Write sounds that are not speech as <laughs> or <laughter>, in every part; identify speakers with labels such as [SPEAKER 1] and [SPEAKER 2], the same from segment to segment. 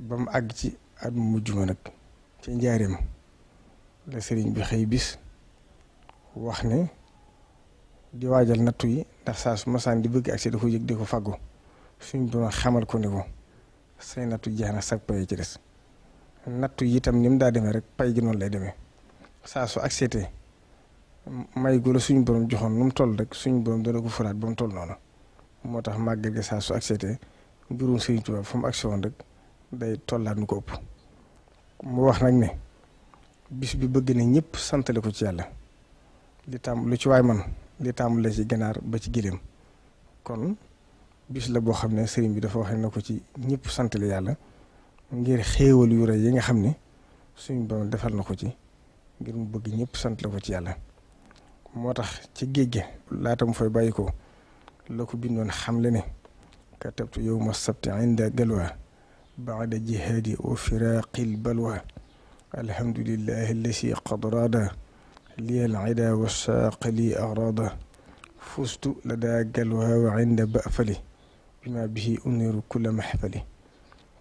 [SPEAKER 1] ba mu àgg ci at mu mujj ma nag ci njaareem la sëriñ bi xëy bis wax ne di waajal nattu yi ndax saa su masaan di bëgg agsi da ko yëg di ko fàggu suñ doon xamal ko ni ko say nattu jeex na sag pay ci des nattu yi itam ni mu daa demee rek pay gi noonu lay demee saa su accepté may gu la suñ joxoon nu mu toll rek suñu borom dana ko furaat ba mu toll noonu moo tax màggal gi saa su accepté mbirum sëriñ Tuubaa fu mu agsi woon rek day tollaat nu ko ëpp mu wax nag ne bis bi bëgg na ñëpp santale ko ci yàlla li taam lu ci waay man li taamu la ci ganaar ba ci giléem kon bis la boo xam ne sëriñ bi dafa wax ne na ko ci ñëpp santale yàlla ngir xéewal yu rëy yi nga xam ni suñ borom defal na ko ci ngir mu bëgg ñëpp sant ko ci yàlla moo tax ci géej gi laata mu fay bàyyi ko la ko bindoon xamle ne yow ma sabti inda galwa بعد جهاد وفراق البلوى الحمد لله الذي قد راد لي العدا والساق لي أغراضا فزت لدى قلوها وعند بأفلي بما به أنير كل محفلي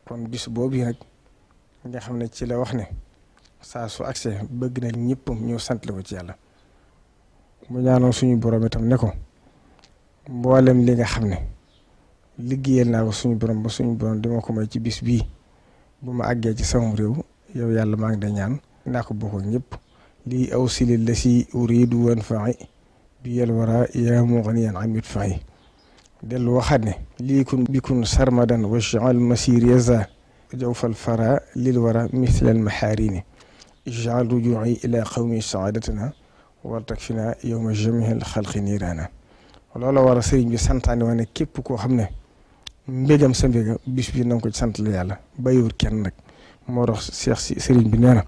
[SPEAKER 1] كون بس بوبي هك نجا خمنا تشيلا وخنا ساسو أكسي بجنا نيبوم نيو سنت لو تيالا مجانو سنو برامتم نكو مبوالم لنجا خمنا liggéeyal naa ko suñu borom ba suñu borom dama ko may ci bis bii bu ma àggee ci sama réew yow yàlla maa ngi da ñaan naa ko bokk ak ñëpp lii aw silil la si uridu wan faxi bi yàlla war a yaa moo xam yaan amit faxi dellu waxaat ne lii kun bikun sarmadan wa jaal masir yaza jawfal fara lil wara al maharini jaal rujuci ila qawmi saadatina war takfina fi naa yow ma jamihal xalqi niiraana loola war sëriñ bi santaane wane képp koo xam ne mbégam sa mbéga bis bi na nga ko sant la yàlla bàyyiwul kenn nag moo tax Cheikh si sëriñ bi nee na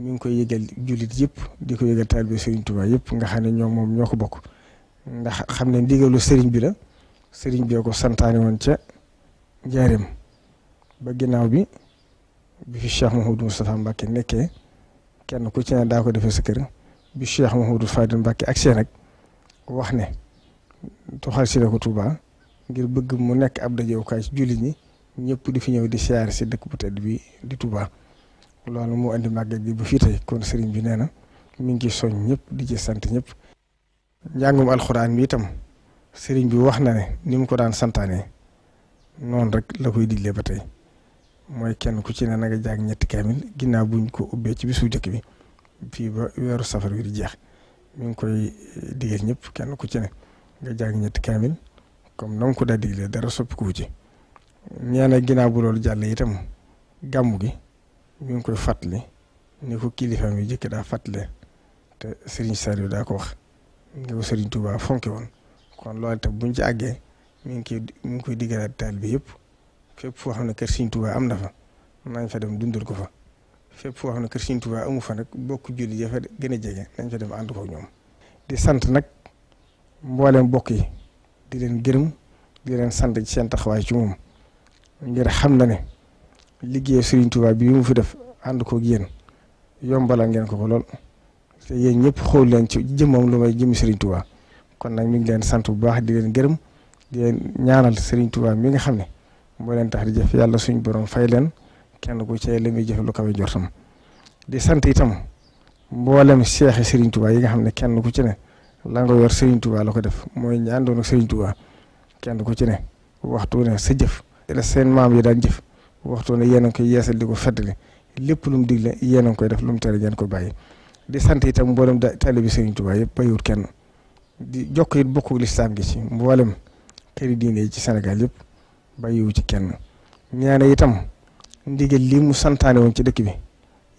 [SPEAKER 1] ngi koy yëgal jullit yëpp di ko yëgal taal bi sëriñ Tuubaa yëpp nga xam ne ñoom moom ñoo ko bokk ndax xam ne ndigalu sëriñ bi la sëriñ bi ko santaane woon ca njaareem ba ginnaaw bi bi fi Cheikh Mouhamadou Moustapha ku ci daa ko defee sa kër bi Cheikh Mouhamadou ak seen nag wax ne tuxal si la ko Tuubaa ngir bëgg mu nekk ab dajewukaay ci jullit ñi ñëpp di fi ñëw di siyaare si dëkk bu tedd bi di Touba. loolu moo indi màggal bi bu fii tey kon sëriñ bi nee na mi ngi soñ ñëpp di ci sant ñëpp. njàngum alxuraan bi itam sëriñ bi wax na ne ni mu ko daan santaane noonu rek la koy diglee ba tey mooy kenn ku ci ne na nga ñetti kaamil ginnaaw buñ ko ubbee ci bisu jëkk bi fii ba weeru safar wi di jeex mi ngi koy ñëpp kenn ku ci ne nga jàng ñetti kaamil. comme na nga ko daa digle dara soppiku ci ñaan ak ginnaaw bu loolu jàll itam gàmmu gi ñu ngi koy fàttali ni ko kilifaam yi jëkk daa fàttale te Serigne Saliou daa ko wax nga ko Serigne Touba fonke woon kon loolu itam buñ ci àggee mi ngi koy mi ngi koy diggalaat taal bi yëpp fépp foo xam ne kër Serigne Touba am na fa nañ fa dem dundal ko fa fépp foo xam ne kër Serigne Touba amu fa nag bokk julli jafe gën a jege nañ fa dem ànd ko ñoom di sant nag mboolem mbokk yi. di leen gërëm di leen sant ci seen taxawaay ci moom ngir xam na ne liggéey Serigne Touba bi mu fi def ànd koog yéen yombalal ngeen ko ko lool te yéen ñëpp xool leen ci jëmmam lu may jëmmi Serigne Touba kon nag mi ngi leen sant bu baax di leen gërëm di leen ñaanal Serigne Touba mi nga xam ne moo leen tax di jëf yàlla suñ borom fay leen kenn ku cee la muy jëf lu kawe jortam di sant itam mboolem seexi Serigne Touba yi nga xam ne kenn ku ci ne. la nga yor Serigne Touba la ko def mooy ñi àndoon ak Serigne Touba kenn ku ci ne waxtu ne sa jëf la seen maam yi daan jëf waxtu ne yéen a koy yeesal di ko fàttali lépp lu mu digle yéen a ngi koy def lu mu tere ngeen ko bàyyi di sant itam mboolem taalibe Serigne Touba yëpp bayiwut kenn di jokk it bokku lislaam gi ci mboolem këri diine ci Sénégal yëpp bàyyiwu ci kenn ñaane itam ndigal lii mu santaane woon ci dëkk bi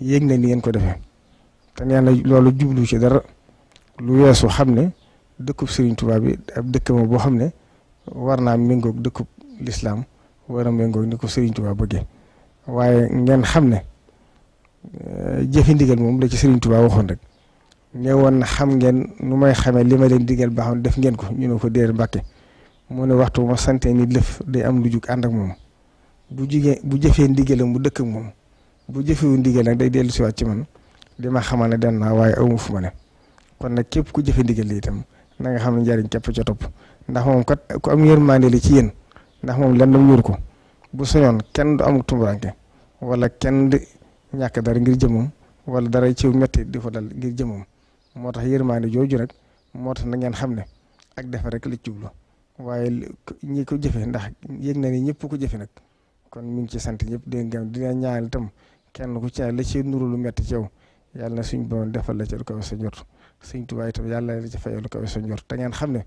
[SPEAKER 1] yéeg na ni ngeen ko defee te ñaane loolu jublu ci dara. lu weesu xam ne dëkkub sëriñ tubaab bi ab dëkk ma boo xam ne war naa méngoog dëkkub lislaam war a méngoog ni ko Serigne Touba bëggee waaye ngeen xam ne euh, jëfe ndigal moom de ci Serigne Touba waxoon rek ne woon na xam ngeen nu may xamee li ma leen digal baaxoon def ngeen ko ñu ne ko déer Mbàkke mu ne waxtu bu ma sante ni day am lu jug ànd moom bu jugee bu jëfee ndigalam mu dëkk moom bu jëfewu ndigal nag day dellu siwaat ci man li ma xamal ne dem naa waaye amu fu ma ne kon nag képp ku jëfe ndigal li itam na nga xam ne njariñ képp ca topp ndax moom kat ku am yërmande li ci yéen ndax moom lenn mu yor ko bu soñoon kenn du am tumburanke wala kenn di ñàkk dara ngir jëmmam wala dara ci metti di ko dal ngir jëmmam moo tax yërmande jooju rek moo tax na ngeen xam ne ak defe rek la waaye ñi ko jëfe ndax yëg na ni ñëpp ko jëfe nag kon mi ngi ci sant ñëpp di ngeen dina ñaanal itam kenn ku ci la ci nurul lu metti ci yow na suñ borom defal la ci ko sa سيدنا توباي توباي الله يرزقه في يومك ويسنجر تاني خم نه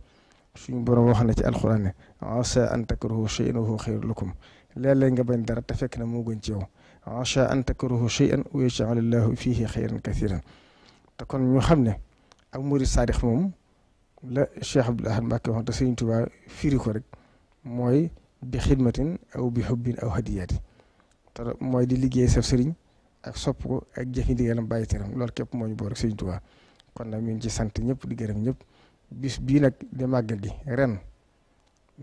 [SPEAKER 1] شو يبرو وحنا تي القرآن عسى أن تكره شيء وهو خير لكم لا لينج بين درة فكنا مو جنتيو عسى أن تكره شيئا ويجعل الله فيه خيرا كثيرا تكون يخم نه أموري صادق مم لا شيخ عبد الله ما كان سيدنا توباي في ركورك موي بخدمة أو بحب أو هدية ترى موي دي لجيه سفسرين أكسبو أكجفين دي علم بايترم لارك يبقى موي بورك سيدنا توباي kon nag mi ngi ci sant ñëpp di gërëm ñëpp bis bii nag di màggal gi ren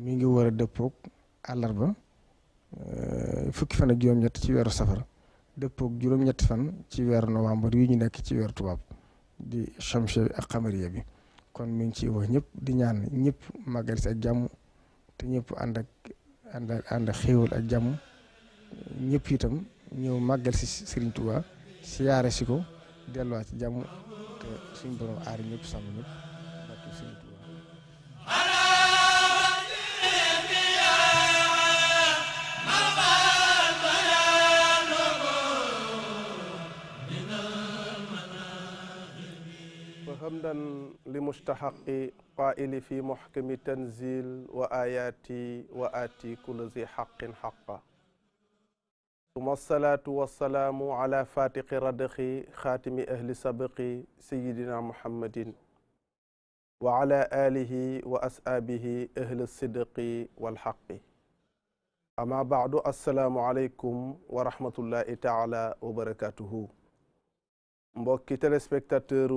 [SPEAKER 1] mu ngi war a dëppook àllarba euh, fukki fan ak juróom-ñett ci weeru safar dëppook juróom-ñetti fan ci weeru novembre yi ñu nekk ci weeru tubaab di chamche bi ak xamariya bi kon mu ngi ciy wax ñëpp di ñaan ñëpp màggal si ak jàmm te ñëpp ànd ak ànd ak ànd ak xéewal ak jàmm ñëpp itam ñëw màggal si Serigne Touba siyaare si ko delluwaat ci jàmm. suñ borom aar ñëpp sàmm ñëpp suñ
[SPEAKER 2] لمستحق قائل في محكم تنزيل وآياتي وآتي كل ذي حق حقا ثم الصلاة والسلام على فاتق ردخ خاتم أهل سبق سيدنا محمد وعلى آله وأسابه أهل الصدق والحق أما بعد السلام عليكم ورحمة الله تعالى وبركاته مبكي téléspectateur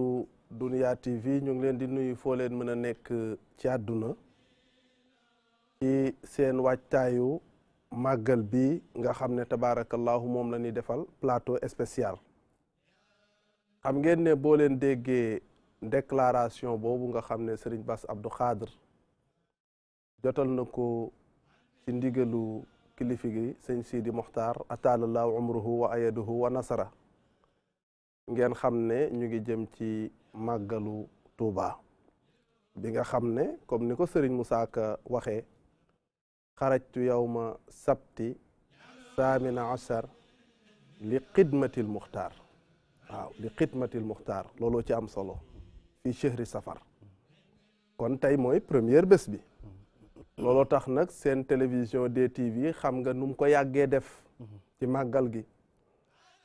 [SPEAKER 2] دنيا تي TV ñu لين leen di من foo leen mën a màggal bi nga xam ne tabaarakallaahu moom la ñuy defal plateau spécial xam ngeen ne boo leen déggee déclaration boobu nga xam ne Serigne Bass Abdou Khadre jotal na ko ci ndigalu kilifa gi sëñ Sidi Mokhtar ataalallahu umruhu wa ayaduhu wa nasara ngeen xam ne ñu ngi jëm ci màggalu Touba bi nga xam ne comme ni ko Serigne Moussa Ka waxee xarajtu yowma sabti samina asar li xidmatil muxtaar waaw li xidmatil muxtaar looloo ci am solo fii chehri safar kon tey mooy première bés bi looloo tax nag seen télévision DTV xam nga nu mu ko yàggee def ci màggal gi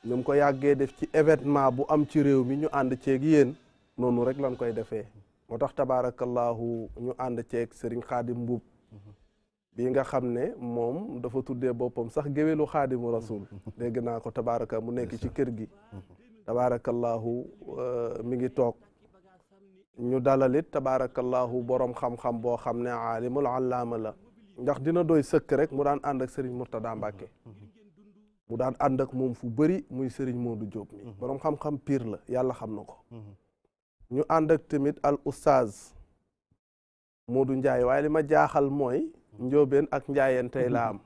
[SPEAKER 2] nu ko yàggee def ci événement bu am ci réew mi ñu ànd ceeg yéen noonu rek lan koy defee moo tax tabaarakallaahu ñu ànd ceek Serigne Khadim mbub bii nga xam ne moom dafa tuddee boppam sax géwélu xaadimu rasul dégg naa ko tabaraka mu nekk ci kër gi tabarakallahu euh, mi ngi toog ñu dalalit tabarakallahu borom xam-xam boo xam ne aalimul allaama la ndax dina doy sëkk rek mu daan ànd ak sëriñ Murtada Mbàkke mu daan ànd ak moom fu bari muy sëriñ Moodu Jóob mi borom xam-xam piir la yàlla xam na ko ñu ànd ak tamit al oustaz Moodu Njaay waaye li ma jaaxal mooy njóobeen ak njaayeen tey laa am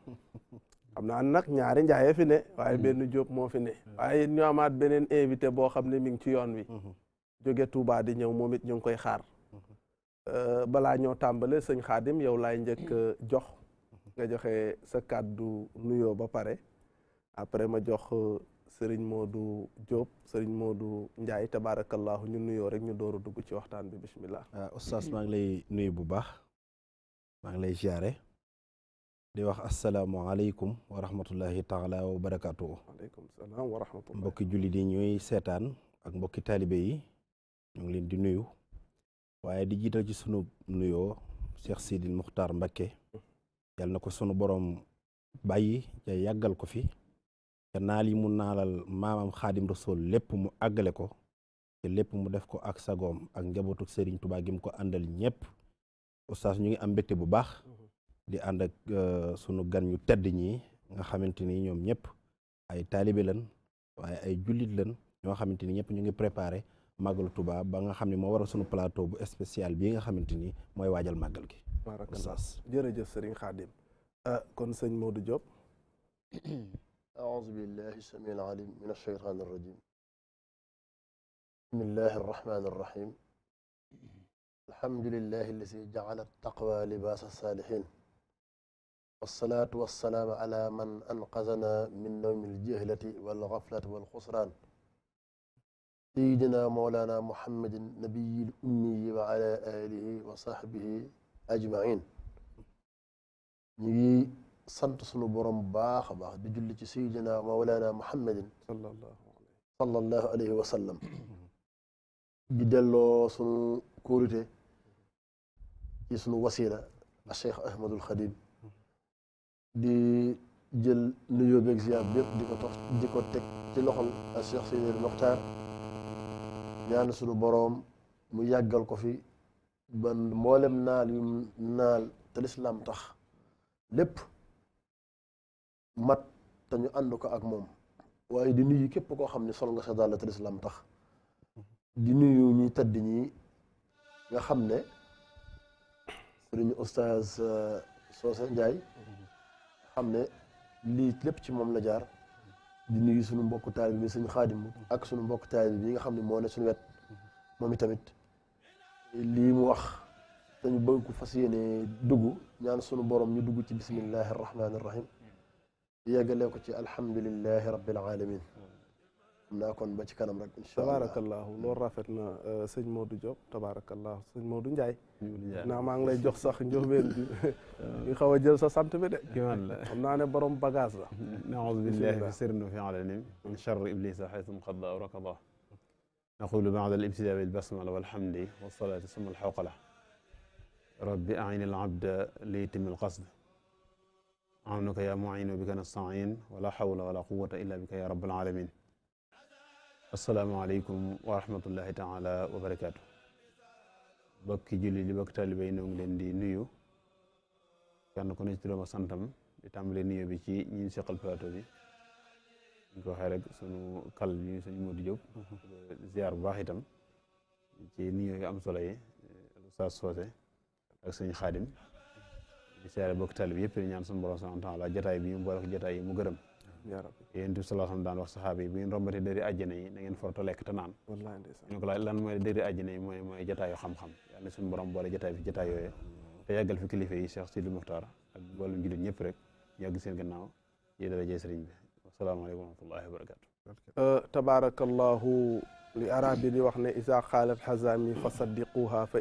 [SPEAKER 2] xam naa nag ñaari njaayee fi ne waaye mm-hmm. benn jóob moo fi ne waaye ñu amaat beneen invité boo xam ne mi ngi ci yoon wi mm-hmm. jóge Touba di ñëw moom it ñu ngi koy xaar mm-hmm. euh, balaa ñoo tàmbale sëñ Xaadim yow laay njëkk euh, jox nga joxe sa kàddu nuyoo ba pare après ma jox euh, sëriñ Modou Diop sëriñ Modou Ndiaye tabaarakallaahu ñu nuyoo rek ñu door a dugg ci waxtaan bi bisimilah. waaw oustaz maa
[SPEAKER 3] ngi lay nuyu bu baax maa ngi lay siyaare di wax asalaamualeykum wa rahmatullahi taala
[SPEAKER 2] wa barakaatu. waaleykum salaam wa
[SPEAKER 3] jullit yi ñuy seetaan ak mbokki taalibe yi ñu ngi leen di nuyu. waaye di jiital ci sunu nuyoo Cheikh sidi Muxtaar Mbakke. yal na ko sunu borom bàyyi ja yàggal ko fi. te naal yi mu naalal maamam xaadim rasul lépp mu àggale ko. te lépp mu def ko ak sagoom ak njabootu Serigne Touba gi ko àndal ñëpp. oustaz ñu ngi am mbégte bu baax di ànd ak euh, sunu gan ñu tedd ñi nga xamante ni ñoom ñëpp ay taalibe lan waaye ay jullit lan ñoo xamante ni ñëpp ñu ngi préparé lu tubaab ba nga xam ne moo waral sunu plateau bu spécial bii nga xamante ni mooy waajal màggal gi.
[SPEAKER 2] oustaz jërëjëf Serigne Khadim. ah kon sëñ Modou Diop.
[SPEAKER 4] aouzu <clears throat> billahi samiil alim min ash-shaytaani rajim. bismillahi rahmaani rahim. الحمد لله الذي جعل التقوى لباس الصالحين والصلاة والسلام على من أنقذنا من نوم الجهلة والغفلة والخسران سيدنا مولانا محمد النبي الأمي وعلى آله وصحبه أجمعين نجي sant sunu باخ bu baax a baax di julli ci sayyidina mawlana muhammadin صلى الله عليه وسلم دي دلو سنو kóolute يصلوا وسيله مع الشيخ احمد الخديب دي جيل نيوبيك زياد بيب ديكو تخ ديكو تك تي لوخول الشيخ سيد المختار يعني سلو بروم مو ياغال كو في بن مولم نال يوم نال تل الاسلام تخ لب مات تا ني اندوكو اك موم واي دي نيي كيب كو خامني سول غا سدال تل الاسلام تخ دي نيي ني تاد ني nga xamne سيرني استاذ سوسه نداي خامني لي تليب تي موم لا جار دي نوي سونو مبوك طالب مي سيرني خادم اك سونو مبوك طالب ليغا خامني مو نيت سونو ويت مامي تاميت لي مو واخ تاني بوك فاسيني دوغو نان سونو بوروم ني دوغو تي بسم الله الرحمن الرحيم يا قال لكم الحمد لله رب العالمين ناكون باتي رك ان شاء الله تبارك
[SPEAKER 2] الله لو رافتنا آه، سيد مودو جوب تبارك الله سيد مودو نجاي نا ما نغلي جوخ صاح نجوخ بين ني خاوا جيل سا سانت بي بروم باغاز نعوذ بالله بسر
[SPEAKER 5] نو فعل من شر ابليس حيث مقضى ركضه نقول بعد الابتداء بالبسمله والحمد والصلاه ثم الحوقله رب اعين العبد ليتم القصد عونك يا معين بك نستعين ولا حول ولا قوه الا بك يا رب العالمين asalaamaaleykum wa rahmatullahi taala wa barakaatu bokki julli li bokki taalibe yi noo ngi leen di nuyu kenn ku ne ci turam santam di tàmbalee nuyu bi ci ñi seqal plateau bi ñu ko waxee rek sunu kal bi suñu Modou Diop ziar bu baax itam ci nuyu yu am solo yi eh, Oustaz Socé ak suñu xaadim di siyaare bokki ñaan sunu borom subhaanahu wa taala bi mu boole ko mu gërëm yaa rabbi yéen itam sallallahu alayhi wa sallam daan wax saxaaba yi bu ngeen rombati dëri àjjana yi na ngeen forto lekk te naan ñu ko laaj lan mooy dëri àjjana yi mooy mooy jataayu na suñu borom boole jataay fi jataay yooyee te yàggal fi kilifa yi Cheikh Sidi Muxtaar ak mboolem jullit ñëpp
[SPEAKER 2] euh, tabarakallahu li arab bi wax ne isa qaalat xazaami fa saddiquha fa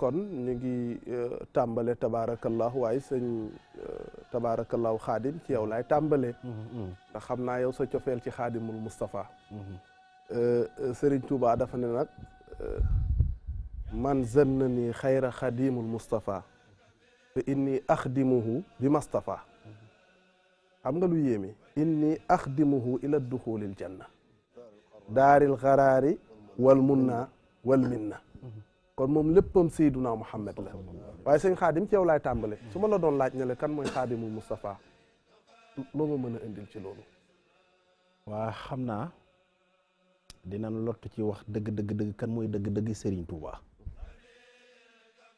[SPEAKER 2] kon ñi ngi tàmbale tabaarakallahu way sëñ tabaarakallahu khadim ci yow lay tàmbale ndax xam naa yow sa ciofel ci xaadimul Moustapha Serigne Touba dafa ne nag man zanna ni xayra xadimul Moustapha inni axdimuhu bi Moustapha xam nga lu yéeme inni axdimuhu ila duxulil janna daaril xaraari wal munna wal minna kon moom léppam Seydunaa Muhammad la waaye sëñ xaadim ci yow laay tàmbale su ma la doon laaj ne la kan mooy xaadimul Moustapha loo ma mën a indil ci loolu waa xam
[SPEAKER 3] naa dinañ lott ci wax dëgg dëgg kan mooy dëgg dëgg sëriñ Touba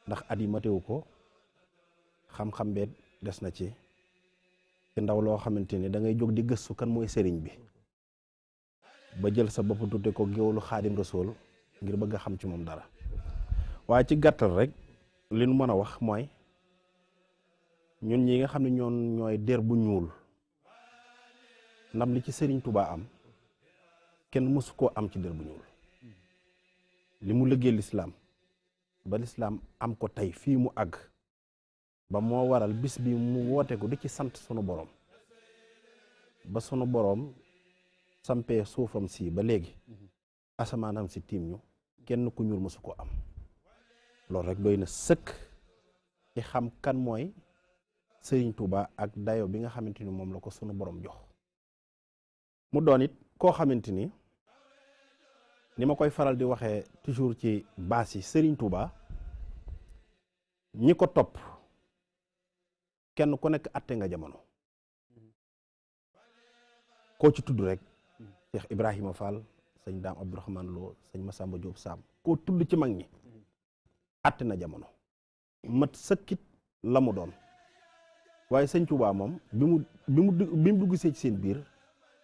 [SPEAKER 3] ndax at ko xam-xam bee des na ci ndaw loo xamante ni da ngay jóg di gëstu kan mooy sëriñ bi ba jël sa bopp tudde ko géwlu xaadim rasool ngir bëgg a xam ci moom dara waaye ci gàttal rek li nu mën a wax mooy ñun ñi nga xam ne ñoom ñooy der bu ñuul ndam li ci sëriñ Touba am kenn mësu koo am ci der bu ñuul li mu liggéey lislaam ba lislaam am ko tey fii mu àgg ba moo waral bis bi mu woote ko di ci sant sunu boroom ba sunu boroom sampee suufam sii ba léegi mhm. asamaanam si tiim ñu kenn ku ñuul mësu koo am loolu rek doy na sëkk i xam kan mooy sëriñ Touba ak dayo bi nga xamante ni moom la ko sunu boroom jox mu doonit koo xamante ni ni ma koy faral di waxee toujours ci baas yi sëriñ Touba ñi ko topp kenn ku nekk atte nga jamono koo ci tudd rek Cheikh Ibrahima Fall sëñ Daam Abdourahman Lo sëñ Massamba Diop Sam koo tudd ci mag ñi àtte na jamono mat sëkkit la mu doon waaye sëñ moom bi mu bi mu dugg see ci seen biir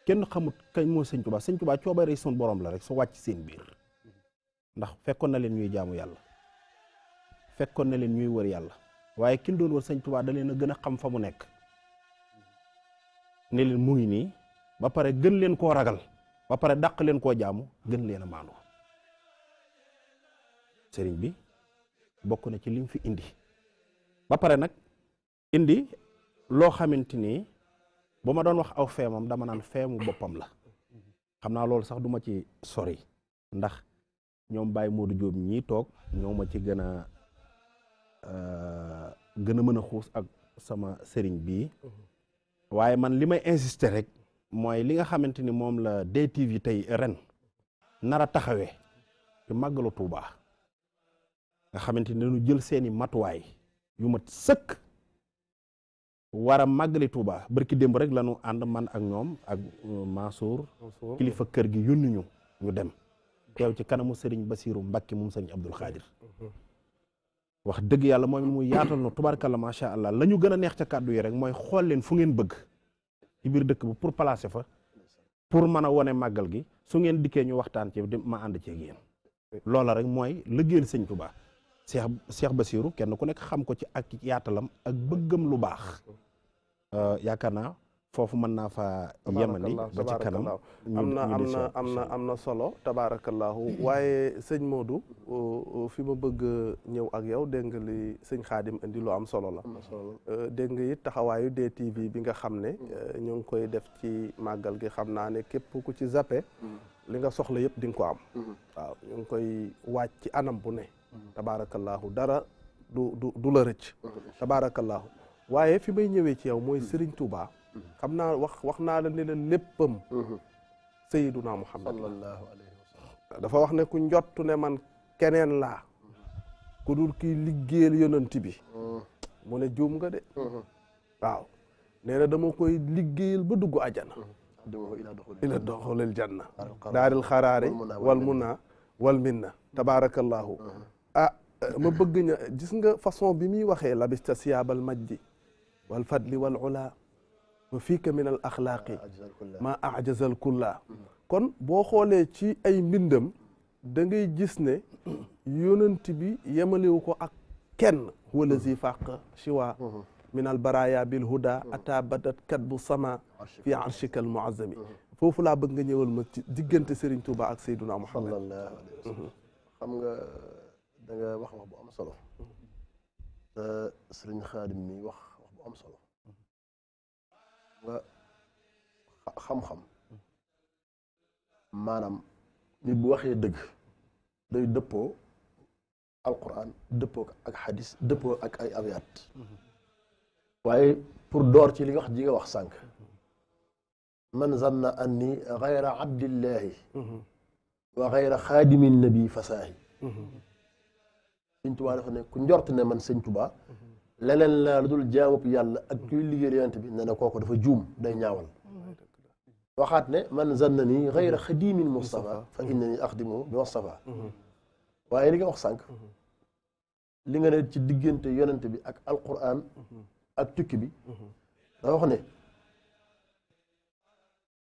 [SPEAKER 3] kenn xamut kañ moo sëñ Touba sëñ Touba coobare son boroom la rek su wàcc seen biir ndax fekkoon na leen ñuy jaamu yàlla fekkoon na leen ñuy wër yàlla waaye kin doon wër sëñ Touba da leen a gën a xam fa mu nekk ne leen mu ngi nii ba pare gën leen koo ragal ba pare dàq leen koo jaamu gën leen a maandu sëriñ bi. bokk na ci lim fi indi ba pare nag indi loo xamante ni bu ma doon wax aw feemam dama naan feemu boppam la xam naa loolu sax duma ci sori ndax ñoom Baye Modou Diop ñii toog ñoo ma ci gën a euh, gën a mën a xuus ak sama sëriñ bii waaye man li may insister rek mooy li nga xamante ni moom la DTV tey ren nar a taxawee màgg màggalu Tuubaa nga xamante ne dañu jël seeni matuwaay yu mat sëkk war a màggali Touba barki démb rek lanu ànd man ak ñoom ak euh, Mansour kilifa kër gi yónni ñu ñu dem teew ci kanamu Serigne Bassirou Mbacke moom Serigne Abdoul Khadir mm-hmm. wax dëgg yàlla mooy mu yaatal na tubaarkalla macha allah la ñu gën a neex ca kàddu yi rek mooy xool leen fu ngeen bëgg ci biir dëkk bi pour placer fa pour mën a wone màggal gi su ngeen dikkee ñu waxtaan ci ma ànd ceeg yéen loola rek mooy liggéeyal Sëñ Touba Cheikh Cheikh Basirou kenn ku nekk xam ko ci ak yaatalam ak bëggam lu baax euh, yaakaar naa foofu mën naa fa yemandi ba ci kanam am na am na
[SPEAKER 2] am na am na solo tabaarakallaahu <coughs> waaye sëñ Modou euh, euh, fi ma bëgg ñëw ak yow dégg nga li sëñ Xaadim indi lu am solo la dégg nga it taxawaayu DTV bi nga xam ne ñu ngi koy def ci màggal gi xam naa ne képp ku ci zappe mm. li nga soxla yëpp di nga ko am mm-hmm. waaw ñu ngi koy waaj ci anam bu ne tabaarakallaahu dara du du du la rëcc tabaarakallaahu waaye fi may ñëwee ci yow mooy Serigne Touba xam naa wax wax naa la ne la léppam Sayyiduna Muhammad sallallahu alayhi wasallam dafa wax ne ku njottu ne man keneen laa ku dul kii liggéeyal yonent bi mu ne juum nga de waaw nee na dama koy liggéeyal ba dugg ajana ila doxolil janna daaril xaraari wal munna wal minna tabarakallahu ah ma bëgg ña gis nga façon bi muy waxee labista siyaabal majdi wal fadli wal ula wa fiika min al axlaaqi ma ajazal kulla kon boo xoolee ci ay mbindam da ngay gis ne yonent bi yemaliwu ko ak kenn walazi fàq chiwa min al baraya bil huda ata badat kat bu sama fi arshika al muazzami foofu laa bëgg nga ñëwal ma ci diggante Serigne Touba ak Seydouna Muhammad
[SPEAKER 4] xam nga da nga wax wax bu am solo te sëriñ xaadim mi wax wax bu am solo nga xam-xam maanaam nit bu waxee dëgg day dëppoo alquran dëppoo ak xadis dëppoo ak ay abiyaat waaye pour door ci li wax ji nga wax sànq man zanna anni gayra abdillahi wa gayra xaadimi nabi fasaahi سنتوبا دافني كنجورت ني مان سنتوبا لنن لا لودول جاموب يالا اك كوي ليغير يانت بي نانا كوكو دافا جوم داي نياوال وخات ني مان زنني غير خديم المصطفى فانني اخدمه بالصفا واي ليغا وخ سانك ليغا ني تي ديغنت يونت بي اك القران اك توكي بي دا وخني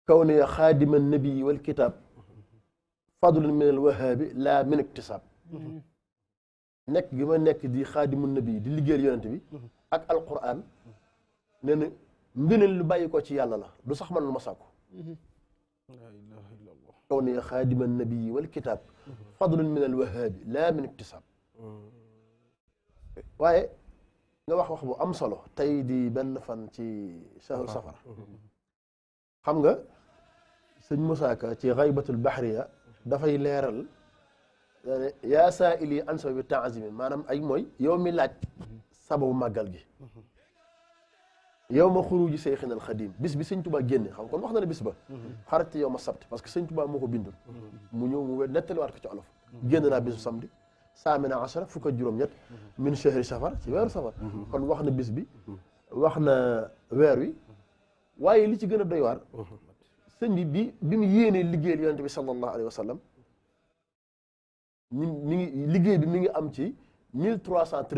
[SPEAKER 4] كوني خادم النبي والكتاب فضل من الوهاب لا من اكتساب nek gi nek di khadimu nabi di ligel yonent bi ak alquran nena mbinel lu bayiko ci yàlla la du sax man lu ma sàkku kaw ne xaadima nabi wal kitaab fadlun min al wahaabi min iktisaab waaye nga wax wax bu am solo tey di benn fan ci shahru safar xam nga sëñ Musaa Ka ci xaybatul baxriya dafay leeral يعني يا سائلي انسى بتعزيم مانام اي موي يومي لاج سبب ماغال جي يوم خروج شيخنا الخديم بس بي سنتوبا ген خا كون واخنا بس با خرجت يوم السبت باسكو سنتوبا موكو بيندو مو نيو مو نتل وارك تي اولوف جننا بس سامدي سامنا عشرة فوكا جروم يات من شهر سفر سي وير سفر كون واخنا بس بي واخنا وير وي واي لي سي غنا دوي وار سنبي بي بيم ييني ليغيل يونتبي صلى الله عليه وسلم ñu mi ngi liggéey bi mi ngi am ci mille trois cent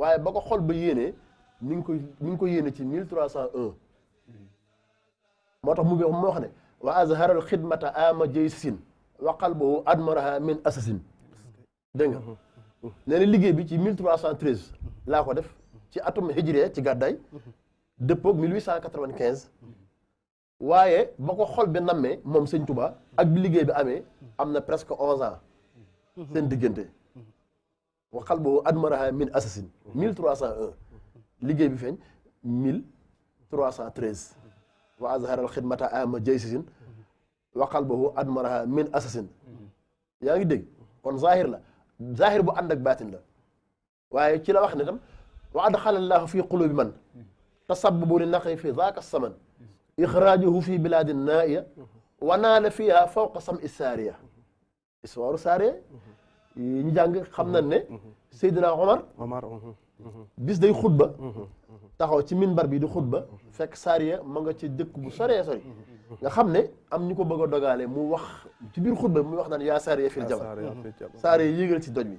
[SPEAKER 4] waaye ba ko xol ba yéenee mi ngi koy mi ngi ko yéene ci mille cent un moo tax mu bi moo wax ne wa azharal xidmata ama jay sin wa qalbuhu admaraha min assasine dégg nga liggéey bi ci mille cent treize laa ko def ci atum hijriya ci gàddaay dëppoog cent quatre quinze waaye ba ko xol bi nammee moom sëñ Touba ak bi liggéey bi amee am na presque onze ans سين ديغنتي وقلبه ادمرها من اساسين 1301 ليغي بي فين 1313 واظهر الخدمه عام جيسين وقلبه ادمرها من اساسين ياغي ديغ كون ظاهر لا ظاهر بو اندك باطن لا واي كي لا واخني تام وادخل الله في قلوب من تسبب للنقي في ذاك الصمن اخراجه في بلاد النائيه ونال فيها فوق سمع الساريه histoire saare ñu jàng xam na ne Seydina Omar Omar mhm,
[SPEAKER 6] mhm. bis day xutba
[SPEAKER 4] mhm, taxaw ci min minbar bi di xutba fekk saariya ma nga ci dëkk bu soree sori nga xam ne am ñu ko bëgg a dogaale mu wax ci biir xutba muy wax naan yaa saariya fil jama saariya yéegal ci doj bi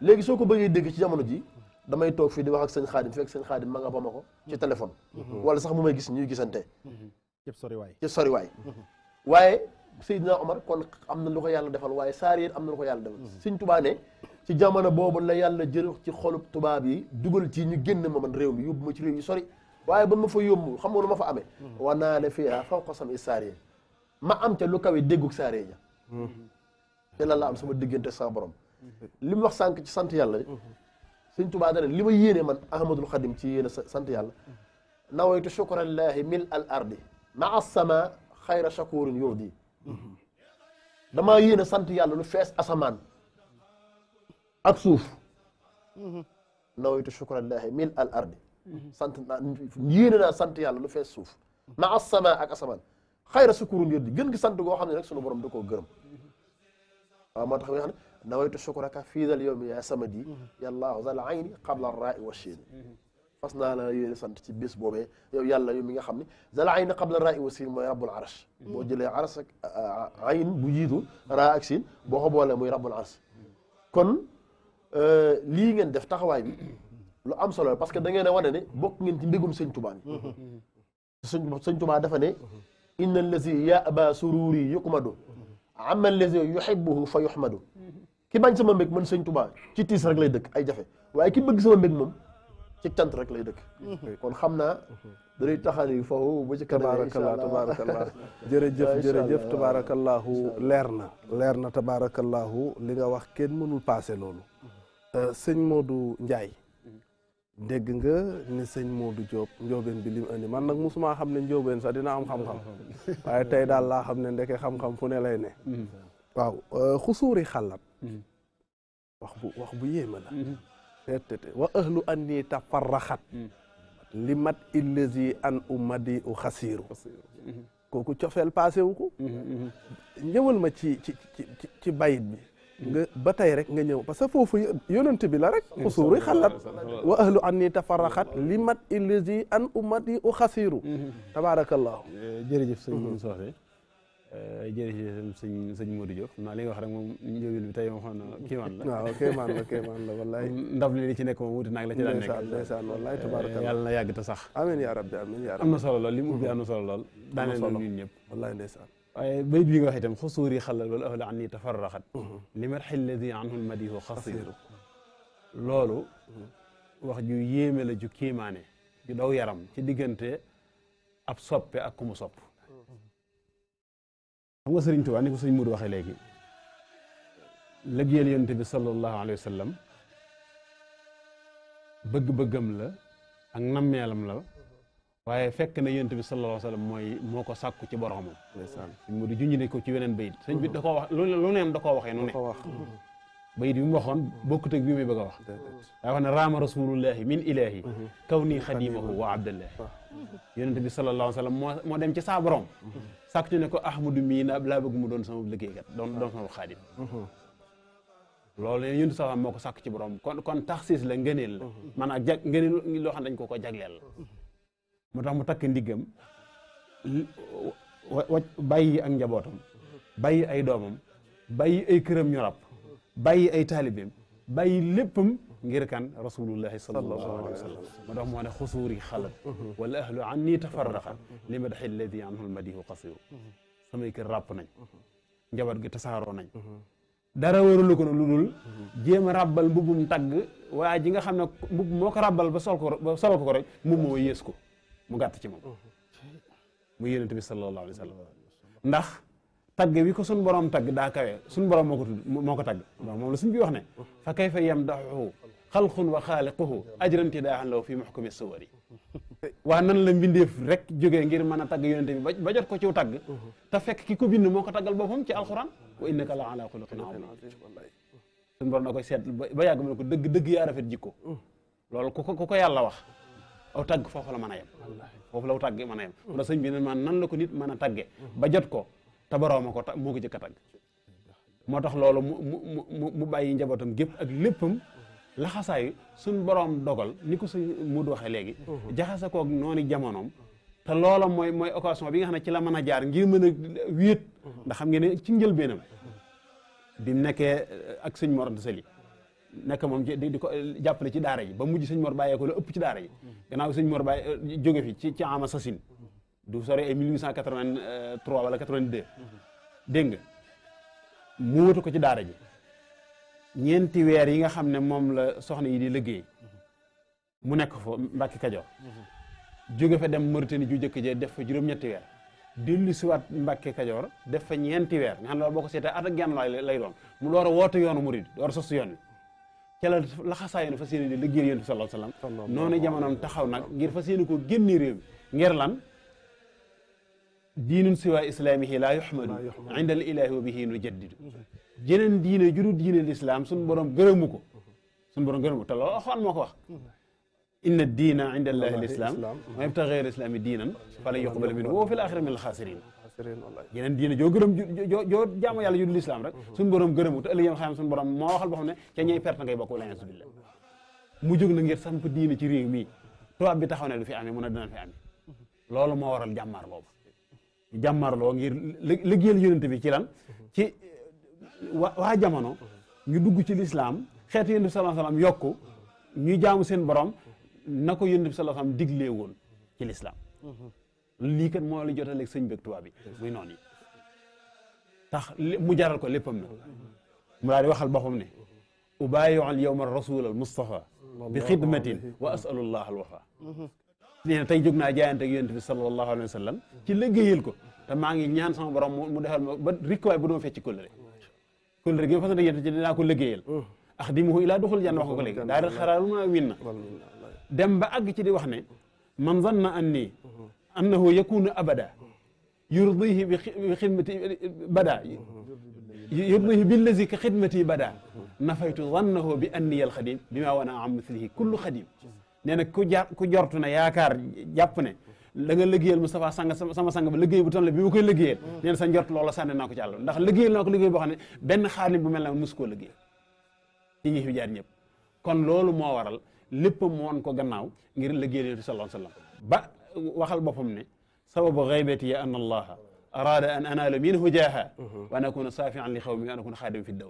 [SPEAKER 4] léegi soo ko bëggee dégg ci jamono ji damay toog fii di wax ak sëñ xaadim fekk sëñ xaadim ma nga bama ko ci téléphone wala sax mu may gis ñuy gisante ci soriwaay ci soriwaay waaye سيدنا عمر كون امنا لوكو يالا ديفال واي ساري امنا لوكو يالا ديفال سيني توبا ني سي جامانا بوبو لا يالا جير سي خولوب توبا بي دوجول سي ني ген ماما ريوم يوب ما سي ريوم سوري واي بان ما فا يوم خامو ما فا امي وانا لا فيها فوق سم ساري ما ام تي ديغوك ساري جا الا لا ام سما ديغنت سا بروم لي مخ سانك سي سانت يالا سيني توبا دا لي ما ييني مان احمد الخادم سي يينا سانت يالا نويت شكر الله ملء الارض مع السماء خير شكور يرضي damaa yéene sant yàlla lu fees asamaan ak suuf nawaytu shukrallaahi mil al ardi sant naa yéene naa sant yàlla lu fees suuf ma asama ak asamaan xayra sukurun yëddi gën gi sant goo xam ne rek sunu borom da koo gërëm waaw moo tax mi nga xam ne nawaytu shukraka fii dal yowmi yaa samadi yallaahu zal ayni qabla rai wa chine فاس نالا يوني سانت تي بيس بوبي يالا يوم ميغا خامني زال عين قبل الراء وسين موي رب العرش بو جيلي عرسك عين بو جيدو راء اك سين بو خبول موي رب العرش كون لي نين ديف تاخواي بي لو ام سولو باسكو دا نين واني بوك نين تي ميغوم سين توبا ني سين سين ان الذي يا سروري يقمد عمل الذي يحبه فيحمد كي بان سما ميك من سين توبا تي تيس رك لا دك اي جافي واي كي بيغ سما ci cant rek lay dëkk. Mhm. kon xam na mhm.
[SPEAKER 2] danay taxali foofu
[SPEAKER 4] bu ci kanamee incha allah tabaarakallah <laughs> jërëjëf jërëjëf tabaarakallahu
[SPEAKER 2] leer na. leer na tabaarakallahu li nga wax kenn mënul paase loolu. Mhm. Euh, sëñ Modou njaay dégg nga ni sëñ Modou Diop njóobeen bi lim andi man nag mosuma xam ne njóobeen sax dina am xam-xam waaye tey daal laa xam ne ndeke xam-xam fu ne lay ne. waaw euh, xusuuri xalaat. wax bu wax bu yéeme la. wa ahlu anni tafarraxat hmm. li mat illazi an u madi u xasiiru kooku cofeel passé wu ko hmm, hmm, ñëwal ma ci ci ci ci bayit bi nga ba tey rek nga ñëw parce que foofu yonent bi la rek xusuuri xalat wa ahlu anni tafarraxat li mat illazi an u madi u xasiiru tabaarakallahu eh, jërëjëf sëñ Soxna Eh, jërëjëf
[SPEAKER 5] sëñ sëñ Modou Diop naa li nga wax rek moom njóobil bi tey moom xam na kéemaan la waaw kéemaan la <laughs> ci nekk moom wuti naag la ci daan nekk ndeysaan wallaay eh, tabaaraka yàlla na yàgg te sax amiin yaa rabbi amiin yaa rabbi am na solo lool li mu ubbi mhm. am na solo lool daaneel na ñun ñëpp wallaay ndeysaan waaye bayit bi nga wax itam xusuuri xalal wala ahla an ni tafarraxat mhm. li mar xilladi anhu lmadihu xasiru loolu mhm. wax ju yéeme la ju kéemaane ju daw yaram ci diggante ab soppe ak ku mu sopp xam nga sëriñ Tuubaa ni ko sëriñ Moodu waxee léegi lëggéeyal yonte bi sallallahu alayhi wa sallam bëgg-bëggam la ak nammeelam la waaye fekk na yonte bi sallallahu alayhi wa sallam mooy moo ko sàkku ci boromam. ndeysaan sëriñ Moodu junj ne ko ci weneen bayit sëriñ bi da koo wax lu ne lu ne da koo waxee nu ne. bayit bi mu waxoon bokkut ak bi muy bëgg a wax daa wax ne raama rasulullahi min ilahi mhm. kaw nii xadimahu wa abdallahi yonente bi sallallahu alayhi moo dem ci saa borom
[SPEAKER 6] mhm.
[SPEAKER 5] ne ko ahmadu mii na laa bëgg mu doon sama liggéeykat doon doon sama xaadim mhm. loolu yonente salaam moo ko sàkk ci borom kon kon taxsiis la ngëneel la a ak jag ngëneel loo xam dañ ko ko jagleel la moo tax mu takk ndiggam wa bàyyi ak njabootam bàyyi ay doomam bàyyi ay këram ñu bàyyi ay taalibeem bàyyi léppam ngir kan rasulullahi sallallahu alayhi wa sallam ma dox moo ne xusuuri xalat wala ahlu an nii tafarraxa li ma daxi alladi anhu almadihu qasiru samay kër ràpp nañ njaboot gi tasaaroo nañ dara waralu ko na lu dul jéem a ràbbal mbubbum tagg waa ji nga xam ne mbubb moo ko ràbbal ba sol ko ba solal ko rek mu moo yées ko mu gàtt ci ma mu yénente bi sallallahu alayhi wa sallam ndax tagg wi ko sun borom tagg daa kawe sun borom moo ko tudd moo ko tagg moom la suñ bi wax ne fa kayfa yamdaxuhu xalqun wa xaaliquhu ajranti daaxan law fi muxkumi suwari waa nan la mbindeef rek jógee ngir mën a tagg yonente bi ba jot ko ciw tagg te fekk ki ko bind moo ko taggal boppam ci alxuraan wa innaka la ala xuluqin azim sun borom da koy seet ba yàgg mu ne ko dëgg dëgg la mën a yem foofu la aw tagg mën a yem wala sëñ bi ne man nan la ko nit mën a ba jot ko te borooma ko moo ko jëkk a moo tax loolu mu mu mu mu bàyyi njabootam gépp ak léppam laxasaayu suñ boroom dogal ni ko suñ mu waxee léegi mhm. jaxase koog noonu jamonoom te loola mooy mooy occasion bi nga xam ne ci la mën a jaar ngir mën a wéet mhm. ndax xam ngeen ne ci njëlbeenam di mu nekkee eh, ak sëñ Mor Anta Sali nekk moom di ko jàppale ci daara ji ba mujj sëñ Mor bàyyeeko lu ëpp ci daara ji mhm. gannaaw sëñ Mor bàyyi eh, jóge fi ci ci ama sasin du sori ay 1883 wala 82. dégg nga mu wutu ko ci daara ji ñeenti weer yi nga xam ne moom la soxna yi di liggéey mu nekk fa mbakki Kajoor jóge fa dem Mauritanie ju jëkk jee def fa juróom-ñetti weer dellu siwaat Mbàkke Kajoor def fa ñeenti weer nga xam ne loolu boo ko seetee at ak genn lay doon mu door a woote yoonu murid door a sos yoon wi ca la laxasaa yoon fas yéene di liggéeyal yonent bi sallallahu noonu jamonoom taxaw nag ngir fa yéene koo génn réew mi ngir lan دين سوى إسلامه لا يحمد عند الإله وبه نجدد جنن دين جرو دين الإسلام سن برام غرموكو سن برام غرموكو تلو أخوان آه، موكو إن الدين عند الله الإسلام ما يبتغي غير الإسلام دينا فلا يقبل منه وفي الآخر من الخاسرين ينن دين جو غرم جو جو جامو يالا جو الإسلام رك سن برام غرمو تا اليوم خام سن برام ما خال بخم نه كي نيي بيرت نغي بوكو لا ينسو بالله مو جوغ نغير سامب دين تي ريمي تواب بي تاخاو في امي مو نا دنا في امي لولو jàmmarloo ngir liggéeyal yonent bi ci lan ci wa jamono ñu dugg ci l'islam xet yonent bi sallallahu alayhi wasallam yokku ñu jaamu seen borom nako yonent bi sallallahu alayhi wasallam diglee woon ci l'islam lii kat moo la jotaleeg sëñ beeg tubaab bi muy noonu tax mu jaral ko léppam na mu daal waxal boppam ne ubaayiu al yawma rasul al mustafa bi xidmatin wa asalullah nee na tey jóg naa jaayante ak yonent bi sallallahu alayhi wa sallam ci liggéeyal ko te maa ngi ñaan sama borom mu defal ma ba rikkuwaay bu doon fecc kóllëre kóllëre gi ma façon yonent ci dinaa ko liggéeyal axdimuhu ilaa duxul janna wax nga ko léegi daa dal xaraaru ma win na dem ba àgg ci di wax ne man zanna anni annahu yakunu abada yurdihi bi xidmati bada yurdihi billazi ka xidmati bada nafaytu zannahu bi anniya alxadim bi ma wana am mislihi kullu xadim nee na ku ja ku jortu ne yaakaar jàpp ne da nga liggéeyal Moustapha sang sama sang ba liggéey bu toll bi ma koy liggéeyal nee na sa njort loola sànni naa ko ci àll ndax liggéeyal naa ko liggéey boo xam ne benn xaalim bu mel na mosu koo liggéey ci ñi fi jaar ñëpp kon loolu moo waral lépp mu woon ko gannaaw ngir liggéeyal Yonent bi sallallahu alayhi wa sallam ba waxal boppam ne sababu ghaybati ya an allaha arada an anala minhu jaaha wa an akuna saafian li xawmi wa an akuna xaadima fi mi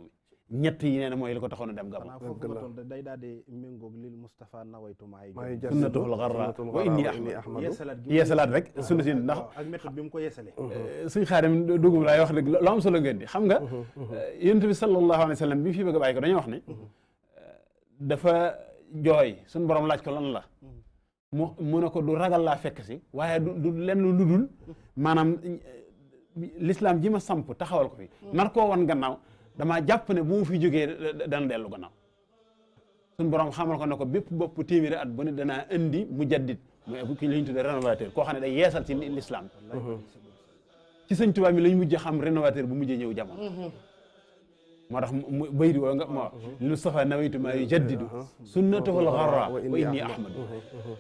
[SPEAKER 5] ñett yi nee na mooy li ko taxoon a dem gabon foofu
[SPEAKER 3] day daal di méngoog lil Moustapha nawaytu maay
[SPEAKER 5] sunnatul xarra wa inni ahmadu yeesalaat rek sunna si ndax
[SPEAKER 3] ak méthode bi mu ko yeesalee
[SPEAKER 5] suñ xaarim dugub laay wax rek lu am solo ngeen di xam nga yonent bi sallallahu alayhi wa sallam bi fii bëgg a bàyyi ko dañoo wax ne dafa jooy suñ borom laaj ko lan la mu mu ne ko du ragal laa fekk si waaye du lenn lu dul maanaam l'islam ji ma samp taxawal ko fi nar koo wan gannaaw damaa jàpp ne bu mu fi jógee dana dellu gannaaw suñu borom xamal ko ne ko bépp bopp téeméeri at bu ne danaa indi mu jaddit mu ki la ñu tuddee rénovateur koo xam ne day yeesal ci l'islam ci sëñ Tuubaa mi lañ mujj xam rénovateur bu mujjee ñëw jamono moo tax mu baydi woo nga ma li Mustafa nawaytu maa yu jaddidu sunnatahul xarra wa inni ahmadu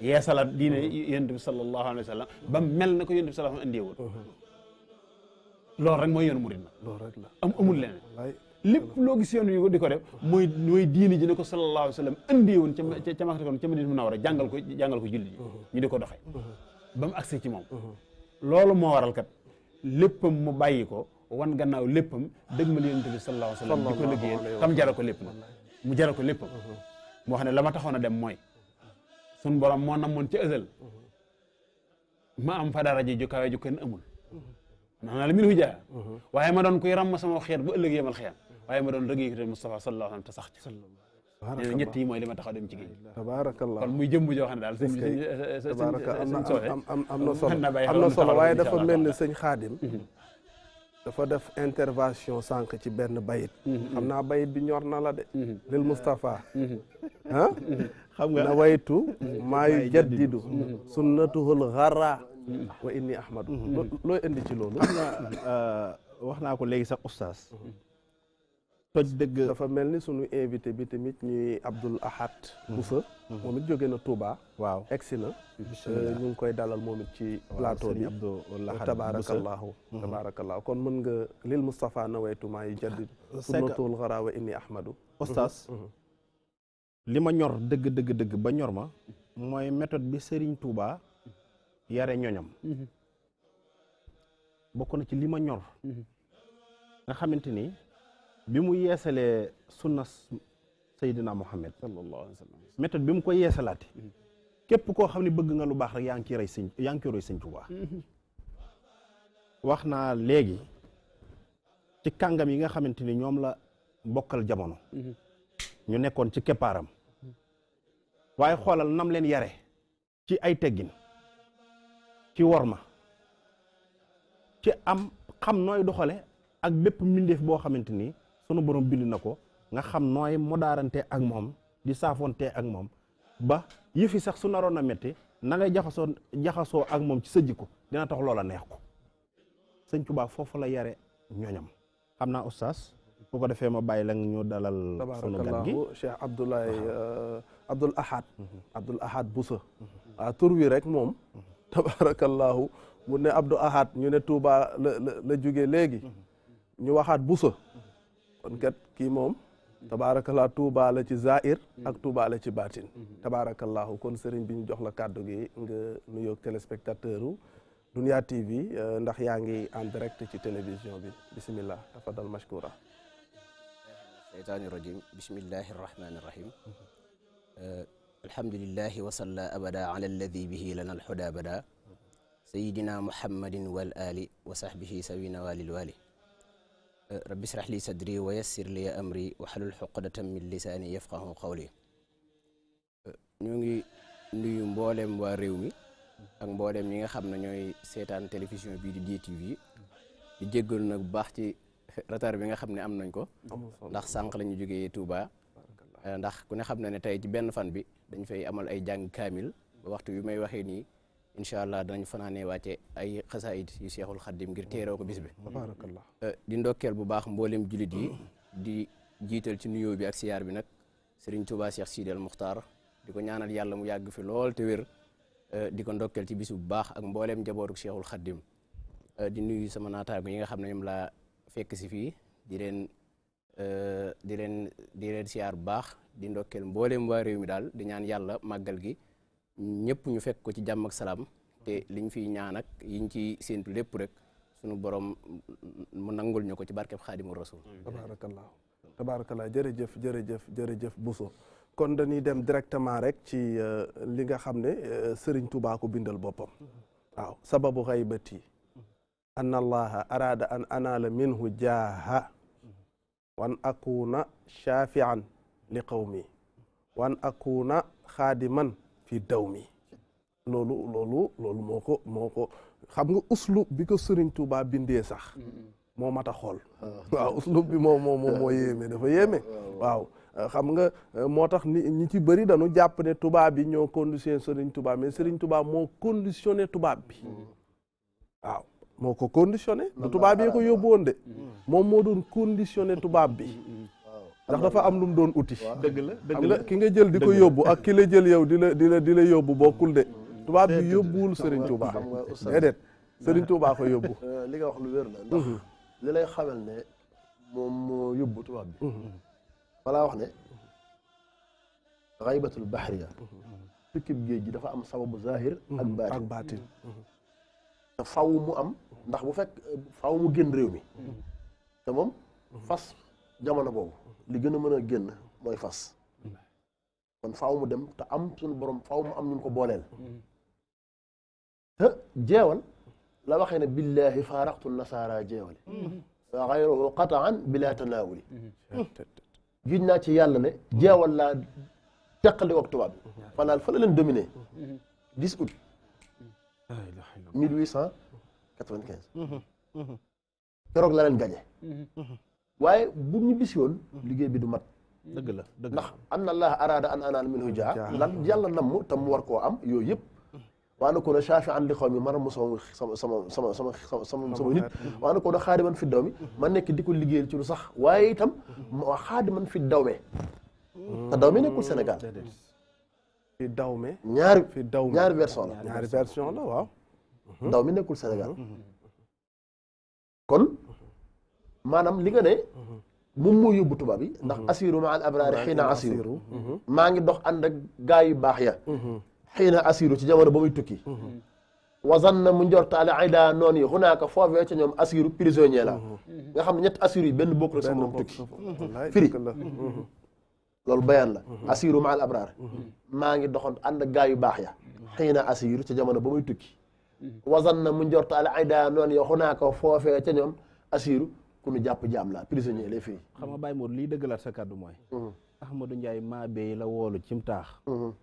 [SPEAKER 5] yeesalaat diine yonent bi sallallahu alayhi wa sallam ba mel na ko yonent bi sallallahu alayhi wa sallam andiwoon loolu rek mooy yoon murid lépp loo gis yoon wi di ko def mooy diini ji ne ko sallallahu alayhi wa sallam indi woon ca ca Makka kon ca Madina Munawara jàngal ko jàngal ko julli ji ñu di ko doxee ba ci moom loolu moo waral kat léppam mu bàyyi wan gannaaw léppam dëgmal yonent bi sallallahu alayhi wa sallam di ko liggéeyal tam jaral ko lépp na mu jaral ko léppam moo xam ne la dem sun borom ma am fa dara ji ju ju kenn amul nana naa la min hujaa waaye ma doon kuy ràmm sama bu ëllëg yemal xiyam waaye ma doon liggéeykatal Mustafa sallallahu alayhi wa sallam te
[SPEAKER 2] sax ci nee ñett yi
[SPEAKER 5] mooy li ma taxaw dem ci géej
[SPEAKER 2] tabarakallah kon muy jëmm
[SPEAKER 5] joo xam ne daal sëñ am na solo <laughs> am na solo waaye dafa mel
[SPEAKER 2] ni sëñ xaadim mhm. dafa def intervention sànq ci benn bayit mhm, mhm. xam naa bayit bi ñor na la de lil Mustafa <laughs> nga na waytu maa yu jaddidu sunnatuhul xara wa inni ahmadu looy indi ci loolu euh, wax naa ko léegi sax oustaz toj dëgg dafa mel ni sunu invité bi tamit ñuy Abdoul Ahad mm-hmm. bu mm-hmm. moom it jóge na Touba waaw egsi na euh, ñu ngi koy dalal moom it ci plateau bi tabarakallahu mm-hmm. tabarakallahu kon mën nga lil Moustapha na waytumaa yi jaddid <laughs> sunnatul xaraawa inni ahmadu oustaz
[SPEAKER 3] li ma ñor dëgg dëgg ba ñor ma mooy méthode bi sëriñ Touba yare ñoñam bokk na ci lima ñor nga xamante ni bi mu yeesalee sunna Seydina Muhammad sallallahu alayhi wa sallam bi mu koy yeesalaati képp koo xam ne bëgg nga lu baax rek yaa ngi ciy roy sëñ yaa roy sëñ Tuubaa <laughs> wax naa léegi ci kàngam yi nga xamante ni ñoom la bokkal jamono mm-hmm. ñu nekkoon ci keppaaram waaye xoolal nam leen yare ci ay teggin ci worma ci am xam nooy doxale ak bépp mbindeef boo xamante ni sunu borom bind na ko nga xam nooy modaarante ak moom di saafoonte ak moom ba yëfi sax su naroon a metti na ngay jaxasoo jaxasoo ak moom ci sa jikko dina tax loola neex ko sëñ Tuubaa foofu la yare ñoñam xam naa oustaz bu ko defee ma bàyyi la ñu dalal sunu gan gi
[SPEAKER 2] Cheikh Abdoulaye euh, Abdoul Ahad mhm. Abdoul Ahad Boussa mhm. ah, waaw tur wi rek moom mhm. tabaarakallaahu mu ne Abdou Ahad ñu ne Touba la la jóge léegi ñu waxaat Boussa kon kat ki mom tabarakallah touba la ci zaahir ak touba la ci batin tabarakallah kon serigne biñu jox la cadeau gi nga nuyo téléspectateur u Dunya TV ndax yaangi en direct ci télévision bi bismillah
[SPEAKER 7] tafadal mashkura sheytaani rajim bismillahi arrahmani irrahim الحمد لله وصلى أبدا على الذي به لنا الحدى بدا سيدنا محمد والآل وصحبه wa sahbihi sawina rabbi israh li sadri wa yassir li amri wa halul uqdatan min lisaani yafqahu qawli ñoo ngi nuyu mboolem waa réew mi ak mboolem ñi nga xam ne ñooy seetaan télévision bii di DTV di jéggalu nag bu baax ci retard bi nga xam ne am nañ ko ndax sànq la ñu jógee Touba ndax ku ne xam na ne tey ci benn fan bi dañ fay amal ay jàng kaamil waxtu bi may waxee nii inshallah allah danañ wate ay xasaayid yu cheikhul khadim ngir téré ko bis bi barakallah eh, di ndokel bu baax mboolem julit yi di jital ci nuyo bi ak siyar bi nak serigne touba cheikh sidel mukhtar diko ñaanal yalla mu yag fi lol te wér eh, di ko ndokkeel ci bisu bu baax ak mbooleem njabootu seexul xaddim eh, di nuyu sama nata yi nga xam ñum la fekk ci fi di leen di len di len siyar bu baax di ndokel mbooleem wa rew mi dal di ñaan yalla magal gi ñëpp ñu fekk ko ci jàmm ak salaam te liñ fiy ñaan ak yiñ ci séentu lépp rek sunu borom mu nangul ñu ko ci barkeb xaadimu rasul
[SPEAKER 2] tabaarakallah tabaarakallah jërëjëf jërëjëf jërëjëf Bousso kon dañuy dem directement rek ci euh, li nga xam ne euh, sëriñ Tuubaa ko bindal boppam waaw sababu xaybati an allaha araada an anaala minhu jaaha wan akuna shafian li qawmi wan akuna xaadiman fi daw mi loolu loolu loolu moo ko moo ko xam nga uslub bi ko Sëriñ bi ndee sax moo mata a xool ah. waaw uslub bi moo moo moo moo yéeme dafa yéeme <laughs> waaw xam nga eh, moo tax ni ñi ci bëri dañu jàpp ne tubaab bi ñoo conditionné Sëriñ Tuubaa mais Sëriñ Tuubaa moo conditionné tubaab bi waaw moo ko tubaab bi ndax dafa am lu doon uti dëgg
[SPEAKER 3] la dëgg la ki
[SPEAKER 2] nga jël di ko yóbbu ak ki la jël yow dila la di la di la yóbbu bokkul de tubaab bi yóbbuwul Serigne Touba déedéet Serigne Touba ko yóbbu
[SPEAKER 4] li nga wax lu wér la ndax li lay xamal ne moom moo yóbbu tubaab bi walaa wax ne xaybatul baxriya pikkib géej gi dafa am sababu zahir ak baatin ak baatin te faw mu am ndax bu fekk faw mu génn réew mi te moom fas jamono boobu li gën a mën a génn mooy fas kon faaw mu dem te am suñu borom faaw mu am ñu ko booleel te jeewal la waxee ne billaahi faaraqtu nasaara jeewali wa xayruhu qataan bila tanaawuli giñ naa ci yàlla ne jeewal laa teqali ak tubaab bi fanaal fa la leen dominé 10 août 1895 keroog la leen gañe waaye bu ñu bisi liggéey bi du mat dëgg la dëgg ndax an allah araada an anaan minhu jaa lan yàlla namm te mu war koo am yooyu yëpp waa na ko na caafi an li xaw man a mu sama sama sama sama sama sama nit waa na ko na xaadiman fi daw mi ma nekk di ko liggéeyal ci lu sax waaye itam ma xaadiman fi dawme te dawme nekkul Sénégal fi dawme ñaari fi daw ñaari version la ñaari version la waaw mi nekkul Sénégal manam li nga ne mu mu yóbbu tuba bi ndax asiru ma al abrar hina asiru ma ngi dox ànd ak gaay yu bax ya hina asiru ci jamono bamuy tukki wa zanna mu njortaale ay daa noonu yi xunaaka foofee ca ñoom asiru prisonnier la nga xam ñet asiru ben bokku la sa moom tukki firi lol bayan la asiru ma al abrar ma ngi doxon ànd ak gaay yu bax ya hina asiru ci jamono bamuy tukki wazan na mu njortaale ay daa noonu yi xunaaka foofee ca ñoom asiru ku nu jàpp jaam la prisonnier les filles.
[SPEAKER 3] xam nga Baye Modou liy dëggalaat sa kàddu mooy. Ahmadou Ndiaye maa béy la woolu cim taax.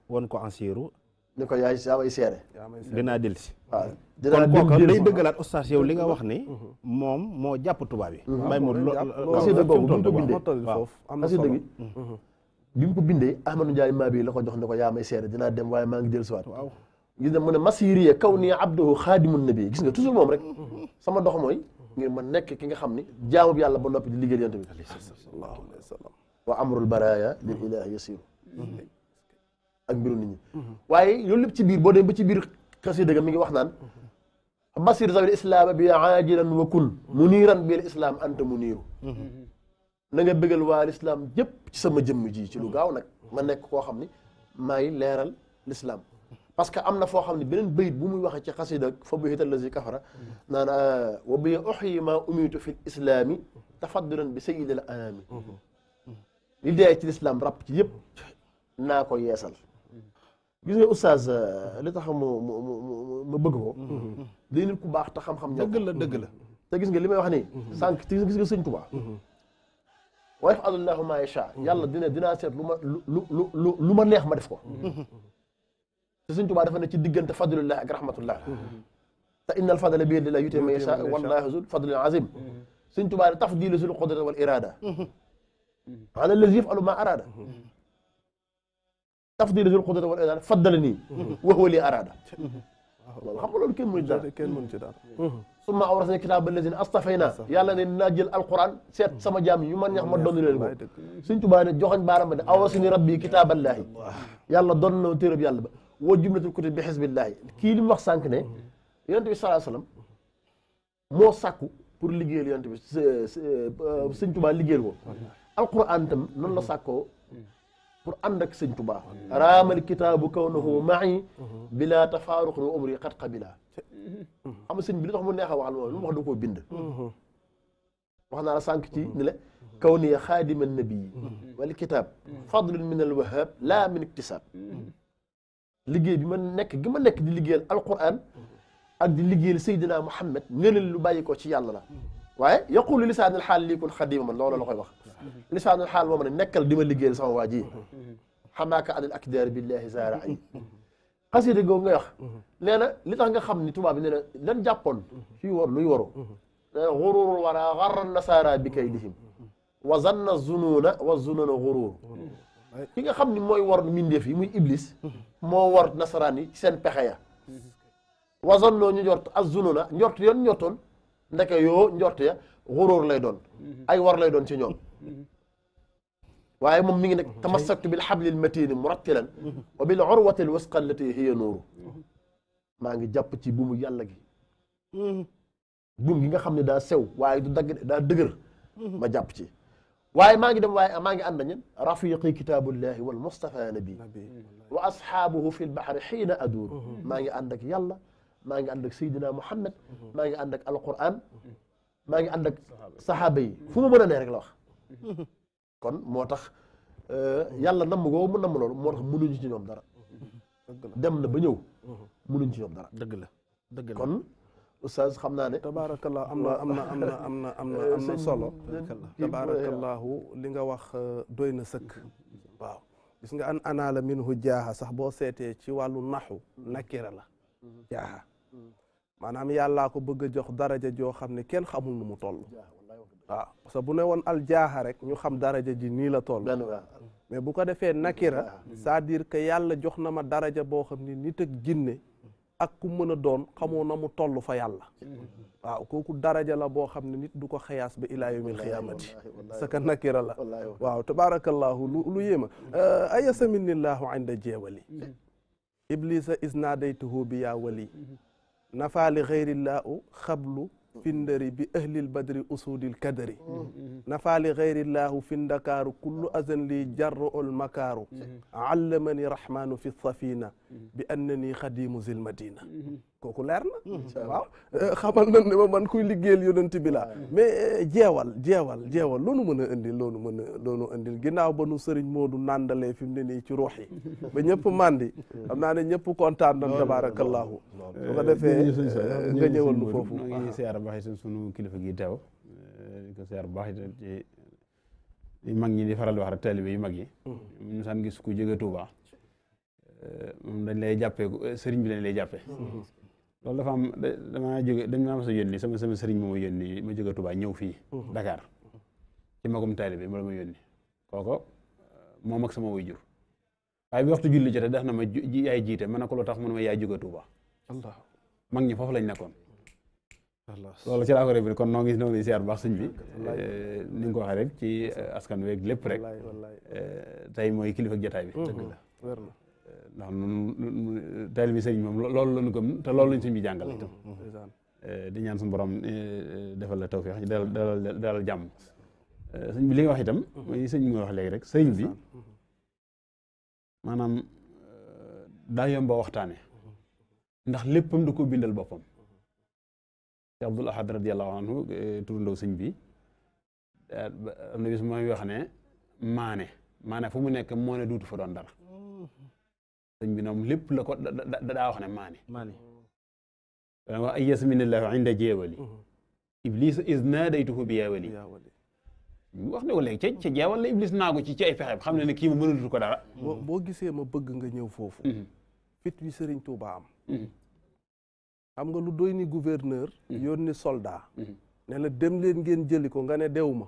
[SPEAKER 3] won ko en siiru.
[SPEAKER 4] ni ko yaay saa may seere. dinaa
[SPEAKER 3] dellusi. waaw dinaa dellusi kon kooka day dëggalaat oustaz yow li nga wax ni. moom moo jàpp tubaab yi. Baye Modou loo loo am
[SPEAKER 4] na solo bi mu ko bindee Ahmadou Ndiaye maa béy la ko jox ne ko yaa may seere dinaa dem waaye maa ngi dellusiwaat. gis nga mu ne masiriya kaw nii abduhu xaadimun nabi gis nga toujours moom rek sama dox mooy ngir ma nekk ki nga xam ni jaamub yàlla ba noppi di liggéey yonent bi sallallahu alayhi wa sallam wa amrul baraya lil ilahi yasiru mm-hmm. ak mbiru nit ñi mm-hmm. waaye loolu lépp ci biir boo dem ba ci biir xasida ga mi ngi wax naan mm-hmm. basir zawil islaama bi aajilan wa kun muniiran bil islam anta muniiru na bëggal waa lislaam yépp sama jëmm ci lu gaaw nag ma nekk koo xam ni maay leeral lislaam parce que am na foo xam ne beneen bayit bu muy waxee ci xasida fa buhita allazi kafara naan wa bi uhyi ma umitu fi l islaami tafaddulan bi sayid al anami li dee ci lislaam rab ci yëpp naa ko yeesal gis nga oustaz li tax mu mu mu bëgg ko day nit ku baax te xam-xam ñàkk dëgg la dëgg la te gis nga li may wax nii sànq te gis nga sëñ Tuubaa wa yafalullahu ma yacha yàlla dina dinaa seet lu ma lu lu lu ma neex ma def ko سنتو بعد فنا تي فضل الله ورحمة الله فإن الفضل بيد الله يتم يشاء والله ذو الفضل العظيم سنتو بعد تفضيل ذو القدرة والإرادة هذا الذي يفعل ما أراد تفضيل ذو القدرة والإرادة فضلني وهو اللي أراد الحمد لله كان من ثم أورثنا الكتاب الذين أصطفينا يا لنا ناجل القرآن سيت سما جام يمن يحمد دون الله سنتو بعد جوهن بارم أورثني ربي كتاب الله يا الله دون تيرب الله وجملة الكتب بحزب الله كي لم يخ سانك ني يونتبي صلى الله عليه وسلم مو ساكو بور ليغيل يونتبي سيغ توبا ليغيل كو القران تم نون لا ساكو بور اندك سيغ توبا رام الكتاب كونه معي بلا تفارق عمري قد قبل اما سيغ بي تخ مو نيخا واخ لوم واخ دوكو بيند واخنا لا سانك تي نلا كوني خادم النبي والكتاب فضل من الوهاب لا من اكتساب ليغي بما نيك غيما نيك دي ليغيال القران اك دي ليغيال سيدنا محمد نيل لو بايكو سي يالا واي يقول لسان الحال لي كل خديم من لولا لاكاي واخ لسان الحال مو نيكال ديما ليغيال سما واجي حماك على الاكدار بالله زارعي قصيدة غو غيخ لينا لي تخا خامن توبا بي نلا لن جابون في وور لوي وورو غرور الورى غر النصارى بكيدهم وظن الظنون والظنون غرور كيغا خامن موي وور مين دي في موي ابليس مو نصراني سن بخيا وزن لو نيورت أزونونا نيورت يون نيوتون نك يو نيورت يا غرور ليدون أي ور ليدون تنيوم وأي مم نك تمسكت بالحبل المتين مرتلا وبالعروة الوسقى التي هي نور ما نجي جابتي بوم يالجي بوم جينا خمني دا سو وأي دا دغر ما جابتي واي ماغي دم واي ماغي اندنين رفيقي كتاب الله والمصطفى نبي واصحابه في البحر حين ادور ما عندك يلا ما عندك سيدنا محمد ما عندك القران ما عندك صحابي فما مانا نير لا واخ كون موتاخ يلا نمغو مو نم لول موتاخ مونو نجي نيوم دار دم نا با نيو مونو نجي نيوم دار دغ لا دغ لا كون استاذ خمنا ني تبارك الله امنا امنا امنا امنا امنا امنا صلو تبارك
[SPEAKER 2] الله ليغا واخ آه، دوينا سك gis nga am an anaala minhu jaaha sax boo seetee ci wàllu naxu nakira la jaaha maanaam yàllaa ko bëgg a jox daraja joo xam ne kenn xamul nu mu toll waaw bu ne woon al jaaha rek ñu xam daraja ji nii la toll mais bu ko defee nakira mm-hmm. c'est-à-dire que yàlla jox na ma daraja boo xam ne nii ak jinne ak ku mën a doon xamoo na mu toll fa yàlla waaw kooku daraja la boo xam ne nit du ko xayaas ba ilaa yawmil xiyaamati saka nakira la waaw tabarakallahu lu lu yéema ayasaminillahu inda jeewali iblisa isnaadaytuhu bi yaa wali nafaali xayrillahu xablu findari bi ahlil badri usudil kadari nafaali xayrillahu fi ndakaaru kullu azan li jarru ul makaaru allamani rahmaanu fi safina Mhm. bi annani xadimu zil madina mhm. kooku leer na mhm. waaw <laughs> xamal nañ ne ma man kuy liggéeyal yonent bi laa mais eh, jeewal jeewal jeewal loonu mën a indil loonu mën a loonu indil ginnaaw ba nu sëriñ Moodu nàndalee fi mu ne nii ci ruux yi
[SPEAKER 6] <laughs> ba ñëpp mandi xam naa
[SPEAKER 2] ne ñëpp kontaan nañ tabaarakallaahu bu ko defee eh, nga ñëwal nu foofu ñu ngi
[SPEAKER 5] siyaar sunu kilifa gi teew eh, di ko siyaar baax yi ci mag ñi di faral di wax rek taalibe yu mag yi mm. ñu san gis ku jóge Tuuba moom dañ lay jàppee eh, sëriñ bi lañ lay jàppee. Mm-hmm. loolu dafa am damaa jóge dañ maa mas a yónni sama sama sëriñ moom ma yónni ma jóge Touba ñëw fii. Mm-hmm. Dakar ci magum taalibe bi ma la ma yónni kooko eh, moom ak sama waajur waaye bi waxtu julli jotee def na ma ji yaay jiite ma ne ko loo tax man ma yaay jóge Touba. allah mag ñi foofu lañ nekkoon. loolu ci laa ko bi kon noo ngi noo ngi baax sëñ bi eh, ni nga ko waxee rek ci askan week lépp rek tey mooy kilifa jotaay bi. Mm-hmm. dëgg la ndax nun taalibe bi sëriñ moom loolu la ko gëm te loolu lañ sëñ bi jàngal itam
[SPEAKER 6] mm-hmm.
[SPEAKER 2] mm-hmm.
[SPEAKER 5] eh, di ñaan suñu borom eh, defal la tawfeex ñu dalal dalal dalal jàmm eh, sëñ bi li wax itam mm-hmm. mooy sëñ bi wax léegi rek sëriñ bi maanaam daa yomba waxtaane ndax léppam ko bindal boppam ci Abdul bi am na bis mooy wax ne maane fu mu nekk moo ne duutu fa doon dara sëñ bi lépp la ko wax ne maani dana wax ay yasminillahu inda jeewali iblis is naadaytuhu bi yaawali wax ne ko léegi ca ca jeewal la iblis naagu ci ci ay pexe xam ne ne kii ma mënatu ko dara
[SPEAKER 2] boo gisee ma bëgg nga ñëw foofu fit wi sëriñ Tuuba am xam nga lu doy ni yoon yónni solda ne la demleen ngeen jëli ko nga ne dew ma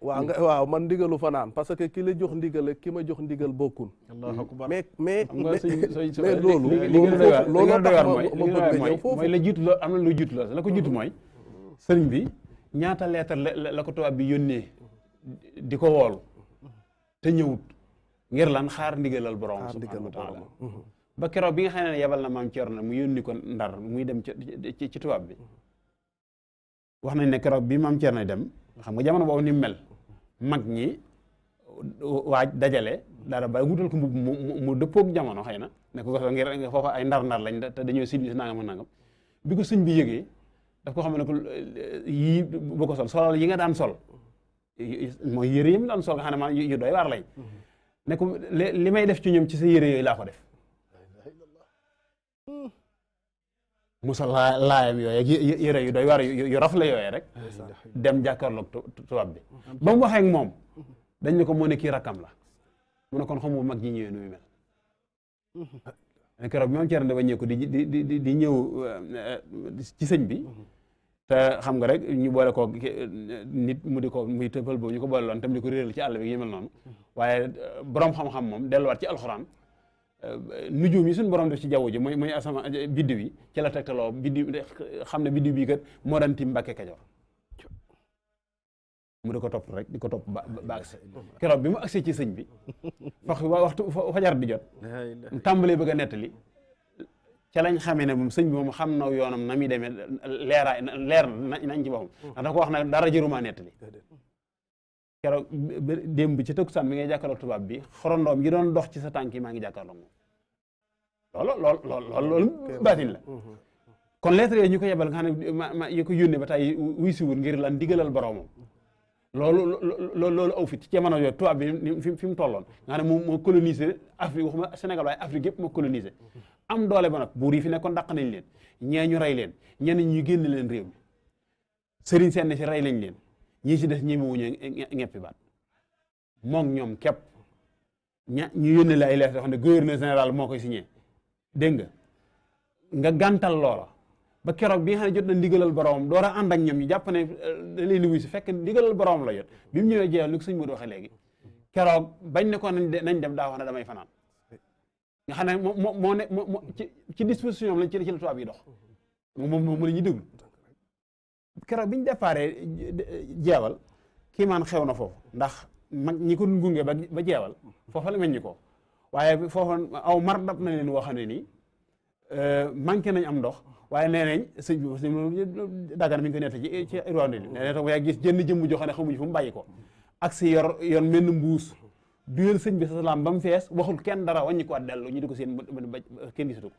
[SPEAKER 2] waaw nga waaw man ndigalu fanaan parce que ki la jox ndigal ak ki ma jox ndigal bokkul mais mais mais loolu loolu tax ma bëgg ñëw foofu mooy la
[SPEAKER 5] jiitu la am na lu jiitu la la ko jiitu mooy sëriñ bi ñaata leetar la ko tubaab bi yónnee di ko woolu te ñëwut ngir lan xaar ndigalal borom subhanahu wa taala ba keroog bi nga xam ne yebal na maam Cerno na mu yónni ko ndar muy dem ci tubaab bi wax nañ ne keroog bi maam Cerno dem xam nga jamono boobu ni mel mag ñi waaj dajale dara ba wutal ko mbubb mu mu dëppoog jamono xay na ne ko nga ngir nga foofa ay ndar-ndar lañ te dañoo silbi si nangam ak nangam bi ko sëñ bi yëgee daf ko xam ne ko yii bu ko sol solal yi nga daan sol mooy yére yi mu daan sol nga xam ne maanaam yu doy waar lañ ne ko li may def ci ñoom ci sa yére yooyu laa ko def musal laayam yooyu yi yére yu doy waar yu raf la yooyee rek dem jàkkaarloog tubaab bi ba mu waxee ak moom dañ ne ko moo ne kii rakkam la mu ne kon xamu mag ñi ñëwee nu muy mel ne <laughs> keroog bi moom ceerande ba ñëw ko di di di di eh, ci sëñ bi te xam nga rek ñu boole ko eh, nit mu di ko muy tëbal boobu ñu ko boole loon tam di ko réeral ci àll bi yi mel noonu <laughs> waaye eh, borom xam-xam moom delluwaat ci alxuraan nujum yi suñu borom def ci jaww ji mooy mooy asama biddiw yi ci la tegtaloo biddiw xam ne biddiw bii kat moo daan tim Mbàkke Kajoor mu di ko topp rek di ko topp ba ba agsi keroog bi mu agsi ci sëñ bi wax waxtu fajar jot tàmbalee bëgg a nettali ca lañ xamee ne moom sëñ bi moom xam na yoonam na muy demee leeraay leer na nañ ci boppam ndax da ko wax na dara jërumaa nettali keroog démb ci tëkkusaan bi ngay jàkkaarloog tubaab bi xorondoom yi dox ci sa tànk maa ngi jàkkaarloog moom loolu
[SPEAKER 8] lool lool lool loolu baatin la mhm.
[SPEAKER 5] kon lettre yooyu ñu ko yebal nga xam ne yi ko yónnee ba tey wuy si ngir lan ndigalal boroomam loolu loolu loolu aw fit ci jamono yooyu tubaab bi fi mu tolloon nga moom moo colonisé Afrique waxuma Sénégal waaye yëpp moo colonisé am doole ba nag buur yi fi nekkoon dàq nañ leen ñee ñu rey leen ñenn ñu génn leen réew mi sëriñ seen si rey lañ leen ñi ci des ñemewuñu ñeppi baat moom ñoom képp ña ñu yónnee la ay lettre yoo xam ne gouverneur général moo koy signé dégg nga nga gàntal loola ba keroog bi nga xam ne jot na ndigalal boroomam door ànd ak ñoom ñu jàpp ne euh, da leen di wuyu si fekk ndigalal boroomam la jot bi mu ñëwee jeexal ni ko sëñ Modou waxee léegi keroog bañ ne ko nañ dem daa wax ne damay fanaan nga xam ne moo moo ne moo ci ci disposition am lañ ci la tubaab dox moom moom keroog bi ñu déparé eh, eh, jeewal kiimaan xew na foofu ndax mag ñi ko doon gunge ba jeewal foofa la meññi ko waaye foofa aw mar dab leen woo xam ne nii eh, manqué nañ am ndox waaye nee nañ sëñ bi sëñ dagan mi ngi ko ci ci Irlande tam yaa gis jën jëm joo xam ne xamuñu fu mu bàyyi ko ak si yor yoon menn mbuus duyal sëñ bi sa salaam ba fees waxul kenn dara wàññi ko at dellu ñu di seen kenn gisatu ko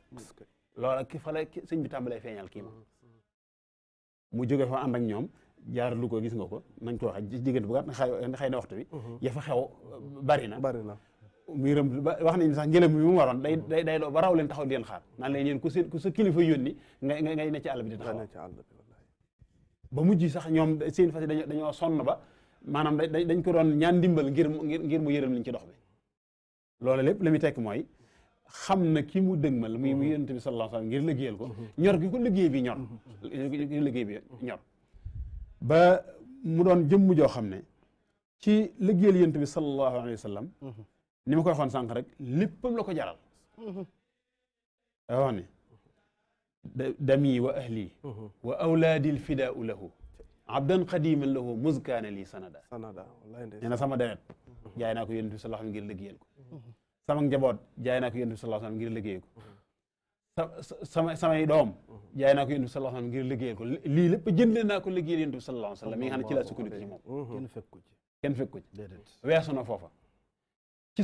[SPEAKER 5] loolu ak fa la sëñ bi tàmbalee feeñal kii mu jóge fa ànd ak ñoom jaar lu ko gis nga ko nañ ko wax jigéen bu gàtt xëy na waxtu bi mhm. ya fa xew bari na bari na muy rëm wax nañu sax njëlëm bi mu waroon day day day doo ba raw leen taxaw di leen xaar naan leen yéen ku sa ku sa kilifa yónni nga ngay ne ci àll bi di taxaw ba mujj sax ñoom seen fas dañoo dañoo sonn ba maanaam dañ ko doon ñaan ndimbal ngir ngir mu yërëm liñ ci dox bi loolu lépp li muy tekk mooy xam na ki mu dëgmal muy muy mm-hmm. yonent bi sallallahu ngir liggéeyal ko ñor gi ko liggéey bi ñor liggéey bi ba mu doon jëmm joo xam ne ci liggéeyal yonent bi sallallahu alayhi mm-hmm. ni ma koy waxoon sànq rek léppam la ko jaral
[SPEAKER 6] mm-hmm.
[SPEAKER 5] daa dami wa ahli wa awlaadi alfidaau lahu abdan qadiman lahu muskaana li sanada sanada nee na sama deret jaay naa ko yonent bi ngir liggéeyal ko sama njaboot jaay naa ko yonent bi sallallahu alayhi wa sallam
[SPEAKER 6] ngir
[SPEAKER 5] liggéey mhm. samay doom mhm. jaay naa ko yonent bi sallallahu alayhi wa ngir liggéeyal lii lépp jënd naa ko liggéeyal yonent bi sallallahu alayhi wa sallam mi nga xam ne ci laa
[SPEAKER 3] sukkandiku ci moom mhm. kenn fekku ci kenn fekku ci foofa ci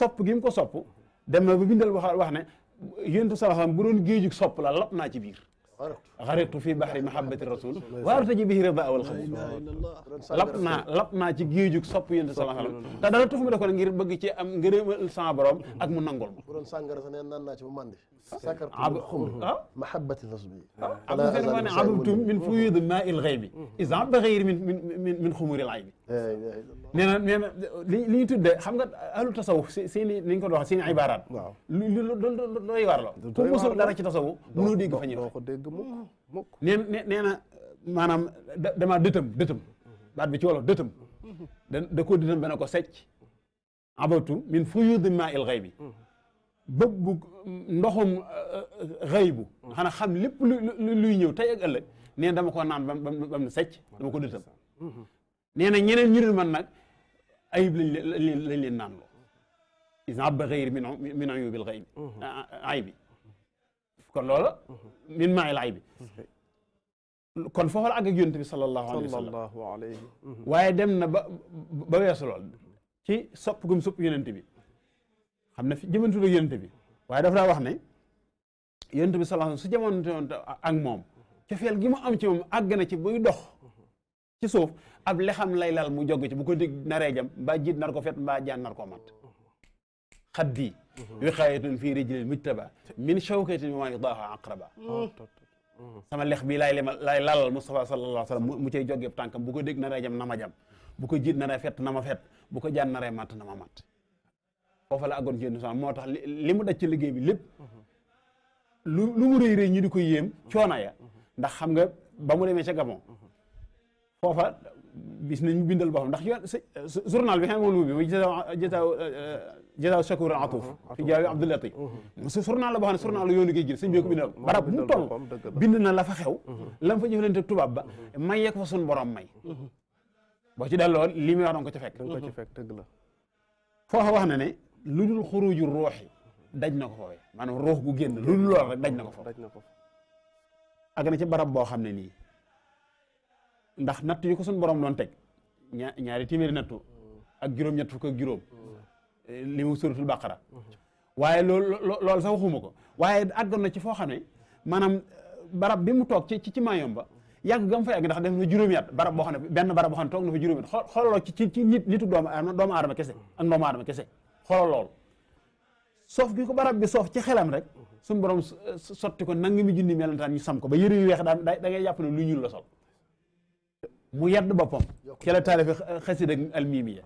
[SPEAKER 5] sopp gi ko sopp dem na ba bindal wax wax ne yonent bi sallallahu alayhi wa bu doon géejug sopp la lap naa ci biir غرقت في بحر محبة الرسول وارت جي بيه رضا اول خبز
[SPEAKER 4] لبنا لبنا
[SPEAKER 5] جي صلى الله عليه وسلم تدار توفي دكون غير ام غير سان بروم اك مو نانغول
[SPEAKER 4] بورون سانغ رسنا نان سكر عب... أه؟ أه؟ محبة الصبي أه؟ أنا أنا عبدت من فيض
[SPEAKER 5] الماء الغيب إذا عبد غير من من من خمور العيب نعم نعم لي لي تود خمسة ألو تصو سيني نينكو ده سيني عبارات لا لا لا لا لا يوارلا كم مصر لا رك تصو منو دي غفني نعم نعم نعم ما نام دما دتم دتم بعد بتشوله دتم دكود دتم بينكوا سك عبدت من فيض الماء الغيبي bëggu ndoxum xëy bu xanaa xam lépp lu luy ñëw tey ak ëllëg nee dama ko naan bam bam ne secc dama ko dëtam nee na ñeneen ñu dul man nag ayib lañ leen lañ leen naan loo is abba xëyri min min ayubil xëy bi ay bi kon loola min maayil ay bi kon foofu la àgg ak yonent bi sallallahu alayhi wa sallam waaye dem na ba ba weesu lool ci sopp gum sopp yonent bi xam ne fi jëmantu ak yonent bi waaye daf daa wax ne yonent bi sallallahu alayhi wasallam su jamonoon ak moom cofeel gi mu am ci moom àgg na ci buy dox ci suuf ab lexam lay lal mu jog ci bu ko dig naree jam mbaa jiit nar ko fet mbaa jaan nar ko mat xaddi wiqaayatun fii rijlil mujtaba min shawkatin wa idaaha aqraba sama lex bi lay lema lay lalal Mustafa sallallahu alayhi wasallam mu cay jógee tànkam bu ko dégg naree jam na jam bu ko jiit naree fett na ma bu ko jaan naree matt na ma foofa la àggoon ci yenn soxna moo tax li mu daj ci liggéey bi lépp lu lu mu rëy rëy ñu di ko yéem coona ya ndax xam nga ba mu demee ca Gabon foofa bis nañ mu bindal boppam ndax journal bi xam nga lu bi mooy jataaw jataaw Shakur journal la boo xam ne journal la yoonu géej gi sëñ bi ko bindal barab
[SPEAKER 6] bu la fa xew
[SPEAKER 5] lam fa jëflante tubaab ba mayee ko fa suñu borom may boo ci delloo li muy ko ci fekk danga ko fekk dëgg la foofa wax na ne lu dul xuruju ruux yi daj na ko foofee maanaam ruux gu génn lu dul lool rek daj na ko foofu ak na ci barab boo xam ne nii ndax natt yu ko suñ borom doon teg ña ñaari téeméeri nattu ak juróom-ñett fukk ak juróom li mu suratul baqara waaye loolu loolu sax waxuma ko waaye àggoon na ci foo xam ne maanaam euh, barab bi mu toog ci ci Mayumba yàgg gam fa yàgg ndax def na juróomi at barab boo xam ne barab boo xam ne toog na fa juróomi at xooloo ci ci nit nitu doomu aadama doomu aadama kese ak doomu aadama kese xoolal lool soof gi ko barab bi soof ci xelam rek suñu borom sotti ko nangami junni melentaan ñu sam ko ba yëre yu weex daan da ngay jàpp ne lu ñuul la sol mu yedd boppam ci la taalifi xasida almimiya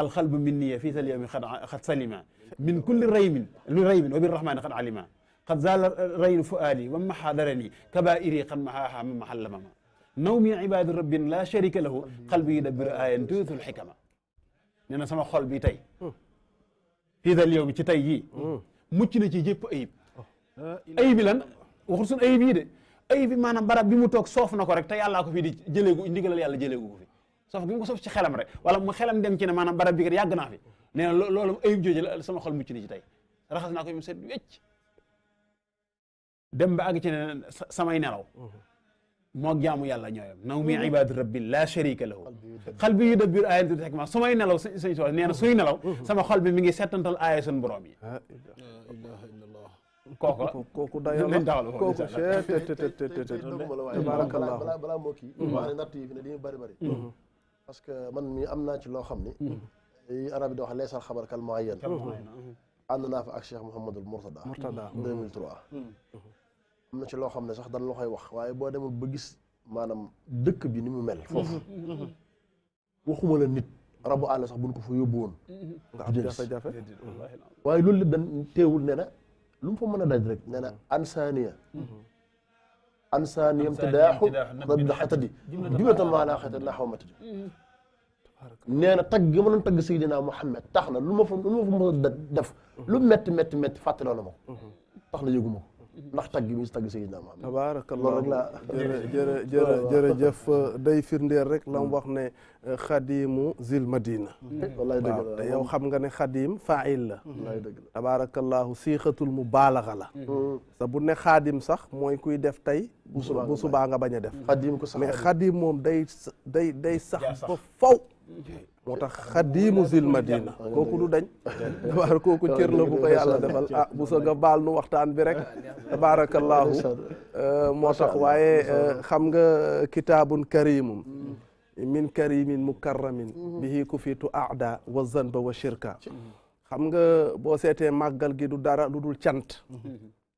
[SPEAKER 5] alxalbu minniya fii sal yawmi xad xad salima min kulli raymin lu raymin wa bir rahmani xad alima xad zaala raynu fuaali wa maxa darani kabairi xad maxaaha ma maxallamama nawmi ibadu rabbin la sharika lahu xalbi yudabiru ayan tuutul xikama nee na sama xol bi tey fiidal yow mi ci tey jii hmm. mucc na ci jëpp ayib oh. ah, ayib yi lan waxul suñ ayib yi de ayib yi maanaam barab bi mu toog soof na ko rek te yàllaa ko fii di jëleegu ndigalal yàlla jëleegu ko fi soof gi mu ko soof ci xelam rek wala mu xelam dem ci ne maanaam barab bi kat yàgg naa fi nee na loolu ayib jooju la sama xol mucc na ci tey raxas naa ko mu set wecc dem ba ci ne samay nelaw hmm. moo jaamu yàlla ñooyam naw mi ibadu rabbi la sharika lahu xal bi yu dabbir aaya tuuti xekma su may nelaw sëñ so nee na suy nelaw sama xol bi mi ngi settantal aaya sun borom yi
[SPEAKER 2] kooku kooku dayoo la
[SPEAKER 4] kooku chef te te te te te tabaarakallah balaa balaa moo kii maa ne natt yi fi ne dañuy bëri bëri parce que man mi am naa ci loo xam ni yi arab yi di wax leesal xabar kal moyen ànd naa fa ak Cheikh Mouhamadul Mourtada 2003 amna ci lo xamne sax dañ la koy wax waye bo demul ba gis manam dëkk bi ni mu mel fofu waxuma la nit rabu allah sax buñ ko fa yóbbu woon jafe-jafe waaye loolu dañ teewul neena na lu mu fa mën daj rek neena ansaniya ansaniya imtidaaxu rabbil xatadi jumlatan maa laa xatadi laa xawmatadi nee na tagg ma doon tagg Seydina Muhammad tax na lu ma fa lu ma fa mën a def lu metti metti metti ndax tagg bi ñu
[SPEAKER 2] tagg Seydina Muhammad tabarakallah rek laa jërë jërë jërëjëf day firndeel rek la mu wax ne xadimu zil madina wallaay dëgg la te yow xam nga ne xadim fail la wallaay dëgg la tabarakallahu siixatul mubaalaxa la sa bu ne xaadim sax mooy kuy def tey bu subaa nga bañ a def mais xadim moom day day day sax ba faw moo tax xadiimu zil madina kooku du dañ tabaar kooku cër la bu ko yàlla defal ah bu sa nga baal nu waxtaan bi rek tabaarakallaahu moo tax waaye xam nga kitaabun karimum min karimin mukarramin bihi kufitu aada wa zanba wa shirka xam nga boo seetee màggal gi du dara lu dul cant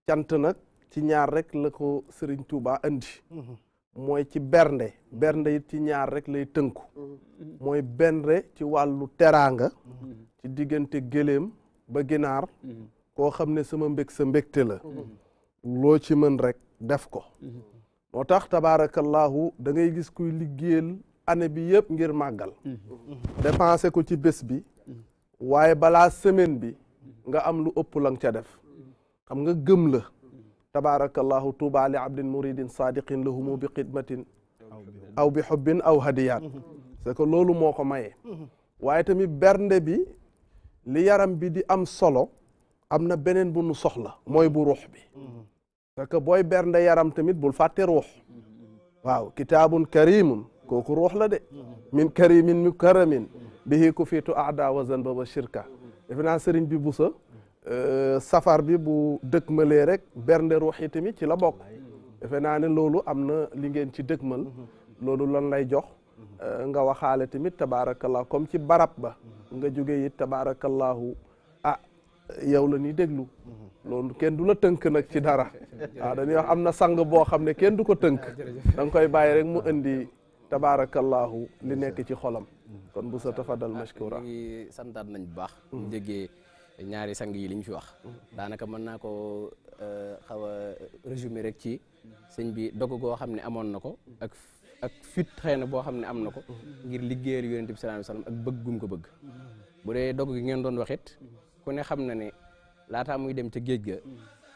[SPEAKER 2] cant nag ci ñaar rek la ko Sëriñ Tuuba andi mooy ci bernde bernde it ci ñaar rek lay tënku mm-hmm. mooy bernde ci wàllu teraanga ci diggante gëléem ba ginaar mm-hmm. koo xam ne sama mbég sa mbegte la mm-hmm. loo ci mën rek def ko moo tax tabaarakallaahu da ngay gis kuy liggéeyal année bi yëpp ngir màggal dépensé ko ci bés bi waaye balaa semaine bi nga am lu ëpp la nga ca def xam nga gëm la تبارك الله طوبى لعبد مريد صادق لهم بخدمة aw bi xobbin aw hadiyaat c'est que loolu moo ko maye waaye tamit bernde bi li yaram bi di am solo am na beneen bu nu soxla mooy bu ruux bi c'est que booy bernde yaram tamit bul fàtte ruux waaw kitaabun karimun kooku ruux la de min karimin mukaramin bihi ku fiitu aada wa zanba wa shirka defe naa sëriñ bi busa Euh, safar bi bu dëgmalee rek bernde ruux yi tamit ci la bokk defe naa ne loolu am na li ngeen ci dëgmal loolu lan lay jox euh, nga waxaale tamit tabaarakallah comme ci barab ba nga jóge it tabaarakallahu ah yow la ñuy déglu loolu kenn du la tënk nag ci dara ah, waaw am na sang boo xam ne kenn du ko tënk da koy bàyyi rek mu indi tabaarakallahu li nekk ci xolam kon bu sa tafadal mashkura
[SPEAKER 7] santaat nañ bu baax. Mm. ñaari sang yi li ñu fi wax daanaka mën naa ko euh, xaw a résumé rek ci sëñ bi dogg goo xam ne amoon na ko ak ak fit xëy na boo xam ne am na ko ngir liggéeyal yonent bi sallallahu alayhi ak bëgg gum ko bëgg bu dee ngeen doon waxit ku ne xam na ne laataa muy dem ca géej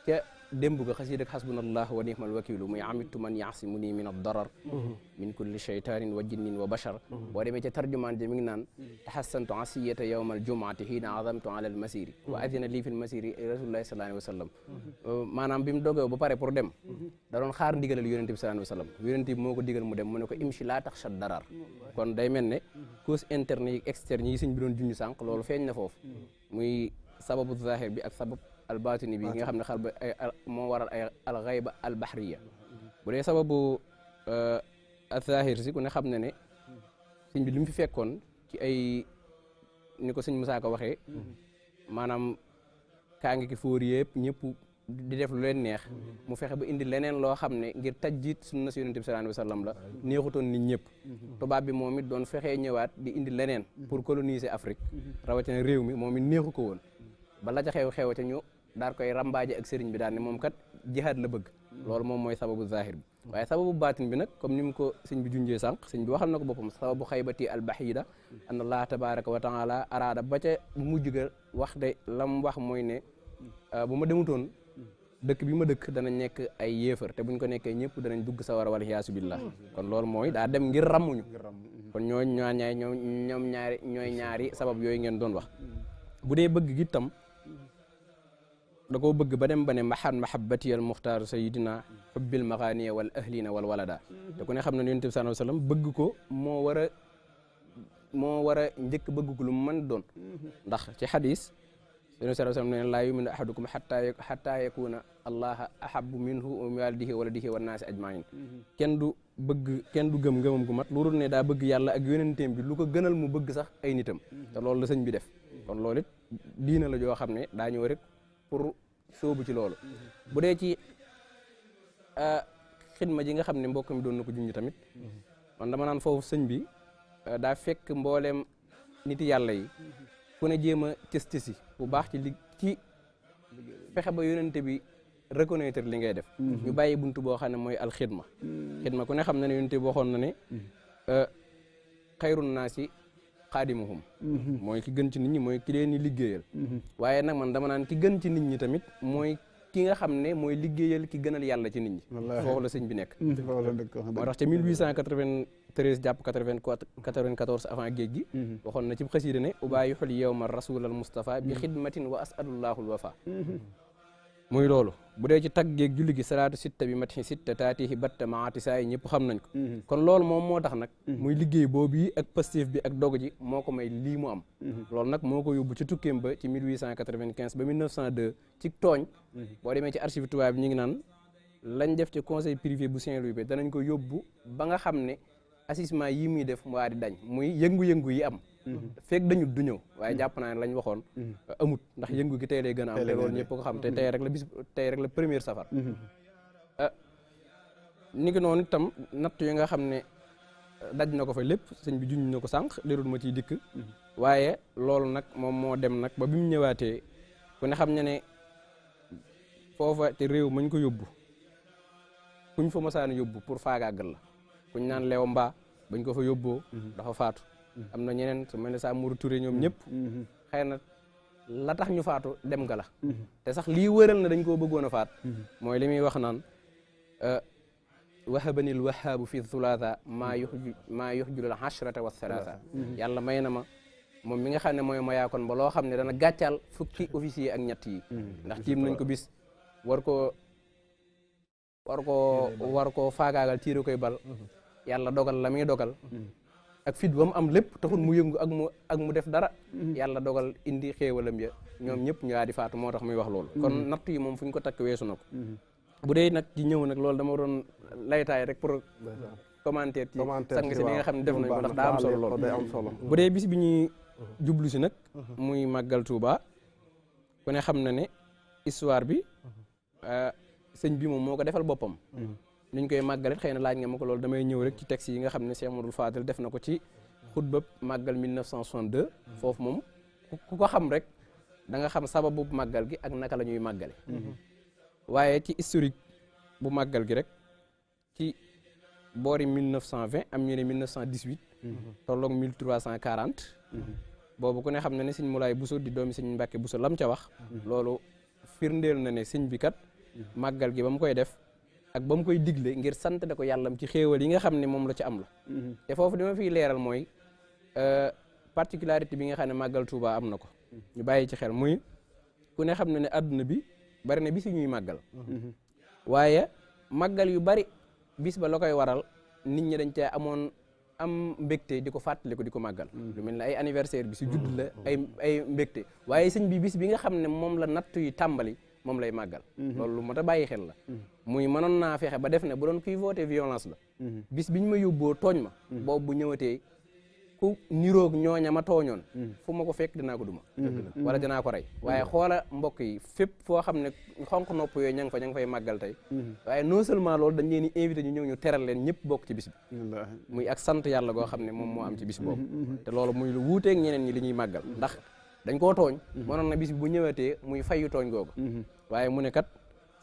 [SPEAKER 7] ga démb ga xasiid ak xasbunallah wa nihmal wakilu muy amitu man yaasimuni min addarar min kulli cheytanin wa jinnin wa bachar boo demee ca tarjumaan ja mi ngi naan taxassantu asiyata yowma aljumaati xiina azamtu ala almasiri wa adina lii fi lmasiri rasulullahi sallallahu alayhi wa sallam maanaam bi mu dogee ba pare pour dem da doon xaar ndigalal yonente bi sallallahu alayhi wa sallam yonente bi moo ko digal mu dem mu ne ko imshi laa taxsha darar kon day mel ne cause interne yi externe yi sëñ bi doon junj sànq loolu feeñ na foofu muy sababu zahir bi ak sabab al batini bi nga xam ne ba ay waral ay al ghayba al bahriya bu dee sababu al zahir si ku ne xam na ne sëñ bi li mu fi fekkoon ci ay ni ko sëñ Musaa Ka waxee maanaam kaa ki di def lu leen neex mu fexe ba indi leneen loo xam ngir tajjit sunna si yonente bi sallallahu alayhi wa sallam la neexutoon nit ñëpp tubaab bi moom doon di indi leneen pour coloniser Afrique rawatina réew mi moom it neexu ba la ñu daar koy rambaaje ak sëriñ bi daal ne moom kat jihaad la bëgg loolu moom mooy sababu zahir bi waaye sababu baatin bi nag comme ni mu ko sëñ bi junjee sànq sëñ bi waxal na ko boppam sababu xaybati albahida an allah tabaraka wa taala araada ba ca mujj ga wax de lam wax mooy ne euh, bu ma demutoon dëkk bi ma dëkk danañ nekk ay yéefar te buñ ko nekkee ñëpp danañ dugg sawara wala yaasu billah kon loolu mooy daa dem ngir rammuñu kon ñoo ñaar ñaari ñoom ñaari ñooy ñaari sabab yooyu ngeen doon wax دكو بغ بنم بن محن محبتي المختار سيدنا حب المغاني والاهلين والولدا دكو ني خمنا نيونتي صلى الله عليه وسلم بغ كو مو ورا مو ورا نديك بغ كو لوم من دون داخ تي حديث يونس صلى الله عليه وسلم لا يؤمن احدكم حتى حتى يكون الله احب منه ومالده ولده والناس اجمعين كين دو بغ كين دو گم گمم گو مات لورو ني دا بغ يالا اك يونتيم بي لوكو گنال مو بغ صاح اي نيتام تا لول لا سنج بي ديف كون لوليت دين لا جو خامني دا نيو ريك pour sóobu ci loolu bu dee ci euh, xidma ji nga xam ne mbokk mi doon na ko junj tamit man dama naan foofu sëñ bi euh, daa fekk mbooleem nit yàlla yi ku ne jéem a cëstisi bu baax ci li ci pexe ba yonente bi reconnaître li ngay def mhm. ñu bàyyi bunt boo xam ne mooy alxidma mhm. xidma ku ne xam na ne yonente bi waxoon na ne mhm. euh, xayrun naasi xaadimuhum mhm. mooy ki gën ci nit ñi mooy ki leen di liggéeyal mhm. waaye nag man dama naan ki gën ci nit ñi tamit mooy ki nga xam ne mooy liggéeyal ki gënal yàlla ci nit ñi foofu la bi nekk
[SPEAKER 1] mhm. moo tax ca
[SPEAKER 7] 1893 jàpp 94 avant géej gi waxoon na ci xasiida ne ubaayixul yowma rasulal mustafa bi xidmatin wa asalullahul wafa muy loolu bu dee ci taggeeg julli gi salaatu sitta bi mati sitta taatihi batta maati saa yi ñëpp xam nañ ko mhm. kon loolu moom moo tax nag mhm. muy liggéey boobu yi ak pastif bi ak dog ji moo ko may lii mu am mhm. loolu nag moo ko yóbbu ci tukkeem ba ci 1895 ba 1902 ci tooñ boo demee ci archive tubaab bi ñu ngi naan lañ def ci conseil privé bu Saint-Louis bi danañ ko yóbbu ba nga xam ne assisment yi muy def waa di dañ muy yëngu-yëngu yi am Mhm. fek dañu du ñëw waaye na mhm. naa lañ waxon mhm. amut ndax yëngu gi tey lay gën am te ñepp ko xam te tay rek la bis tay rek la premier safar ah, ni ki non tam natt yi nga xam ne ah, daj nako fa lepp señ bi juñu nako sank sànq ma ci dik waye lool nak mom mo dem nak ba bimu mu ku ne xam ñane ne foofa te réew mañ ko yobbu kuñ fa masaan yobbu pour faaga gal kuñ naan leew mba bañ ko fa yobbo dafa faatu Mhm. am na ñeneen su mel ne sa Mourou Touré ñoom ñëpp mhm. la tax ñu faatu dem nga la mhm. te sax lii wëral na dañ koo bëggoon a faat mooy li muy wax naan euh, wahabani lwahaabu fi thulatha maa yuxju maa yuxjul al ashrata wa thalatha yàlla may na ma moom mi nga xam ne mooy mayaakoon ba loo xam ne dana gàccaal fukki officier ak ñett yi ndax tiim nañ ko bis war koo war koo war koo faagaagal koy bal yàlla dogal la muy dogal ak fit ba mu am lépp taxul mu yëngu ak mu ak mu def dara mm-hmm. yàlla dogal indi xéewalam ya ñoom ñëpp ñu yaa faatu moo tax muy wax loolu kon mm-hmm. natt yi moom fu ñu ko takk weesu na ko mm-hmm. bu dee nag ci ñëw nag loolu dama doon laytaay rek pour commentaire ci sang si nga xam ne def nañ ko ndax daa am solo lool dee bis bi ñuy jublu si nag muy màggal Tuuba ku xam na ne histoire bi euh, sëñ bi moom moo ko defal boppam nuñ koy màggale xëy na laaj nga ma ko loolu damay ñëw rek ci texte yi nga xam ne Cheikh Modou Fadel def na ko ci xutbab màggal 1962 mhm. foofu moom ku ko xam rek da nga xam bu màggal gi ak naka la ñuy màggale mhm. waaye ci historique bu màggal gi rek ci boori 1920 am ñu ne 1918 mhm. tolloog 1340 boobu ku ne xam na ne sëñ Moulay Bousso di doomi sëñ Mbàkke Bousso lam ca wax loolu firndeel na ne sëñ bi kat màggal gi ba mu koy def ak ba mu koy digle ngir sant de ko yàllam ci xéewal yi nga xam ne moom la ci am la mm-hmm. te foofu dama fiy leeral mooy euh, particularité bi nga xam ne màggal Touba am na ko mm-hmm. ñu bàyyi ci xel muy ku ne xam ne ne àdduna bi bari na bis yu ñuy màggal mm-hmm. waaye màggal yu bari bis ba la koy waral nit ñi dañ cee amoon am mbégte di ko ko di ko màggal lu mel ne ay anniversaire bi si judd la ay ay mbégte waaye sëñ bi bis bi nga xam ne moom la nattu yi tàmbali moom lay màggal mhm. loolu lu mat a bàyyi xel la mhm. muy mënoon naa fexe ba def ne bu doon kuy voté violence la mhm. bis biñ ma yóbboo tooñ ma boobu bu ñëwatee ku niroog ñooña ma tooñoon fu ma ko fekk dinaa ko duma wala danaa ko rey waaye xoola mbokk yi fépp foo xam ne xonq nopp yooyu ña ngi fa ña ngi fay màggal tey waaye non seulement loolu dañ ni invité ñu ñëw ñu teral leen ñëpp bokk ci bis bi muy ak sant yàlla goo xam ne moom moo am ci bis boobu te loolu muy lu wuuteeg ñeneen ñi li ñuy màggal ndax dañ koo tooñ mënoon waye mu ne kat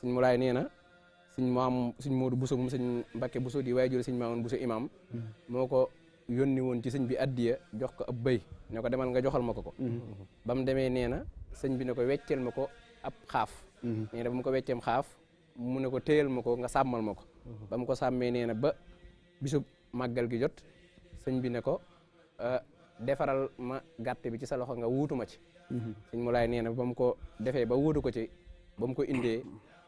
[SPEAKER 7] sëñ Moulay neena na sëñ maam sëñ Modou Bousso moom sëñ Mbacké Bousso di wayjur sëñ Mamoun Bousso imam mm-hmm. moko yoni won ci sëñ bi addiya jox ko ab bëy ne ko demal nga joxal mako ko mm-hmm. bam deme neena demee na bi ne ko wetchel mako ab khaf mm-hmm. na ko wetchem khaf mu ne ko teyel mako nga samal mako bam ko samme neena ba bisu maggal gi jot sëñ bi ne ko euh, defaral ma gatte bi ci sa loxo nga wutuma ma ci sëñ Moulay nee na ba ko defee ba wuutu ba mu ko indee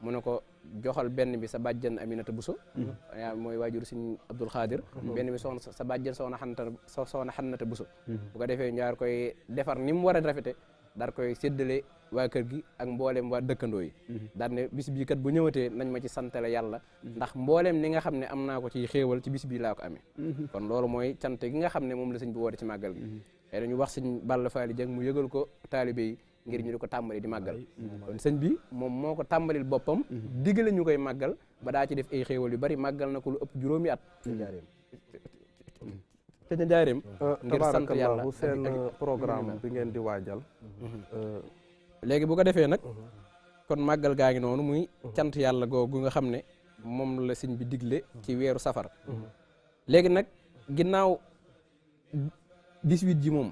[SPEAKER 7] mu ne ko joxal benn bi sa bàjjen Aminata Buso mhm. yaa mooy waajur Sëriñ Abdul Xaadir mhm. benn bi soxna sa bàjjen soxna xanta soxna xannata Buso mhm. bu ko defee ñaar koy defar ni mu war a rafete dar koy séddale waa kër gi ak mboolem waa dëkkandoo yi daal ne bis bii kat bu ñëwatee nañ ma ci santale yàlla ndax mboolem ni nga xam ne am naa ko ci xéewal ci bis bii laa ko amee kon loolu mooy cant gi nga xam ne moom la sëñ bi woote ci màggal gi xëy na wax sëñ Balla Faali Jeng mu yëgal ko taalibe yi ngir ñu di ko tàmbali di màggal mm. kon bi moom moo ko tàmbalil boppam mm-hmm. digale ñu koy màggal ba daa ci def ay xéewal yu bari màggal na ko lu ëpp juróomi at te ñu jaareem ngir sant yàlla uh, mm-hmm. ngeen di waajal
[SPEAKER 2] mm-hmm. uh,
[SPEAKER 7] léegi bu ko defee nag kon màggal gaa ngi noonu muy cant yàlla googu nga xam ne moom la sëñ bi digle ci weeru safar léegi nag ginnaaw 18 ji moom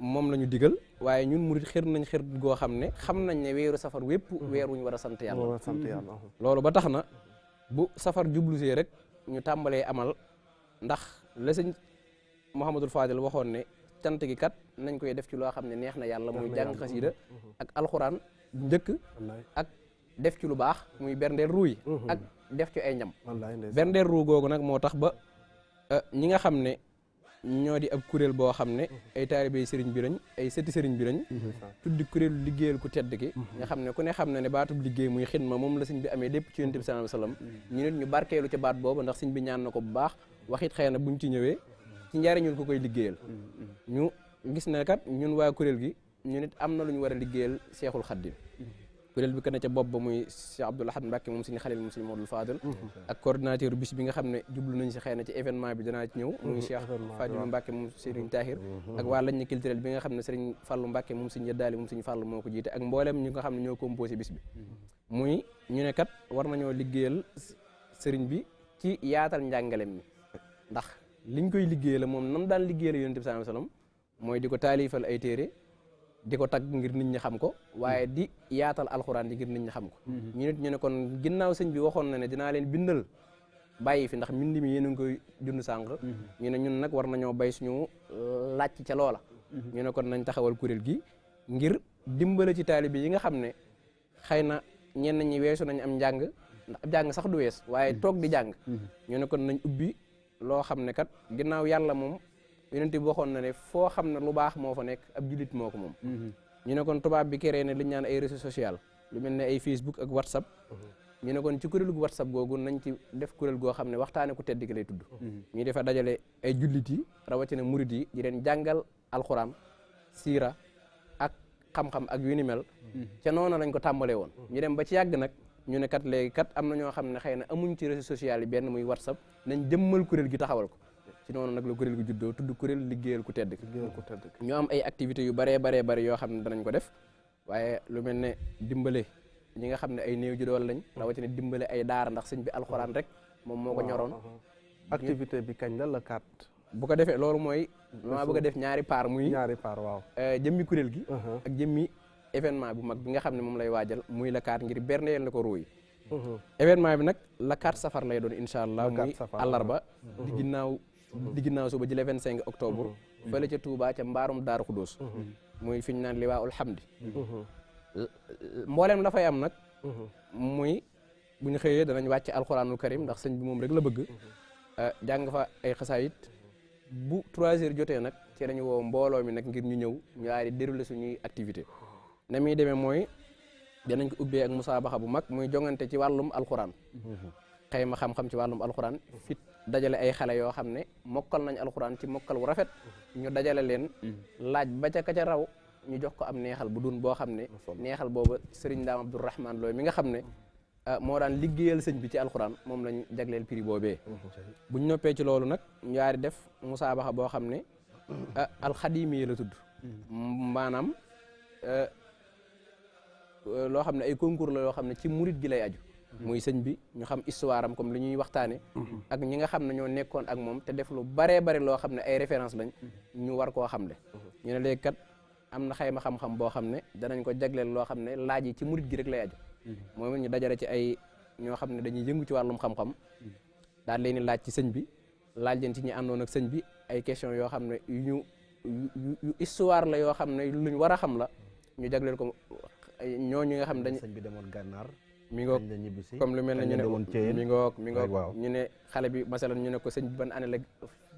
[SPEAKER 7] mom lañu diggal waye ñun murit xër nañ xër go xamne xam nañ ne wéru safar wépp ñu wara sant yalla wara sant yalla lolu ba taxna bu safar sé rek ñu tambalé amal ndax le señ mohammedul Fadil waxon ne tant gi kat nañ koy def ci lo xamne neex na yalla muy jang khasida ak alxuraan njëkk ak def ci lu baax muy berndel ruuy mhm. ak def ci ay ñam berndel ruu gogu nak moo ba eh, ñi nga xamne ñoo di ab kuréel boo xam ne ay taalibe sëriñ bi lañ ay sëti sëriñ bi lañ mhm. tuddi kuréelu liggéeyal ku tedd gi mhm. nga xam ne ku ne xam ne ne baatub liggéey muy ma moom la sëñ bi amee lépp ci yonent bi sallallahu alayhi wasallam mhm. ñu nit ñu barkeelu ca baat boobu ndax sëñ bi ñaan na ko bu baax waxit xëy na ñu ci ñëwee ci njariñul ko koy liggéeyal ñu gis na kat ñun waa kuréel gi ñu nit am na lu ñu war a liggéeyal Seexul Xaddim kuréel bi ko ne ca bopp ba muy Cheikh Abdoul Ahad Mbacke moom suñu xalil moom suñu Modou Fadel ak coordinateur bis bi nga xam ne jublu nañ si xëy na ci événement bi danaa ci ñëw muy Cheikh Fadilou Mbacke moom Serigne Tahir ak waa lañ culturel bi nga xam ne Serigne Fallou Mbacke moom suñu yëddaali moom suñu Fallou moo ko jiite ak mboolem ñi nga xam ne ñoo composé bis bi muy ñu ne kat war nañoo liggéeyal sëriñ bi ci yaatal njàngalem mi ndax liñ koy liggéeyal moom nam daan liggéeyal yonent bi sallallahu alayhi wasallam mooy di ko taalifal ay téere di ko tagg ngir nit ñi xam ko waaye di yaatal alxuraan di ngir nit ñi xam ko mhm. ñu ñu ne kon ginnaaw sëñ bi waxoon na ne dinaa leen bindal bàyyi fi ndax mbind mi yéen a ngi koy dund sànq mhm. ñu ne ñun nag war nañoo bay suñu euh, laaj ca loola mhm. ñu ne kon nañ taxawal kuréel gi ngir dimbale ci taalibe yi nga xam ne xëy na ñenn ñi weesu nañ am njàng jàng sax du wees waaye toog di jàng ñu ne kon nañ ubbi loo xam ne kat ginnaaw yàlla moom yonent bi waxoon na ne foo xam ne lu baax moo fa nekk ab jullit moo ko moom mhm. ñu ne kon tubaab bi créé ne li ñu naan ay réseaux social lu mel ne ay Facebook ak WhatsApp mhm. ñu ne kon ci kuréelu WhatsApp googu nañ ci def kuréel goo xam ne waxtaane ku tedd ki lay tudd mhm. ñu defa dajale ay jullit yi rawatina murit di leen jàngal alxuraan siira ak xam-xam ak yu ni mel lañ ko tàmbalee woon ñu dem ba ci yàgg nag ñu ne kat léegi kat am na ñoo xam ne xëy na amuñ ci réseaux sociaux yi benn muy WhatsApp nañ jëmmal kuréel gi taxawal ko ci noonu nag la kuréel gu juddoo tudd kuréel liggéeyal ku tedd liggéeyal ku tedd ñu am ay activités yu bare bare bare yo xam ne danañ ko def waaye lu mel ne dimbale ñi nga xam ne ay néew ju dool lañ rawatina dimbale ay daara ndax sëñ bi alxuraan rek mom moo ko activité bi kañ la la carte bu ko defee loolu mooy ma bëgg def ñaari par muy ñaari par. waaw euh, jëmmi kuréel gi ak jëmmi événement bu mag bi nga xam mom moom lay wajal muy la carte ngir berneel la ko ruuy événement bi nag la carte safar lay doon incha allah muy alarba di ginnaaw di ginnaaw suba ji le vingt cinq octobre mhm. fële ca Touba ca mbaarum Daaru Xudóos mhm. muy fi ñu naan waa ul xamdi mhm. mbooleem la fay am nag muy bu ñu xëyee danañ wàcc alxuraanul karim ndax sëñ bi moom rek la bëgg euh, jàng fa ay xasaayit bu trois heures jotee nag ci dañu woo mbooloo mi nag ngir ñu ñëw ñu daal di dérouler suñuy activité na muy demee mooy danañ ko ubbee ak musaabaxa bu mag muy jongante ci wàllum alxuraan xëy xam-xam ci wàllum alxuraan dajale ay xale yoo xam ne mokkal nañ alxuraan ci mokkal bu rafet ñu dajale leen mm. laaj ba ca ka raw ñu jox ko am neexal bu dun boo xam ne neexal booba sëriñ daam abdourahman looy mi nga xam ne mm. ah, moo daan liggéeyal sëñ bi ci alxuraan moom lañ jagleel prix boobee mm. buñ ci loolu nag ñu yaari def musaabaxa boo xam ne ah, alxadimi la tudd maanaam ah, loo xam ne ay concours la yoo xam ne ci murit gi lay aju Mhm. muy sëñ bi ñu xam histoire am comme li ñuy waxtaane mhm. ak ñi nga xam ne ñoo nekkoon ak moom te def lu baree bari loo xam ne ay référence lañ mhm. ñu war koo xam le ñu ne léegi kat am na xayma xam boo xam ne danañ ko jagleel loo xam ne laaj yi ci murit gi rek lay aju moom ñu dajale ci ay ñoo xam ne dañuy yëngu ci wàllum xam-xam daal leen di laaj ci sëñ bi laaj leen ci àndoon ak sëñ bi ay question yoo xam ne ñu yu histoire la yoo xam ne luñ war a xam la ñu jagleel ko ñooñu nga xam ne dañu sëñ bi demoon gànnaar mi ngoog comme lu mel ne ñu ne mi ngoog mi ngoog ñu ne xale bi masalan ñu ne ko sëñ bi ban année la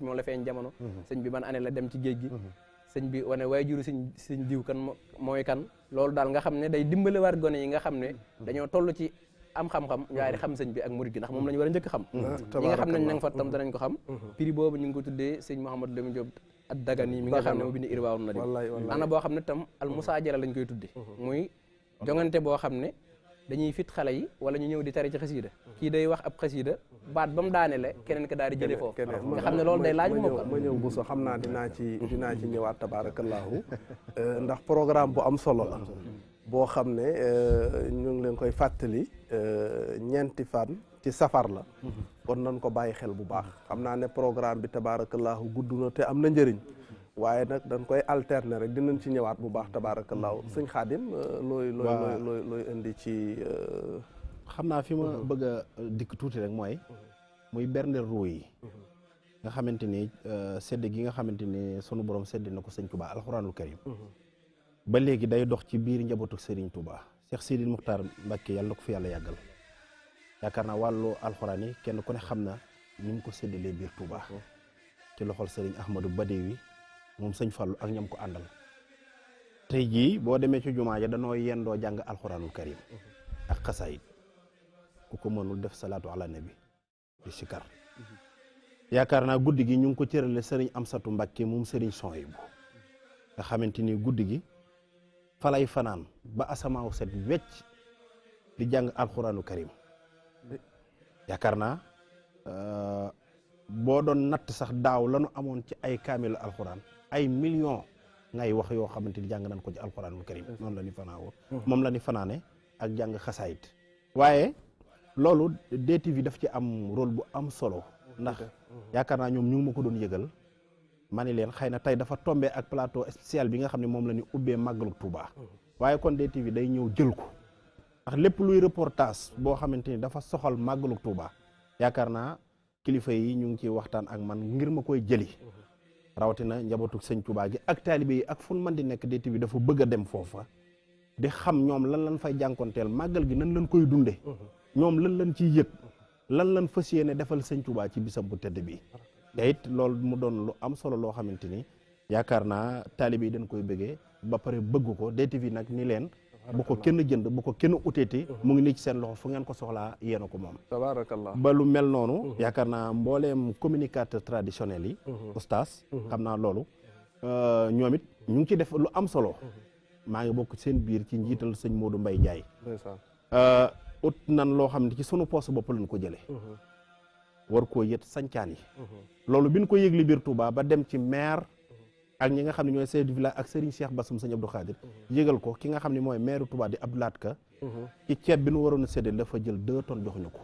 [SPEAKER 7] moom feeñ jamono mhm. sëñ bi ban année la dem ci géej gi mhm. sëñ bi wane waaye juru sëñ sëñ diw kan mooy kan loolu daal nga xam ne day dimbale war gone yi nga xam ne mhm. dañoo toll ci am xam-xam ñaari xam sëñ bi ak murid gi ndax moom la ñu war a njëkk xam ñi nga xam nañ nanga fa tam danañ ko xam prix boobu ñu ngi ko tuddee sëñ Mouhamadou Lamine Diop ak dagan yi mi nga xam ne moo bind irwaawul na ana boo xam ne tam al musaajara lañ koy tudde muy jongante boo xam ne dañuy fit xale yi wala ñu ñëw di tari ci xasida kii day wax ab xasida baat ba mu le keneen ka daal di jële foofu nga xam ne loolu day laaj moom
[SPEAKER 2] ma ñëw bu so xam naa dinaa ci dinaa ci ñëwaat tabaarakallaahu <laughs> euh, ndax programme bu am solo la boo xam ne euh, ñu ngi leen koy fàttali euh, ñeenti fan ci safar la mhm. kon nan ko bàyyi xel bu baax xam naa ne programme bi tabaarakallaahu gudd na te am na njëriñ waaye nag dañ koy alterner rek dinañ ci ñëwaat bu baax tabaarakallaahu mm-hmm. sëñ xaadim euh, looy looy looy looy indi ci euh, xam naa fi ma mm-hmm. bëgg a euh,
[SPEAKER 3] dikk tuuti rek mooy mm-hmm. muy bernde ruu nga xamante ni sedd gi nga xamante ni sunu borom sedd na ko sëñ Touba alxuraanul karim ba léegi day dox ci biir njabootu Serigne Touba Cheikh Sidil Muxtaar Mbacke yàlla na ko fi yàlla yàggal yaakaar naa wàllu alxuraan yi kenn ku ne xam na ni mu ko séddalee biir Touba ci loxol Serigne Ahmadou Badewi mom seigne fallu ak ñam ko andal tay ji bo démé ci jumaa ja danoo yendo jang alcorane karim ak qasaid ku ko mënul def salatu ala nabi di sikar yaakaar naa guddi ñu ko cërale sëriñ Amsatu Mbàkke moom sëriñ Sohaybu nga xamante falay fanan ba wu set wetch di jang alcorane karim yaakaar naa euh, bodon doon nat sax daw lañu amoon ci ay kamil alcorane ay millions ngay wax yoo xamante ni jàng nañ ko ci alquranul karim noonu la ni fanaawoo mm-hmm. moom la ni fanaane ak jàng xasaayit waaye loolu DTV daf ci am rôle bu am solo ndax mm-hmm. yaakaar naa ñoom ñu ngi ma ko doon yëgal ma ni leen xëy na tey dafa tombe ak plateau spécial bi nga xam ne moom la ñu ubbee màggalu Touba mm-hmm. waaye kon DTV day ñëw jël ko ndax lépp luy reportage boo xamante ni dafa soxal màggalu Touba yaakaar naa kilifa yi ñu ngi ciy waxtaan ak man ngir ma koy jëli rawatina njabootu sëñ Tuubaa gi ak taalibe yi ak fun mën di nekk DTV bi dafa bëgg a dem foofa di xam ñoom lan lan fay jànkonteel màggal gi nan lan koy dunde ñoom lan lan ciy yëg lan lan fas yéene defal sëñ Tuubaa ci bisam bu tedd bi te it loolu mu doon lu am solo loo xamante ni yaakaar naa taalibe yi dañ koy bëggee ba pare bëgg ko DTV nag ni leen bu ko kenn jënd bu ko kenn uteeti uh-huh. mu ngi nii ci seen loxo fu ngeen ko soxlaa yéena ko moom
[SPEAKER 2] tabarakallah ba lu mel
[SPEAKER 3] noonu uh-huh. yaakaar naa mbooleem communicateur traditionnel yi uh-huh. oustaz xam naa loolu euh, ñoom it ñu ngi ci def lu am solo maa ngi bokk seen biir ci njiital sañ sëñ Modou Mbaye Ndiaye euh, ut nan loo xam ne ci sunu poos bopp lañ ko jëlee war koo yët sancaan yi loolu bi ko yëgli biir Touba ba dem ci maire ak ñi nga xam ne ñooy chef du village ak Serigne Cheikh Bassoum Serigne Abdou Khadir mhm. yëgal ko ki nga xam ne mooy maire Touba di Abdou Lahad Ka ci mhm. ceeb bi nu waroon a séddale dafa jël deux tonnes joxuñu ko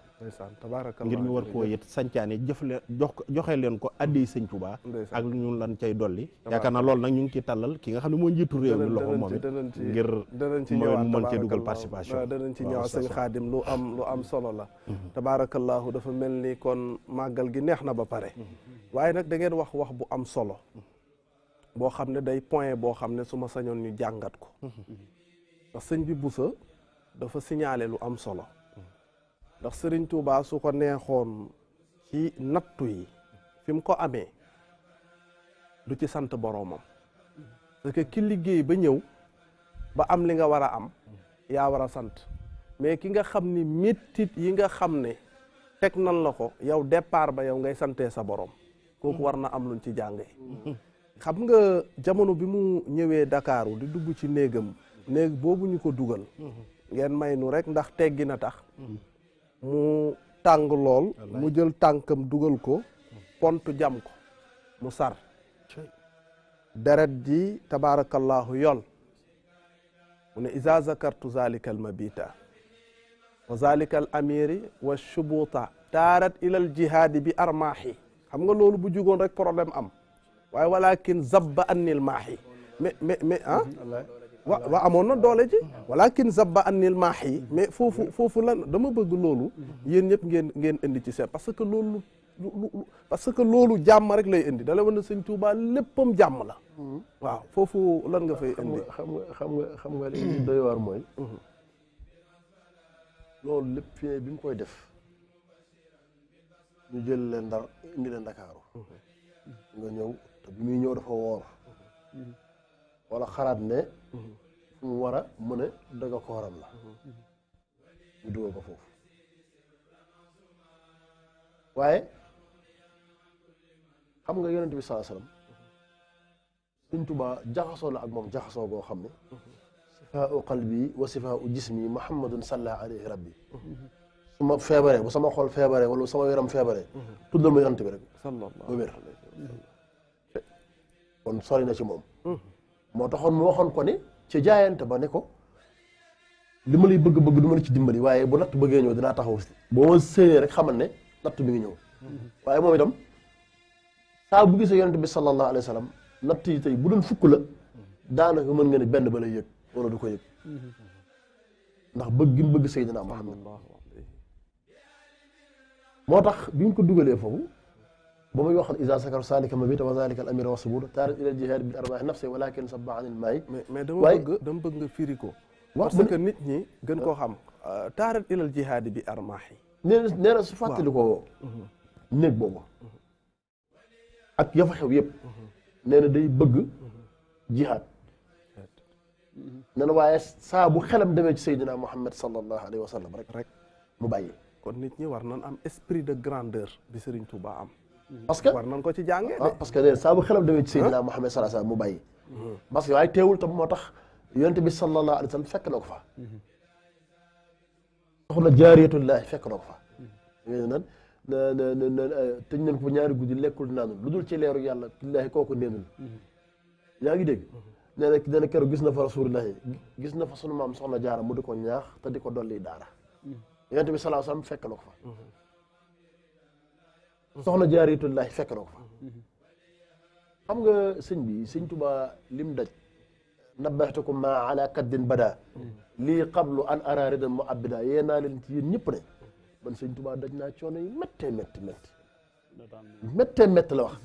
[SPEAKER 2] ngir ñu war koo yët
[SPEAKER 3] sancaane jëfle jox joxe leen ko addiy mhm. Serigne Touba ak ñun lan cay dolli yaakaar naa loolu nag ñu ngi ciy tàllal ki nga xam ne moo njiitu réew mi loxo moom it ngir moom mën cee dugal participation danañ ci ñëwaat Serigne
[SPEAKER 2] Khadim la tabaarakallaahu dafa mel ni kon màggal gi neex na ba pare waaye nag da ngeen wax wax bu am solo boo xam ne day point boo xam ne suma sañoon ñu jàngat ko ndax sëñ bi bu sa dafa signalé lu am solo ndax sëriñ Touba su ko neexoon ci nattu yi fi mu ko amee du ci sant boroomam parce que ki liggéey ba ñëw ba am li nga war a am yaa war a sant mais ki nga xam ni mettit yi nga xam ne teg nan la ko yow départ ba yow ngay santee sa borom kooku war na am luñ ci jàngee xam nga jamono bi mu ñëwee Dakaaru di dugg ci néegam néeg boobu ñu ko dugal ngeen may nu rek ndax teggi na tax mu tàng lool mu jël tànkam dugal ko pont jam ko mu sar deret di tabaarakallaahu yool mu ne isa zakartu zalika al mabita wa zalika amiri wa shubuta taarat ilal jihaadi bi armaahi xam nga loolu bu jugoon rek problème am waaye walakin zabba annil maaxi mais mais mais ah wa wa amoon na doole ji walakin zabba annil maax yi mais foofu foofu lan dama bëgg loolu yéen ñëpp ngeen ngeen indi ci seen parce que loolu parce que loolu jàmm rek lay indi dala wan na sëñ Tuubaa léppam jàmm la waaw foofu lan nga fay indi xam nga xam nga xam nga li doy waar mooy loolu
[SPEAKER 4] lépp fii bi mu koy def ñu jël leen ndar indi leen Ndakaaru nga ñëw te bu muy ñëw dafa woor wala xaraat ne fu mu war a mën a daga kooram la ñu dugal ko foofu waaye xam nga yonent bi sallallahu alayhi wasallam Sëriñ Tuubaa jaxasoo la ak moom jaxasoo goo xam ne sifaau qalbi wa sifaau jismi muhammadun salla alayhi rabbi su ma feebaree bu sama xol feebaree wala bu sama yaram feebaree tuddal ma yonent bi rek kon sori na ci moom mm-hmm. moo taxoon mu waxoon ko ne ci jaayante ba ne ko li ma lay bëgg-bëgg du ma la ci dimbali waaye bu natt bëggee ñëw danaa taxaw si boo ma séenee xamal ne natt bi ngi ñëw mm-hmm. waaye moom itam saa bu gisee yonent bi sallallahu alayhi wa natt yi tey bu doon fukk la mm-hmm. daanaka mën nga ne benn ba lay yëg wala du ko yëg ndax bëgg gi mu bëgg Seydina Muhammad moo tax bi ñu ko dugalee foofu بما يؤخذ اذا سكر سالك ما بيت وذلك الامير
[SPEAKER 2] وصبور تار الى الجهاد بالارباح نفسه ولكن صب عن الماء مي دم دم بغ فيريكو باسكو نيت ني غن كو خام تار الى الجهاد بارماح نير سفاتلكو نيك بوبو اك يفا خيو ييب
[SPEAKER 4] نانا داي بغ جهاد نانا واي سا
[SPEAKER 2] بو خلم دمي سيدنا محمد صلى الله عليه وسلم رك رك مو باي كون نيت ني وارنان ام اسبري دو غراندور بي سيرن توبا ام Mm-hmm. parce que war nañ ko ci jàngee
[SPEAKER 4] ah, parce que nee saa bu xelam demee ci Seydina Muhammad sallallahu mu bàyyi mm-hmm. parce que waaye teewul tam moo tax yonent bi sallallahu alayhi wasallam fekk na ko fa soxna mm-hmm. jaariyatullahi fekk na fa nan tëj nañ ko ñaari guddi lekkul naanul lu ci leeru yàlla billaahi kooku neenul yaa ngi dégg nee na nee na gis na fa rasulillahi gis na fa sunu maam soxna jaara mu di ko ñaax te di ko dolli daara bi sallallahu alayhi wasallam fa soxna jaaritullahi fekk na ko fa xam nga sëñ bi sëñ tubaa lim daj nabbaxtukum ma ala kaddin bada lii qablu an araridan mu abida yee naa leen ci yéen ñëpp ne man sëñ tubaa daj naa coono yi méttee métti métti méttee métti la wax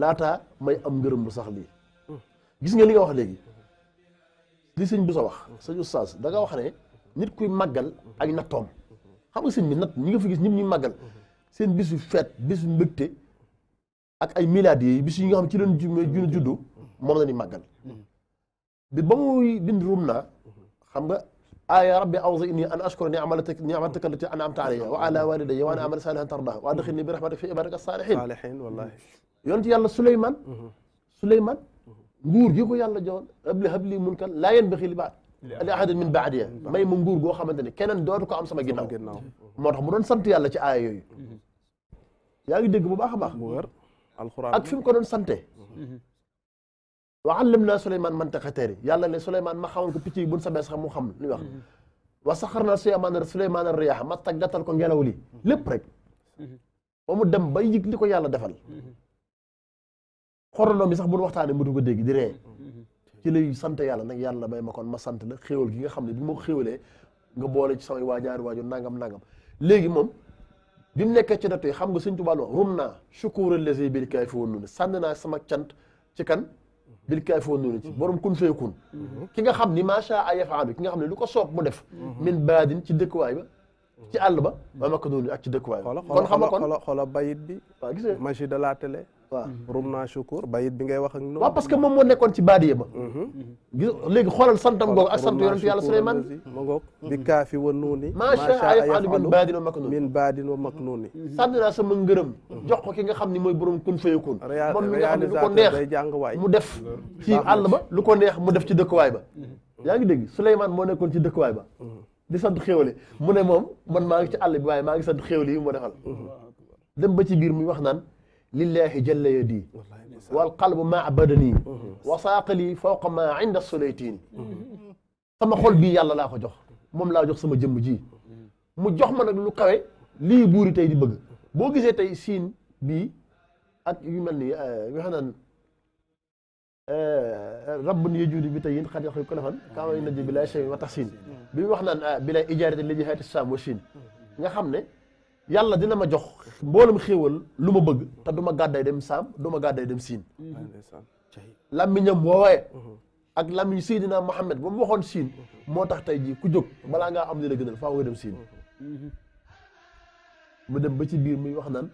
[SPEAKER 4] laataa may am ngërëm bu sax lii gis nga li nga wax léegi li sëñ bu sa wax sëñ oustaz da nga wax ne nit kuy màggal ak nattoom xam nga sëñ bi natt ñi nga fi gis ñëpp ñuy màggal seen bisu fête bisu mbégte ak ay miladiers yi bisu yi xam ci doon juddu mom lañu magal bi ba muy bind rumna xam nga ay rabbi awzi'ni an ashkura ni'matak ni'matak allati an'amta alayya wa ala walidayya wa an a'mala salihan tardahu wa adkhilni bi rahmatika fi ibadika as-salihin salihin wallahi yonent yàlla Suleyman Suleyman nguur gi ko yàlla joxoon habli habli mulkan laa yanbaghi li ba'd li ahadin min ba'diya may ma nguur goo xamante ne keneen dootu ko am sama ginnaaw moo tax mu doon sant yàlla ci aaya yooyu ياغي دغ بو باخ القران اك فيم كون سانتي وعلمنا سليمان منطقه تير يالا لي سليمان ما خاول كو بيتي بون سابيس خمو خم لي واخ وسخرنا سليمان سليمان الرياح ما تاغاتال كو غيلولي لب رك ومو دم با يجيك ليكو يالا دافال خورنا مي صاح بون وقتاني مودو كو ديغ ديري تي لي سانتي يالا نك يالا باي ما كون ما سانت لا خيول كيغا خامني بيمو خيولي nga boole ci samay wajar waju nangam nangam legi bi mu nekkee ci nattu yi xam nga sëñ Tuubaa wax rum naa shukuura lazi bil kaay fi woon noonu sànni naa sama cant ci kan bil kaay fi woon noonu borom kun feekun mhm. ki nga xam ni macha a yafaalu ki nga xam ne lu ko soob mu def mhm. min baadin ci dëkkuwaay ba ci àll ba ba makka dul ak ci dëkkuwaay kon xam
[SPEAKER 2] nga kon xoola bayit bi waaw gis nga magie la télé waaw rum naa shukur bayit bi ngay wax ak noonu waaw parce que moom moo nekkoon ci ba mhm. gis xoolal sant ma ngoog bi mhm. kaafi wa nuuni macha ayafalu min baadin wa maknuuni min baadin wa maknuuni sànni naa sama ngërëm mhm. ko ki nga xam ne mooy borom kun fayakun moom mi nga xam
[SPEAKER 4] mu def ci àll ba lu ko neex mu def ci dëkkuwaay ba yaa ngi dégg Suleymaan moo nekkoon ci dëkkuwaay ba di sant xewle mu ne moom man maa ngi ci àll bi waaye maa ngi sant xewle yi mu defal dem ba ci biir muy wax naan lillahi jalla yadi wal qalbu ma abadani wa saaqali fawqa ma inda sulaytin sama xol bi yàlla laa ko jox moom laa jox sama jëmm ji mu jox ma nag lu kawe lii buuri tey di bëgg boo gisee tey siin bii ak yu mel ni yoo xam naan rabbun yajuri bi tayin xat yaxu kalafan kaamay najji bi lay sami wa tax siin bi mu wax naan ah, bi lay ijaarati li jihaati saam wa siin nga xam ne yàlla dina ma jox mboolum xéewal lu ma bëgg te du ma gàdday dem saam du ma gàdday dem siin làmmiñam woowee ak làmmiñ naa Mohamed ba mu waxoon siin moo tax tey jii ku jóg balaa ngaa am li la gënal faa nga dem siin mu dem ba ci biir muy wax naan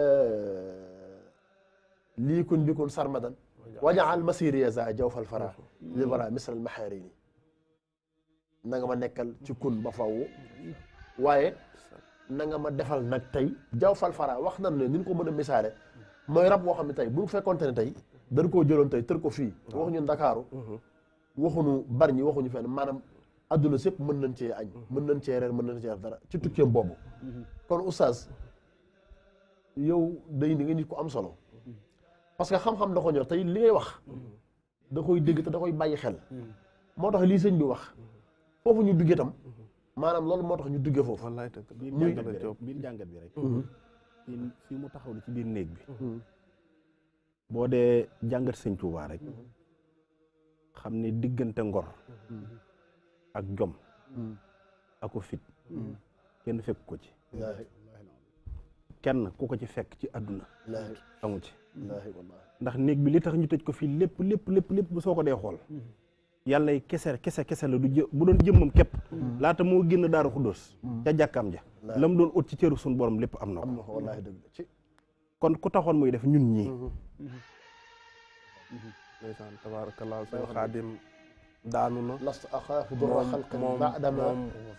[SPEAKER 4] eh, lii kun bi kun sarmadan وجعل مسيري يا زاي جوف الفراغ لبرا مثل المحاريني نغما نكال تكون بفاو واي نغما دفال نك تاي جوف الفراغ واخنا ني نينكو مونا مثال موي راب وخامي تاي بو فيكون تاني تاي دركو جيرون تاي تركو في واخ ني داكارو واخونو بارني واخونو فين مانام ادونا سيب من نانتي اج من نانتي رير من نانتي دار تي توكيم بوبو كون استاذ يو داي نيغي نيت كو ام parce que xam-xam da ko ñor tey li ngay wax da koy dégg te da koy bàyyi xel moo tax lii sëñ bi wax foofu ñu duggee tam maanaam loolu moo tax ñu duggee foofu biir jàngat bi
[SPEAKER 3] mm-hmm. Mm-hmm. mu taxaw ci biir néeg bi mm-hmm. boo dee jàngat sëñ Tuubaa rek xam ni diggante ngor ak jom aku fit kenn fekk ko ci kenn ku ko ci fekk ci àdduna amu ci ndax néeg bi li tax ñu tëj ko fii lépp lépp lépp lépp bu soo ko dee xool mm-hmm. yàlla yi kese kese kese la du jë bu doon jëmmam képp mm-hmm. laata moo génn daaru xuddoos mm-hmm. ca jàkkaam ja la mu doon ut ci cëru suñu borom lépp am na ko kon ku taxoon muy def ñun ñii
[SPEAKER 2] ndeysaan tabaarakallaa sëñ Xaadim daanu na last axaafu dora xalqin baadama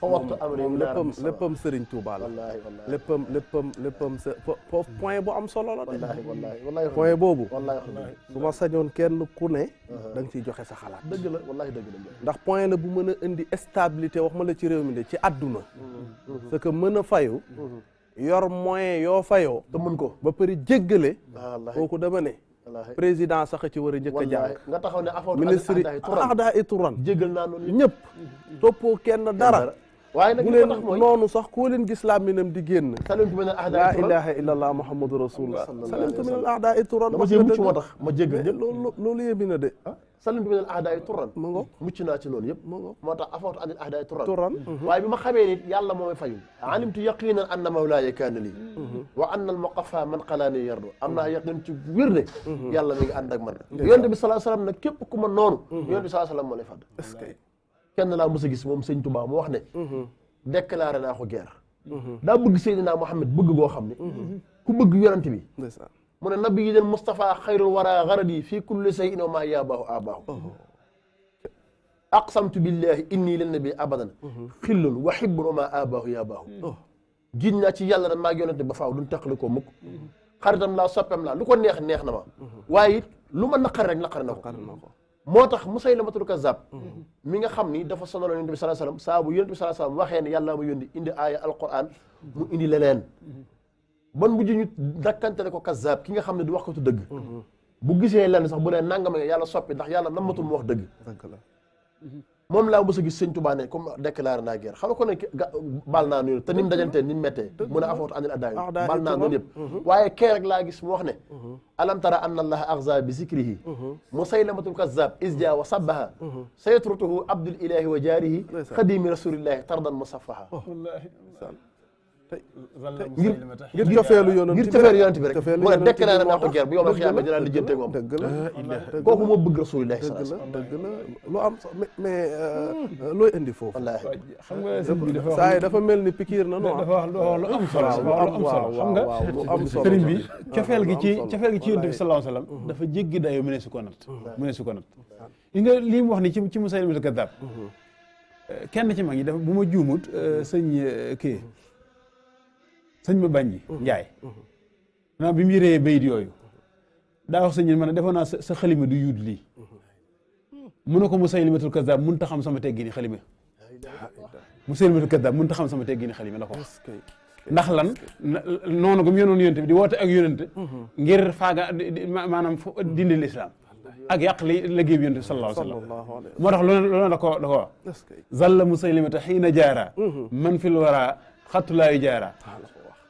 [SPEAKER 2] fawattu amri moom léppam léppam Serigne Touba la wallaahi wallaahi léppam léppam léppam sa foofu point bu am solo la de wallaahi wallaahi point boobu wallaahi su ma sañoon kenn ku ne uh-huh. dang nga joxe sa xalaat dëgg la wallaahi dëgg la ndax point la bu mën a indi stabilité wax ma la ci réew mi de ci adduna
[SPEAKER 4] mm-hmm, mm-hmm. ce
[SPEAKER 2] que mën a fayu
[SPEAKER 4] mm-hmm.
[SPEAKER 2] yor moyen yoo fayoo te mën ko ba pare jéggale kooku dama ne président sax ci war a njëkk a jàng
[SPEAKER 4] nga taxaw ne ministre yi
[SPEAKER 2] ahda i turan jégal naa noonu ñëpp toppoo kenn dara waaye nag bu leen noonu sax koo leen gis laaminam di génn salimtu min al ahda laa ilaha illa allah muhammadu rasulullah salimtu min al ahda i turan ma jégal moo tax ma jégal ñëpp loolu loolu yëbi na de ah? salim bi minal ahdaay turan mu ngo naa ci loolu yëpp mu ngo moo tax afawtu
[SPEAKER 4] anil turan turan mm-hmm. waaye bi ma xamee ni yàlla moomay fayul mm-hmm. alimtu yaqinan anna mawlaaya kaana lii mm-hmm. wa anna al muqafa man qalaani yardu am naa yaqin ci wér ne yàlla mi ngi ànd ak man yonent bi salaa salaam nag képp ku ma noonu yonent bi salaa salaam moo lay fàdd kenn laa mos a gis moom sëñ Tuubaa mu wax ne déclaré naa ko guerre daa bëgg Seydina Muhammad bëgg goo xam ne ku bëgg yonent bi من النبي المصطفى خير الورى غردي في كل شيء وما يابه اباه اقسمت بالله اني للنبي ابدا خل وحب ما اباه يابه جناتي يالا ما يونت بفا دون تخلكو مك خردم لا صبم لا لوكو نيه نيه نما واي لوما نقر رك نقر نكو موتاخ مسيل ما تركا زاب ميغا خامني دا فا صلى الله عليه وسلم صابو يونت صلى الله عليه وسلم واخين يالا ما يوندي اندي ايه القران مو اندي لالين ban bu ñu dakanté ko kazaab ki nga xamné du wax ko tu deug bu gisé lan sax bu ne nangam yàlla soppi ndax yàlla namatul mu wax dëgg moom laa mos a gis sëñ Tuubaa ne comme déclarer na guerre xam nga ko ne baal naa noonu te nim dajanté nim metté mu méttee afot anil adaayi baal naa noonu yëpp waaye kee rek la gis mu wax ne alam tara anna allah aghza bi zikrihi musaylamatul kazzab izja wa sabbaha sayatrutuhu abdul ilahi wa jarihi xadimi rasulillahi tardan musaffaha wallahi ngir
[SPEAKER 2] ngir cofeelu yonent ngir cofeelu yonent bi rek mu ne dekk naa ne
[SPEAKER 4] maa ko ger bu yomal xiyaama dinaa lijjante moom dëgg
[SPEAKER 2] la kooku moo bëgg rasulillahi dëgg la dëgg la lu am mais euh, hmm. looy indi foofu wallaahi xam nga sëñ bi dafa saa yi dafa mel ni pikiir na dafa wax lu am solo lu am
[SPEAKER 5] solo xam nga sëriñ bi cofeel gi ci cofeel gi ci yonent bi sallallahu alayhi wasallam dafa hmm. jéggi dayoo mu ne su ko nat hmm. mu ne su ko nat li nga li mu wax ni ci ci Musaylima al-Kaddaab kenn ci mag ñi dafa bu ma juumut euh, sëñ euh, kii sëñ ma bàññi njaay naa bi mu yëree bayit yooyu daa wax sëñ man defoon naa sa xalima du yuud lii mu ne ko mu saylimatul kazzab mun ta xam sama teggini xalima mu saylimatul kazzab mun ta xam sama teggini xalima la ko wax ndax lan noonu gum yonoon yonent bi di woote ak yonent ngir faaga maanaam dindi lislaam ak yàq li liggéey bi yonent bi sallallahu alayhi wa sallam moo tax loolu la ko da ko wax zalla musaylimata xiina jaara man fil wara xatulaayu jaara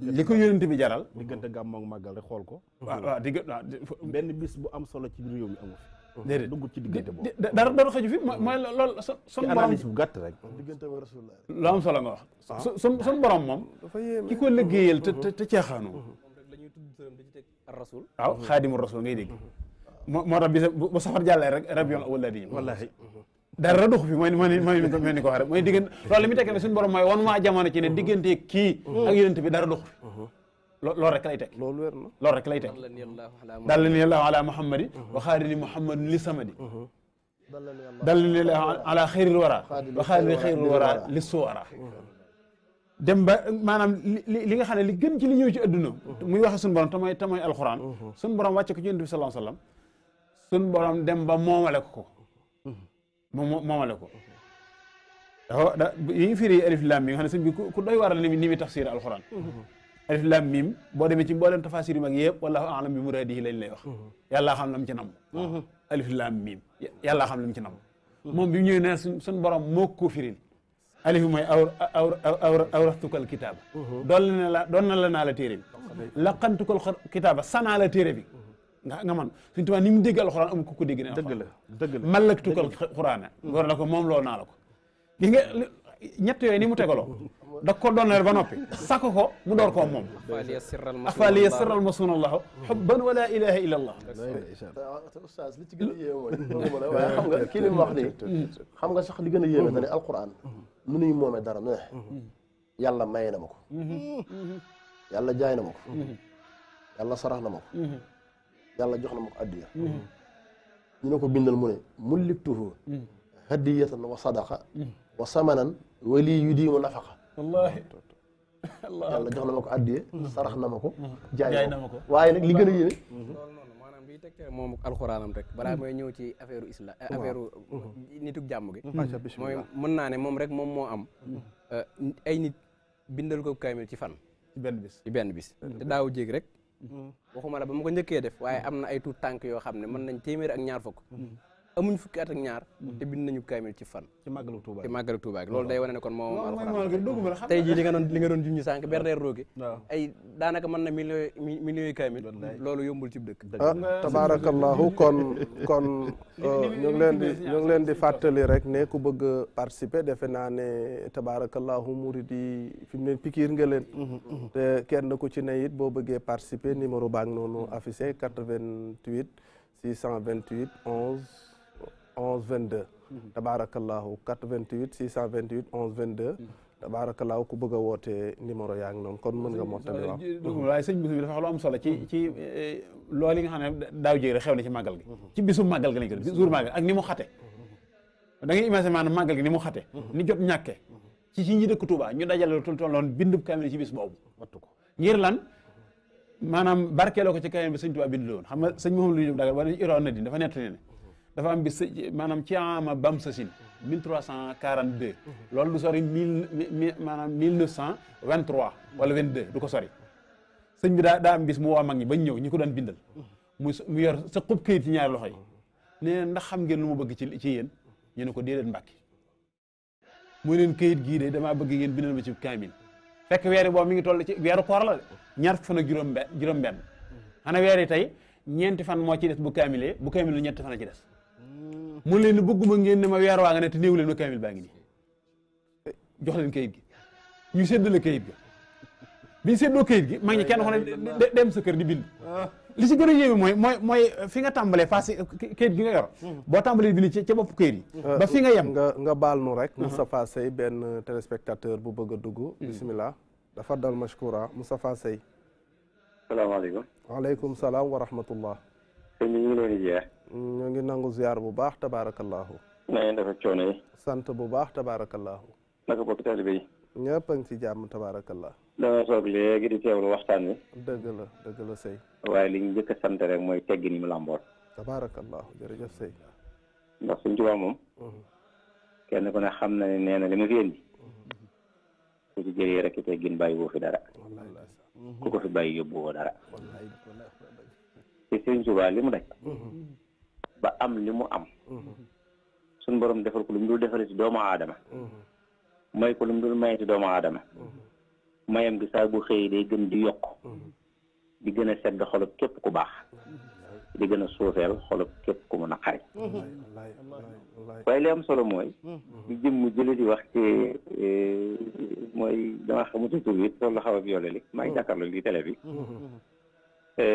[SPEAKER 5] li ko yonent bi jaral.
[SPEAKER 3] diggante gàmmu ak màggal rek xool ko. benn bis bu am solo ci réew mi amu fi. déedéet dugg ci diggante boobu. dara dara xaju fi mooy loolu.
[SPEAKER 4] sun borom ci analyse bu gàtt rek. diggante ak rasulullah.
[SPEAKER 5] lu am solo nga wax. waaw ah. sun sun borom moom.
[SPEAKER 4] dafa yéeme ki ko liggéeyal
[SPEAKER 5] te te te ceexaanu.
[SPEAKER 7] dañuy tudd sërëm di ci teg rasul.
[SPEAKER 5] waaw xaadimu rasul ngay dégg. moo moo tax bis bu safar jàllee rek rabiul awwal la di. wallaahi. dara doxu fi mooy mooy mooy ni ko waxee rek mooy diggante loolu li muy tekki ne suñu borom mooy wan waa jamono ci ne diggante kii ak yonent bi dara doxu fi loolu rek lay tekki loolu wér na loolu rek lay tekki dalla ni allahu ala muhammadi wa xaarini muhammadun li samadi dalla ni allahu ala xayril wara wa xaarini xayril wara li suwara dem ba maanaam li li nga xam ne li gën ci li ñëw ci adduna muy waxe suñu borom te mooy te mooy alxuraan suñu borom wàcce ko ci yonent bi sallallahu alayhi wasallam suñu borom dem ba moomale ko ko moomale ko yi firi alif lam mim nga xam ne sëñ bi ku doy waral ni mi tafsir alxuraan alif lam mim boo demee ci mboolem tafasir yi mag yëpp wallahu a'lam bi muradihi lañ lay wax yàllaa xam lam ci nam alif lam mim yàllaa xam lam ci nam moom bi mu ñëwee ne suñ borom moo ko firil alif mooy aw aw aw awrastukal kitaaba doon na la doon na la naa la téere bi laqantukal kitaaba sanaa la téere bi ndax nga man suñu tubaab ni mu dégg alxuraan amul ku ko dégg ne dëgg la dëgg la malak tukkal xuraana war na ko moom loo naa la ko gis nga ñett yooyu ni mu tegaloo da ko doon leer ba noppi sàkk ko mu door koo moom
[SPEAKER 7] afaliya sirral
[SPEAKER 5] masunallahu xubban wala ilaha illa allah
[SPEAKER 4] ustaas li ci gën a yéeme mooy waaye xam nga kii li mu wax nii xam nga sax li gën a yéeme dane alquran nu nuy moomee dara nu ne yàlla may na ma ko yàlla jaay na ma ko yàlla sarax na ma ko yàlla jox na ma ko addiya mm-hmm. ñu ne ko bindal mu ne mulliktuhu mm-hmm. hadiyatan wa sadaqa mm-hmm. wa samanan wa lii yudiimu nafaqa wallaahi <laughs> yàlla jox na ma ko addiya sarax na ma ko jaay na ma ko waaye nag li gën a yéene
[SPEAKER 7] bi tegtee moom alxuraanam rek balaa mooy ñëw ci affaire islam affaire nitug jàmm gi mooy mën naa ne moom rek moom moo am euh, ay nit bindal ko kaamil ci fan ci benn bis ci benn bis te daaw jéeg rek waxuma la ba ma ko njëkkee def waaye am na ay tu tànk yoo xam ne mën nañ téeméer ak ñaar fukk amuñ fukki at ak ñaar te bind nañu kaamil ci fan ci màggalu Touba ci màggalu loolu day wane ne kon moo alxuraan tey jii li nga doon li nga sànq berdeer roogi ay daanaka mën na millions millions yi kaamil loolu yombul ci dëkk ah tabaarakallaahu
[SPEAKER 2] kon kon euh, ñu ngi leen di ñu ngi leen di fàttali rek ne ku bëgg a participer defe naa ne tabaarakallaahu murid yi fi mu ne pikiir nga leen mhm, mhm. te kenn ku ci ne it boo bëggee participer numéro baa ngi noonu affiché 88 628 11 11 22. tabaarakallaahu 88 628 11 22. tabaarakallaahu ku bëgg a wootee numéro yaa ngi noonu kon mën nga mottali waaw.
[SPEAKER 5] waaye sëñ bisu bi dafa wax lu am solo ci ci eh, loolu yi nga xam ne daaw jéeg rek na ci màggal gi. Mhm. ci bisu màggal gi lañ ko def jour màggal ak ni mu xate mhm. da gi ni mu xate mhm. ni jot ñàkke ci ci ñi dëkk Touba ñu dajale lu tolloon bindub kaamil ci bis boobu wattu ko ngir lan maanaam barkeeloo ko ci kaamil bi sëñ Touba bind loon xam nga sëñ Mouhamadou Diop dagal wala Iran Nadine dafa nettali ne dafa am bi sa maanaam ci ama bam sasin 1342 loolu du sori mille maanaam 1923 wala 22 du ko sori sëñ bi daa daa am mu woo mag ñi bañ ñëw ñi ko daan bindal mu yor sa xub këyit ci ñaari loxo yi nee ndax xam ngeen lu mu bëgg ci ci yéen ñu ne ko déedéet mbàkki mu leen këyit gii de damaa bëgg ngeen bindal ma ci kaamil fekk weer yi boobu mi ngi toll ci weeru koor la de ñaar fukki juróom benn juróom benn xanaa weer tey ñeenti fan moo ci des bu kaamilee bu kaamil lu fan a ci des mu leen di bëgguma ngeen ne ma weer waa nga ne te néew leen ma kaamil baa ngi nii jox leen kayit gi ñu la kayit gi biñ séddoo kayit gi mag ñi kenn xone dem sa kër di bind li ci gën a yéeme mooy mooy mooy fi nga tàmbalee face kayit gi nga yor hmm. boo tàmbalee bind ci ca bopp kayit yi euh, ba fi nga yem
[SPEAKER 2] nga nga baal nu rek uh-huh. Moustapha Sey benn téléspectateur bu bëgg a dugg hmm. bismillah dafa dal mashkura Moustapha Sey salaamaaleykum waaleykum salaam wa rahmatullah
[SPEAKER 9] sëñ bi ñu ngi leen di jeex
[SPEAKER 2] ñoo ngi nangu ziar bu baax tabaarakallaahu.
[SPEAKER 9] na ngeen def ak coono yi.
[SPEAKER 2] sant bu baax tabaarakallaahu.
[SPEAKER 9] naka bokk taalibe yi.
[SPEAKER 2] ñëpp a ngi ci jàmm tabaarakallah. dama
[SPEAKER 9] soog léegi di teewlu waxtaan wi.
[SPEAKER 2] dëgg la la sëy.
[SPEAKER 9] waaye li ñu njëkk a sant rek mooy teggin mu làmbool.
[SPEAKER 2] tabaarakallah jërëjëf sëy.
[SPEAKER 9] ndax suñ ci moom. Mhm. kenn ku ne xam na ne nee na li mu fi indi. ku ci jëlee teggin bàyyi woo fi dara. ku ko fi bàyyi yóbbu woo dara. te Sëriñ Tuubaa li mu daj. Mhm. ba am li mu am suñ borom defal ko lu mu dul defal ci doomu aadama may ko lu mu dul maye ci doomu aadama mayam gi saa bu xëyee day gën di yokk di gën a sedd xolub képp ku baax di gën a suufeel xolub képp ku mun a xari waaye li am solo mooy di jëm mu jële di wax ci e, mooy dama xamutu tur bi loolu la xaw a li maa ngi jàkkaarloo li bi mm-hmm. e,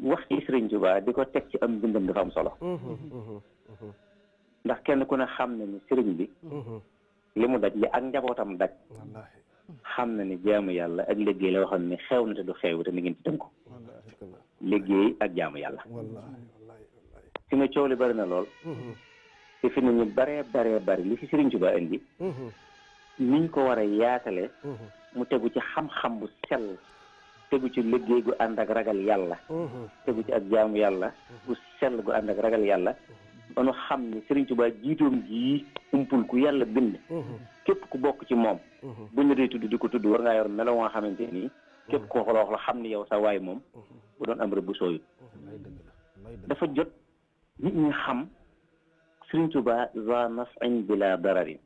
[SPEAKER 9] wax ci Sëriñ Tuubaa di ko teg ci am bindam dafa am solo ndax kenn ku ne xam na ni sëriñ bi li mu daj li ak njabootam daj xam na ni jaamu yàlla ak liggéey la waxoon ni xew na te du xew te mi ngi ci tënku liggéey ak jaamu yàlla fi nga coow li bari na lool te fi nañu baree baree bari li fi Sëriñ Tuubaa indi niñ ko war a yaatale mu tegu ci xam-xam bu sell tegu ci liggéey gu ànd ak ragal yàlla mm-hmm. tegu ci ak jaamu yàlla mm-hmm. gu sell gu ànd ak ragal yàlla mm-hmm. ba nu xam ne Sëriñ Tuubaa jiitoom jii umpul ku yàlla bind képp ku bokk ci moom buñ la dee tudd di ko tudd war ngaa yor melo nga xamante nii képp koo xoloox la xam ni yow sa waay moom bu doon am rëbb sooyu dafa jot nit ñi xam Sëriñ Tuubaa za naf'in bila dararin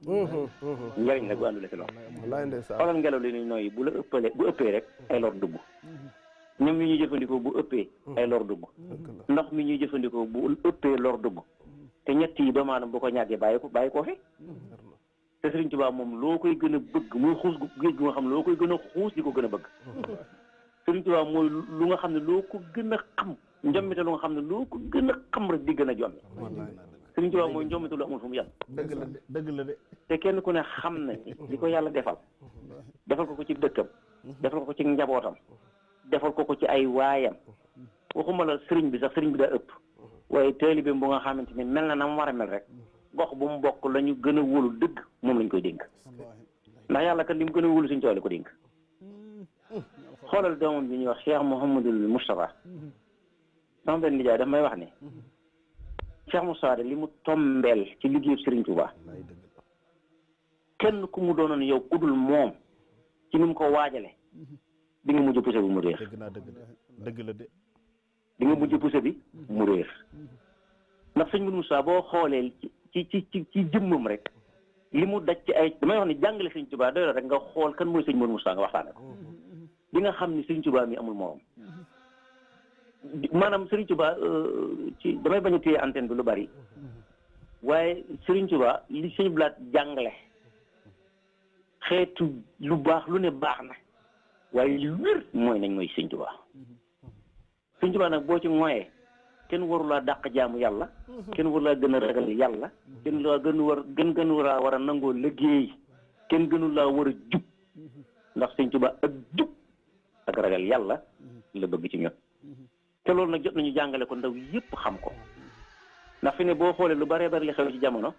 [SPEAKER 9] njëriñ la gu àndul ci lor xoolal ngelaw li ñuy nooyi bu la ëppale bu ëppee rek ay lor dugg ñoom mi ñuy jëfandikoo bu ëppee ay lor dugg ndox mi ñuy jëfandikoo bu ëppee lor dugg te ñett yi doomu aadama bu ko ñàggee bàyyi ko bàyyi koo fi te Sëriñ Tuubaa moom loo koy gën a bëgg muy xuus géej gu nga xam loo koy gën a xuus di ko gën a bëgg Sëriñ Tuubaa mooy lu nga xam ne loo ko gën a xam njommite lu nga xam ne loo ko gën a xam rek di gën a jommi Sëriñ Tuubaa mooy njombitu lu amul fu mu yàlla dëgg la de dëgg la de te kenn ku ne xam na ni li ko yàlla defal defal ko ko ci dëkkam defal ko ko ci njabootam defal ko ko ci ay waayam waxuma la sëriñ bi sax sëriñ bi daa ëpp waaye taalibe bu nga xamante ni mel na nam mu war a mel rek gox bu mu bokk la gën a wóolu dëgg moom lañ koy dénk ndax yàlla ka lim mu gën a wóolu Sëriñ Tuubaa la ko dénk xoolal doomam bi ñuy wax Cheikh Mouhamadul Moustapha sama benn nijaay daf may Cheikh Moussa li limu tombel ci liguey Serigne Touba kenn ku mu doonoon yow kudul mom ci nim ko wajale di nga mujj pousse bi mu reex deug la de di nga mujj pousse bi mu reex ndax serigne Moussa bo xoolee ci ci ci ci jëmum rek limu mu daj ci ay damay wax ni jangale serigne Touba do rek nga xol kan moy serigne Moussa nga waxtane ko mm-hmm. di nga xamni serigne Touba mi amul morom mm-hmm manam Serigne Touba eh, ci damay bañu tey antenne bi lu bari nah. waye Serigne Touba li serigne Blaat jangale xetu lu bax lu ne baax na waaye li wir moy nañ moy Serigne Touba Serigne Touba nak bo ci ken waru la dak jaamu yàlla kenn warulaa gën a ragal yalla ken lo gën war gën gën wara wara nango liggey ken gënul la wara war ndax Serigne Touba ak jub ak ragal yalla la ya. bëgg ci ñun te loolu nag jot nañu jàngale ko ndaw yépp xam ko ndax fi ne boo xoolee lu bëree bëri li xew ci jamono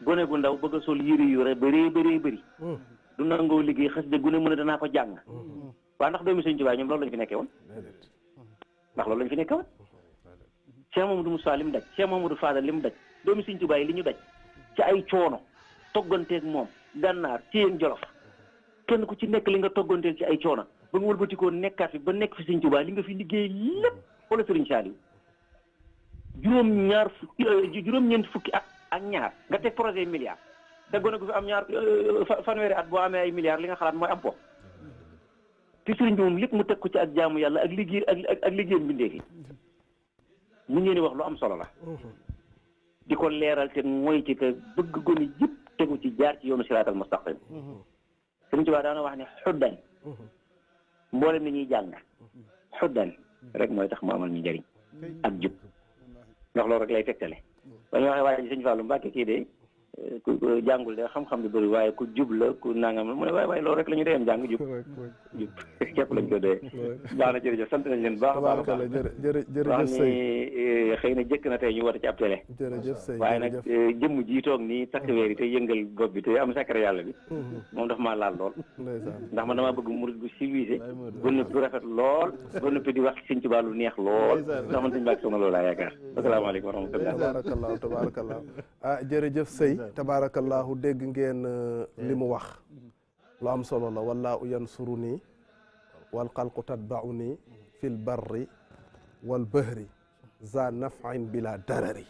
[SPEAKER 9] gone gu ndaw bëgg a sol yére yu re bëree bëree bëri mm. du nangoo liggéey xas de gune mën a danaa ko jàng mm. waaw ndax doomi sëñ Tuubaa ñoom loolu lañ fi nekkee woon ndax loolu lañ fi nekkee woon Cheikh Mamadou Moussa li mu daj Cheikh du Fadal li mu daj doomi sëñ Tuubaa yi li ñu daj ci ay coono togganteeg moom gànnaar ci yéen jolof kenn ku ci nekk li nga togganteeg ci ay coono ba nga wëlbatikoo nekkaat fi ba nekk fi sëñ Tuubaa li nga fi liggéey lépp wala sëriñ Saaliw juróom ñaar fukki euh, juróom-ñeent fukki at ak ñaar nga teg projet milliard te gone gu fi am ñaar euh, fanweeri at boo amee ay milliards li nga xalaat mooy am ko te sëriñ bi lépp mu teg ko ci ak jaamu yàlla ak liggéey ak ak liggéey mbindeef yi mu ngeen di wax lu am solo la di ko leeral te mooy ci te bëgg gone yëpp tegu ci jaar ci yoonu siraatal mustaqim mm-hmm. sëriñ Tuubaa daana wax ne mboolem li ñuy jàng xuddan rek mooy tax mu amal ñu njëriñ ak jub ndax loolu rek lay tegtale ba ñu waxee waa ji sëñ Fallou Mbacke kii de ku jàngul de xam-xam bi bëri waaye ku jub la ku nangam la mu ne waaye waaye loolu rek la ñu dee jàng jub jub <laughs> képp lañ ko dee baax na jërëjëf sant nañ leen baax baax
[SPEAKER 2] baax wax ni
[SPEAKER 9] eh, xëy na jëkk na ñu woote ci ab télé
[SPEAKER 2] waaye nag eh,
[SPEAKER 9] jëmm ji toog nii takk weer yi yëngal bopp bi te am yàlla bi mm-hmm. moom dafa maa laal lool ndax man damaa bëgg murid bu civilisé bu noppi lool ba noppi di wax Sëñ Tuubaa lu neex lool ndax man Sëñ Mbàkke Soxna loolu laa yaakaar asalaamaaleykum wa rahmatulah tabarakallah
[SPEAKER 2] tabarakallah ah jërëjëf sëy tabaarakallaahu dégg ngeen euh, li mu wax lu am solo la wallaahu yansuru ni wal xalqu tatbau nii fil barri wal bahri za nafain bila darari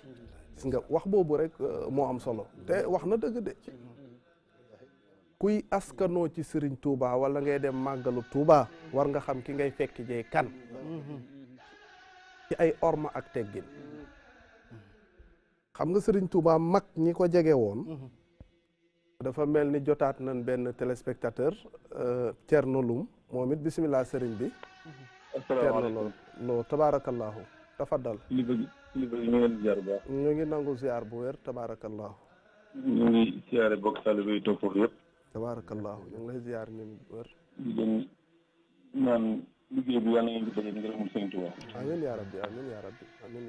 [SPEAKER 2] wax boobu rek euh, moo am solo te wax na dëgg de kuy askanoo ci Serigne Touba wala ngay dem màggalu Touba war nga xam ki ngay fekk jee kan ci ay orma ak teggin xam nga sëriñ Touba mag ñi ko jege woon. Mhm. dafa mel ni jotaat nañ benn téléspectateur euh, Thierno Loum moom it bisimilah sëriñ bi. Mhm. asalaamaaleykum Thierno Lo tabaarakallaahu tafaddal. kilifa gi kilifa gi ñu ngi leen ziar bu baax. ñu ngi nangu ziar bu wér tabaarakallaahu. ñu ngi
[SPEAKER 8] ziare bokk yëpp.
[SPEAKER 2] tabaarakallaahu ñu ngi lay ziar ñun bu wér. di leen bi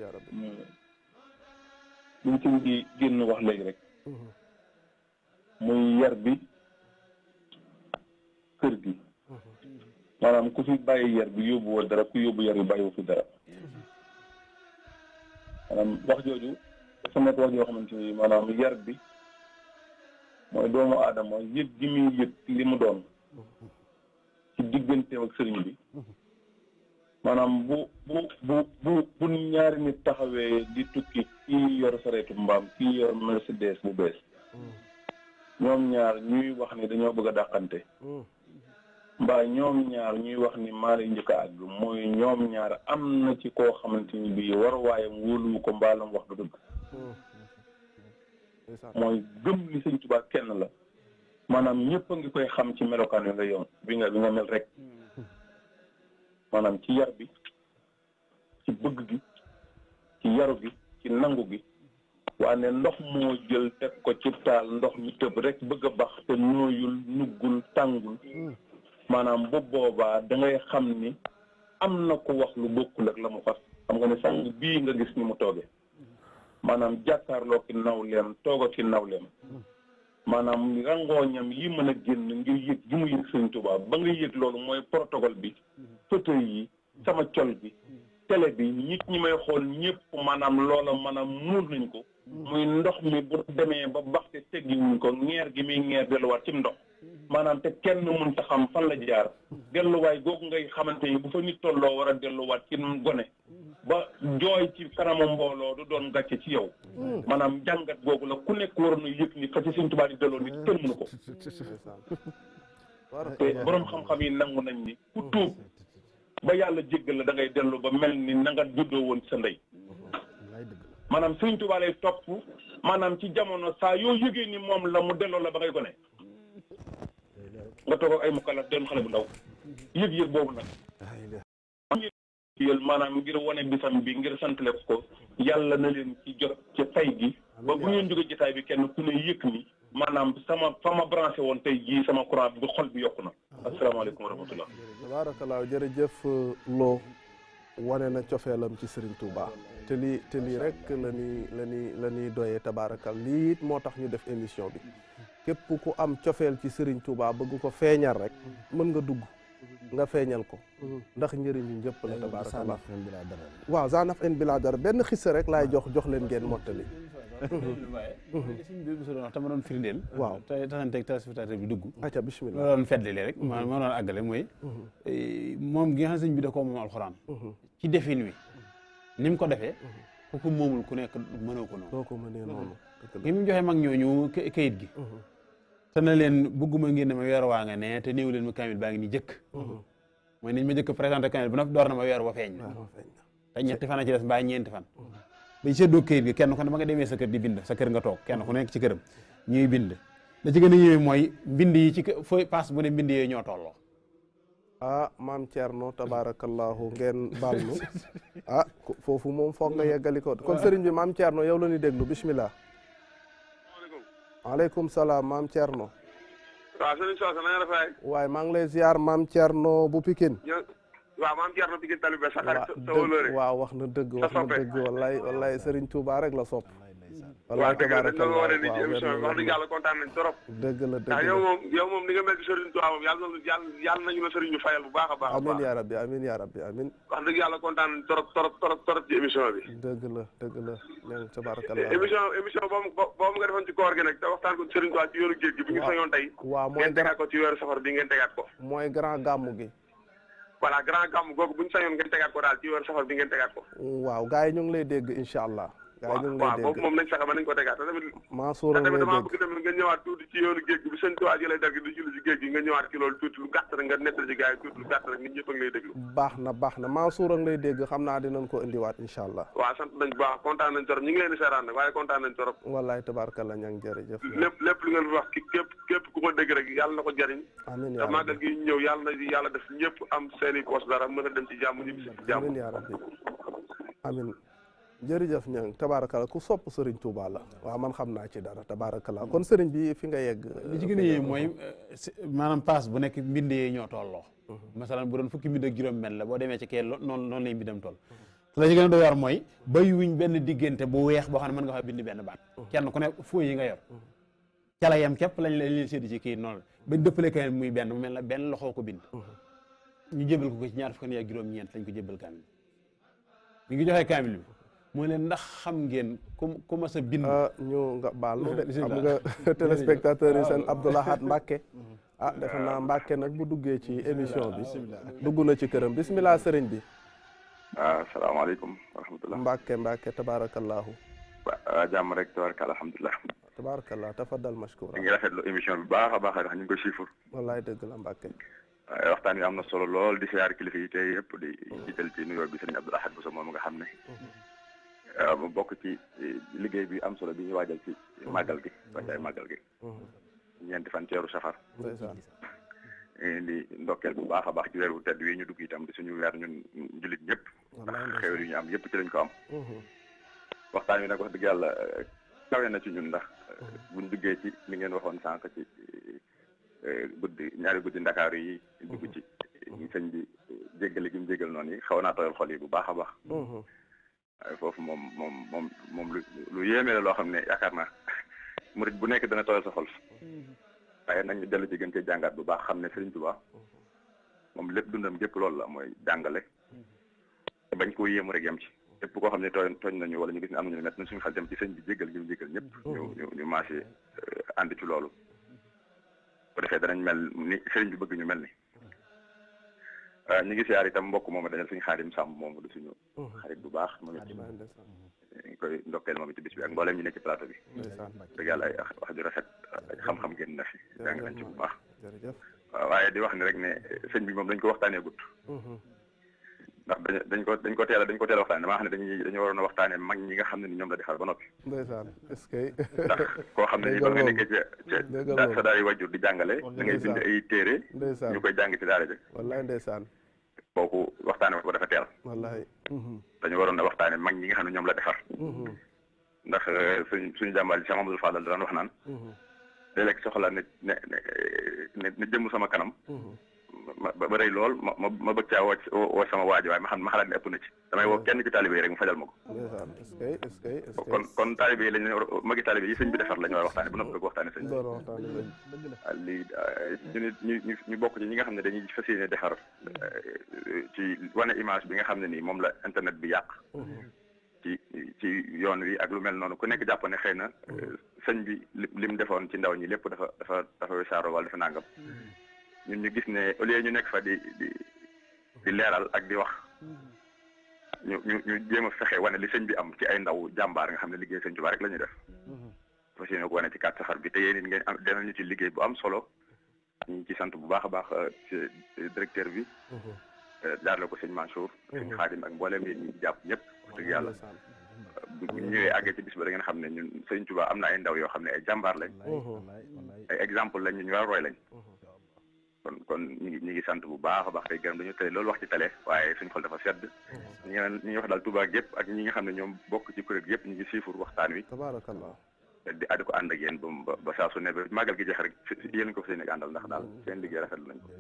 [SPEAKER 2] yàlla
[SPEAKER 10] li ci di génn wax léegi rek muy yar bi kër gi maanaam ku fi bàyyi yar bi yóbbu woo dara ku yóbbu yar bi bàyyi wu fi dara maanaam wax jooju dafa nekk wax joo xamante ni maanaam yar bi mooy doomu aadama yëg gi muy yëg li mu doon ci digganteem ak sëriñ bi maanaam bu bu bu bu ñaari nit taxawee di tukki kii yor sareetu mbaam kii yor Mercedes bu bees ñoom ñaar ñuy wax ni dañoo bëgg a dàqante mbaa ñoom ñaar ñuy wax ni maa lay njëkk a mooy ñoom ñaar am na ci koo xamante ni bii war waayam wóoluwu ko mbaalam wax du dëgg mooy gëm ni sëñ Tuubaa kenn la maanaam ñépp a ngi koy xam ci melokaan wi nga yoon bi nga bi nga mel rek maanaam ci yar bi ci bëgg gi ci yaru gi ci nangu gi waane ndox moo jël te ko ci taal ndox mi tëb rek bëgg a bax te nooyul nuggul tàngul maanaam bu boobaa dangay xam ni am na ko wax lu bokkul ak la mu fas xam nga ne sàng bii nga gis ni mu toogee maanaam jàkkaarloo ki nawleem tooga ki nawleem maanaam rangooñam yi mën a génn ngir yëg gi mu yëg sëñ Tuubaa ba nga yëg loolu mooy protocole bi fauteuil yi sama col bi télé bi nit ñi may xool ñëpp maanaam loola maanaam muur nañ ko muy ndox mi bu demee ba baxte teggiwuñ ko ngeer gi muy ngeer delluwaat ci mu ndox maanaam te kenn mun ta xam fan la jaar delluwaay googu ngay xamante ni bu fa nit tolloo war a delluwaat ci gone ba jooy ci kanamu mbooloo du doon gàcce ci yow maanaam jàngat googu la ku nekk waroon a yëg ni fa ci suñ tubaab di delloo nit kenn mënu ko te borom xam-xam yi nangu nañ ni ku tuub ba yàlla jéggal la da ngay dellu ba mel ni na nga juddoo woon sa ndey maanaam Sëriñ Tuubaa lay topp maanaam ci jamono saa yoo yëgee ni moom la mu delloo la ba ngay gone nga toog ay mukallaf doon xale bu ndaw yëg-yëg boobu nag yël maanaam ngir wane bisam bi ngir santale ko yàlla na leen ci jot ci tay gi ba bu ngeen jógee jotaay bi kenn ku ne yëg ni maanaam sama fa ma branché woon tey jii sama courant bi xol bi yokku na asalaamaaleykum wa rahmatullah
[SPEAKER 2] tabaarakallaa jërëjëf loo wane na cofeelam ci Serigne Touba te lii te lii rek la ñuy la la ñuy doyee tabaarakal lii moo tax ñu def émission bi képp ku am cofeel ci Serigne Touba bëgg ko feeñal rek mën nga dugg nga feeñal ko mhm. ndax njëriñu ñëpp la tabaarakallah waaw zanaf en bila dara benn xissa rek laay jox jox leen mottali mhm. mhm.
[SPEAKER 5] waaye ma doon firndeel waaw te taxanteeg téléspectateur bi dugg aca bismillah ma doon feddali rek ma ma doon àggale mooy eh, moom gi nga xam sëñ bi da koo moom alxuraan ci defin wi ni mu ko defee ku ko moomul ku nekk mënoo ko noonu gi mu joxe mag ñooñu kayit gi te na leen bugguma ngeen ne ma weer waa nga ne te néew leen ma kaamil baa ngi ni jëkk mm-hmm. mooy nañ ma jëkk présenté kaamil bu naf door na ma weer wa feeñ te ñetti fan a ci des mbaa ñeenti fan mm-hmm. bañ seddoo këyit gi kenn ko ne ba nga demee sa kër di bind sa kër nga toog kenn ku nekk ci këram ñuy bind la ci gën a yéeme mooy mbind yi ci fooy paas bu ne mbind yooyu ñoo tolloo
[SPEAKER 2] ah maam Thierno tabaarakallaahu ngeen baal nu ah foofu moom foog nga yeggali ko kon sëriñ bi maam Thierno yow la ñuy déglu aleykum salaam maam Thierno. waaw waay maa ngi lay ziar maam Thierno bu Pikine.
[SPEAKER 8] waaw maam Thierno Pikine Talibe sa xarit sa wóolóore.
[SPEAKER 2] waaw wax na dëgg wax na dëgg wallaay wallaay Serigne rek la sopp Warga dëgg la dañu ko grand ngeen ko ci waaw waaw boobu moom
[SPEAKER 8] nañ sax mën nañ ko tegaat te tamit
[SPEAKER 2] Mansour tamit damaa
[SPEAKER 8] nga ñëwaat tuuti ci yoonu géej gi bi sëñ Tuubaa jëlee dagg di julli ci géej gi nga ñëwaat ci loolu tuuti lu gàtt rek nga nettali ci tuuti lu gàtt rek nit ñëpp a ngi lay déglu
[SPEAKER 2] baax na baax na Mansour a ngi lay dégg xam naa dinañ ko indiwaat incha allah
[SPEAKER 8] waaw sant nañ baax kontaan nañ torop ñi ngi leen di seeraan nag waaye kontaan nañ torop
[SPEAKER 2] wallaay tabaarkalla ñang jërëjëf
[SPEAKER 8] lépp lépp lu ngeen fi wax ki képp képp ku ko dégg rek yàlla na ko jariñ amiin te màggal gi ñëw yàlla yàlla def ñëpp am seeni poos dara mën dem ci jàmm ñibbi si ci jàmm
[SPEAKER 2] amiin jërëjëf ñang tabaarakala ku sopp Serigne Touba la waaw man xam naa ci dara la kon Serigne bi fi nga yegg li ci mooy
[SPEAKER 5] eh, maanaam paas bu nekk mbind yee ñoo tolloo masalan bu doon fukki mbind ak juróom benn la boo demee ci kee noonu noonu lay mbindam toll te la ci gën mooy bay wuñ benn diggante bu weex boo xam ne man nga faa bind benn baat kenn ku ne fooy yi nga yor cala yam képp lañ la leen séddi ci kii noonu bañ dëppale ka muy benn mu mel na benn loxoo ko bind ñu jébal ko ko ci ñaar fukki ak juróom ñeent lañ ko jébal kaamil bi ñu ngi joxee kaamil
[SPEAKER 2] mu leen ndax xam ngeen ku ku mas a bind ah, ñu nga baal <laughs> xam nga <laughs> téléspectateurs yi seen Abdoulahat Mbacke <laughs> ah defe naa Mbacke nag bu duggee ci émission bi dugg na ci këram bisimilah sëriñ bi
[SPEAKER 11] asalaamaaleykum ah,
[SPEAKER 2] warahmatullah Mbacke Mbacke tabarakallahu
[SPEAKER 11] wa jàmm rek tabaraka alhamdulilah
[SPEAKER 2] tabarakallah tafadal mashkura ngi
[SPEAKER 11] rafetlu émission a baax a tax ñu
[SPEAKER 2] ngi la Mbacke
[SPEAKER 11] waxtaan wi am na solo lool di siyaar kilifa yi tey yëpp di mm. jiital ci nuyoo bi sëriñ Abdoulahat Bousso moom nga xam ne
[SPEAKER 6] mm-hmm.
[SPEAKER 11] waaw euh, mu bokk ci eh, liggéey bi am solo bi ñu waajal ci màggal gi mm-hmm. waajaay màggal gi
[SPEAKER 6] mm-hmm.
[SPEAKER 11] ñeenti fan ceeru safar di ndokkeel bu baax a baax ci weer wu tedd wi ñu dugg itam di suñu weer ñun jullit ñëpp
[SPEAKER 8] ndax xewal
[SPEAKER 11] yi ñu am ci lañ ko am
[SPEAKER 8] mm-hmm.
[SPEAKER 11] wi nag wax dëgg yàlla eh, kawe ci ñun ndax eh, buñ duggee ci li ngeen waxoon sànq ci guddi ñaari guddi ndakaaru yi dugg ci sëñ bi jéggale gi mu jégal noonu yi xaw naa tooyal xol yi bu baax a baax waaye foofu moom moom moom moom lu lu yéeme la loo xam ne yaakaar naa <laughs> murit bu nekk dana tooyal sa xol mm-hmm. waaye nag ñu dellu ci gën cee jàngaat bu baax xam ne Sëriñ Tuubaa mm-hmm. moom lépp dundam gépp loolu la mooy jàngale te
[SPEAKER 6] mm-hmm.
[SPEAKER 11] bañ koo yéemu rek yem ci lépp koo xam ne tooñ tooñ nañu wala ñu gis ne am nañu ne mett na suñ xel dem ci sëñ bi jéggal gi mu jéggal ñëpp ñu ñu marché euh, ànd ci loolu bu defee danañ mel ni sëriñ bi bëgg ñu mel ni Euh, ñu ngi siyaar tam mbokk moom dañu suñu xaadim sàmm moom du suñu oh. xarit bu baax moom it ñu koy ndokkeel moom it bis bi ak mboolem ñu nekk ci plateau bi dëgg yàlla ay wax ju rafet ak xam-xam génn na fi
[SPEAKER 1] jàng nañ ci bu baax
[SPEAKER 11] waaye di wax ni rek ne sëñ bi moom dañ ko waxtaanee gudd mm-hmm. ndax dañ ko dañ ko teel a dañ ko teel a waxtaane damaa xam ne dañu waroon a waxtaane mag ñi nga xam ne ni ñoom la di xaar ba noppi
[SPEAKER 2] ndeysaan que ndax
[SPEAKER 11] koo xam ne nii ba nga nekkee ca ca sa daari wàjjur di jàngale da ngay bind ay téere ñu koy jàng ci daara ja
[SPEAKER 2] wallaay ndeysaan
[SPEAKER 11] kooku waxtaane mhm. dañu waroon a waxtaane mag ñi nga xam ne ñoom la di mhm. ndax euh, suñ suñu jàmbaar ji Cheikh Amadou Fadal daan wax naan mhm. léeg-léeg soxla ne ne ne jëm sama kanam ba rëy lool ma ma ma bëgg caa woo sama waa ji waaye ma xam ne ma xalaat ne ëpp na ci damay woo kenn ci taalibe yi rek mu fajal ma
[SPEAKER 2] ko. kon
[SPEAKER 11] kon taalibe yi lañ leen magi taalibe yi sëñ bi defar la ñu war a waxtaane bu noppi ko waxtaane sëñ bi lii ñu ñu ñu bokk ci ñi nga xam ne dañuy fas yéene defar ci wane image bi nga xam ne nii moom la internet bi yàq ci ci yoon wi ak lu mel noonu ku nekk jàpp ne xëy na sëñ bi li mu defoon ci ndaw ñi lépp dafa dafa dafa wisaaroo wala dafa nàngam ñun ñu gis ne au ñu nekk fa di di leeral ak di wax ñu ñu ñu a fexe wane li sëñ bi am ci ay ndaw jàmbaar nga xam ne liggéey sëñ Tuubaa rek la ñuy def mm-hmm. fas yéene ko wane ci kat safar bi te yéen ngeen am dana ñu ci liggéey bu am solo ñu ci sant bu baax a baax euh, euh, directeur bi mm-hmm. euh, jaarale ko sëñ Mansour sëñ mm-hmm. Xaadim ak mbooleem yéen ñi jàpp ñëpp wax dëgg yàlla bu ñëwee àggee ci bis ngeen xam ne ñun sëñ Tuubaa am na ay ndaw yoo xam ne ay jàmbaar lañ ay exemple lañ ñu war roy lañ kon kon ñu ngi ñu ngi sant bu baax a baax tey gërëm dañu tey loolu wax ci télé waaye suñu xol dafa sedd ñi nga ñi ngi wax daal Touba gépp ak ñi nga xam ne ñoom bokk ci kuréel yëpp ñu ngi siifur waxtaan wi
[SPEAKER 2] tabarakallah
[SPEAKER 11] di àddi ko ànd ak yéen ba ba saa su ne ba gi jeex rek yéen ko fa seen àndal ndax daal seen liggéey rafetlu nañ ko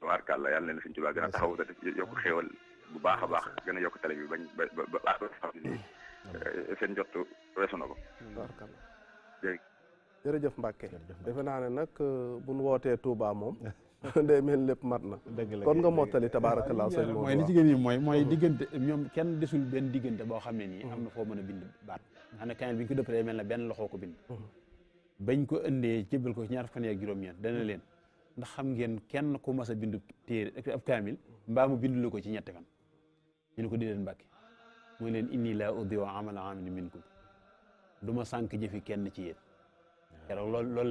[SPEAKER 11] tabaarkàlla yàlla na leen suñu Touba gën a taxaw te yokk xéewal bu baax a baax gën a yokk télé bi bañ ba ba seen njottu weesu na ko
[SPEAKER 2] jërëjëf Mbacke defe naa ne nag euh, bu nu wootee Touba moom. <laughs> <laughs> day mel lépp mat na. kon nga mottali tabaarakallaa sëñ Maodo mooy li ci gën yi mooy mooy diggante
[SPEAKER 5] ñoom kenn desul benn diggante boo xam ne nii. am na foo mën a bind baat. xam ne kañ bi ko dëppalee mel na benn loxoo ko bind. Mhm. bañ ko indee jébbal ko ñaar fan ak juróom-ñeent dana leen ndax xam ngeen kenn ku mas a bind téere ab kaamil mbaa mu bindlu ko ci ñetti fan. ñu ne ko di leen Mbacke muy leen inni laa udii'u amala aamilin minkum du ma sànq jëfi kenn ci keroog loolu loolu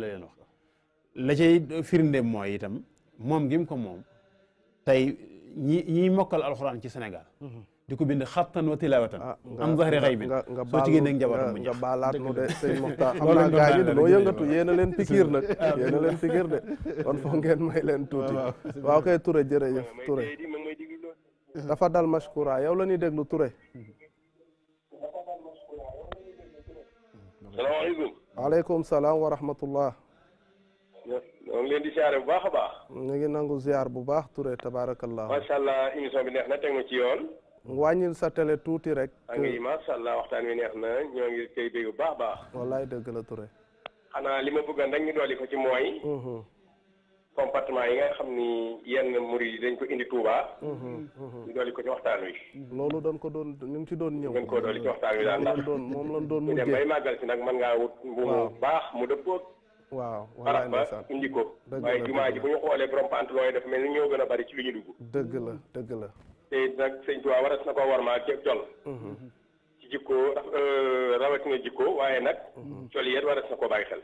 [SPEAKER 5] la leen wax mooy itam moom gi ko moom tey ñi ñiy mokkal alxuraan ci Sénégal mhm. di ko bind xattan wa tilawatan
[SPEAKER 6] ah,
[SPEAKER 2] nga baalaat de sëñ Moxtaar xam <laughs> naa leen pikiir nag ah, yéen leen pikiir de kon foog may leen tuuti waaw kay Touré jërëjëf Touré dafa dal mashkura yow la ñuy waaleykum salaam wa rahmatullah.
[SPEAKER 10] ñoo ngi leen di ziare bu baax a baax.
[SPEAKER 2] ñu ngi nangu ziar bu baax Touré tabaarakallah. macha
[SPEAKER 10] allah émission bi neex na teg na ci yoon.
[SPEAKER 2] wàññil sa télé tuuti rek. a ngi
[SPEAKER 10] macha allah waxtaan wi neex na ñoo ngi koy dégg bu baax a baax.
[SPEAKER 2] wallaay dëgg la Touré.
[SPEAKER 10] xanaa li ma bëggoon rek ñu dolli ko ci mooy. Mhm. comportement yi nga xam ni yenn murid yi dañ ko indi Touba.
[SPEAKER 2] Mhm, mhm. ñu
[SPEAKER 10] dolli ko ci waxtaan wi.
[SPEAKER 2] loolu dañ ko doon ñu ngi ci doon ñëw. dañ ko dolli ci waxtaan wi daal ndax doon moom lañ doon <laughs> mujjee bay màggal si nag mën ngaa
[SPEAKER 10] wut. bu baax mu dëppoo.
[SPEAKER 2] waaw walaay ba indi
[SPEAKER 10] ko. waaye jumaa ji bu ñu xoolee borom pantalon yi dafa mel ni ñoo gën a bari ci lu ñu dugg.
[SPEAKER 2] dëgg la dëgg la.
[SPEAKER 10] te nag sëñ Touba waras na ko warmaa ceeb jol. Mhm. ci jikko euh, rawatina jikko waaye nag. col yéen waras na koo bàyyi xel.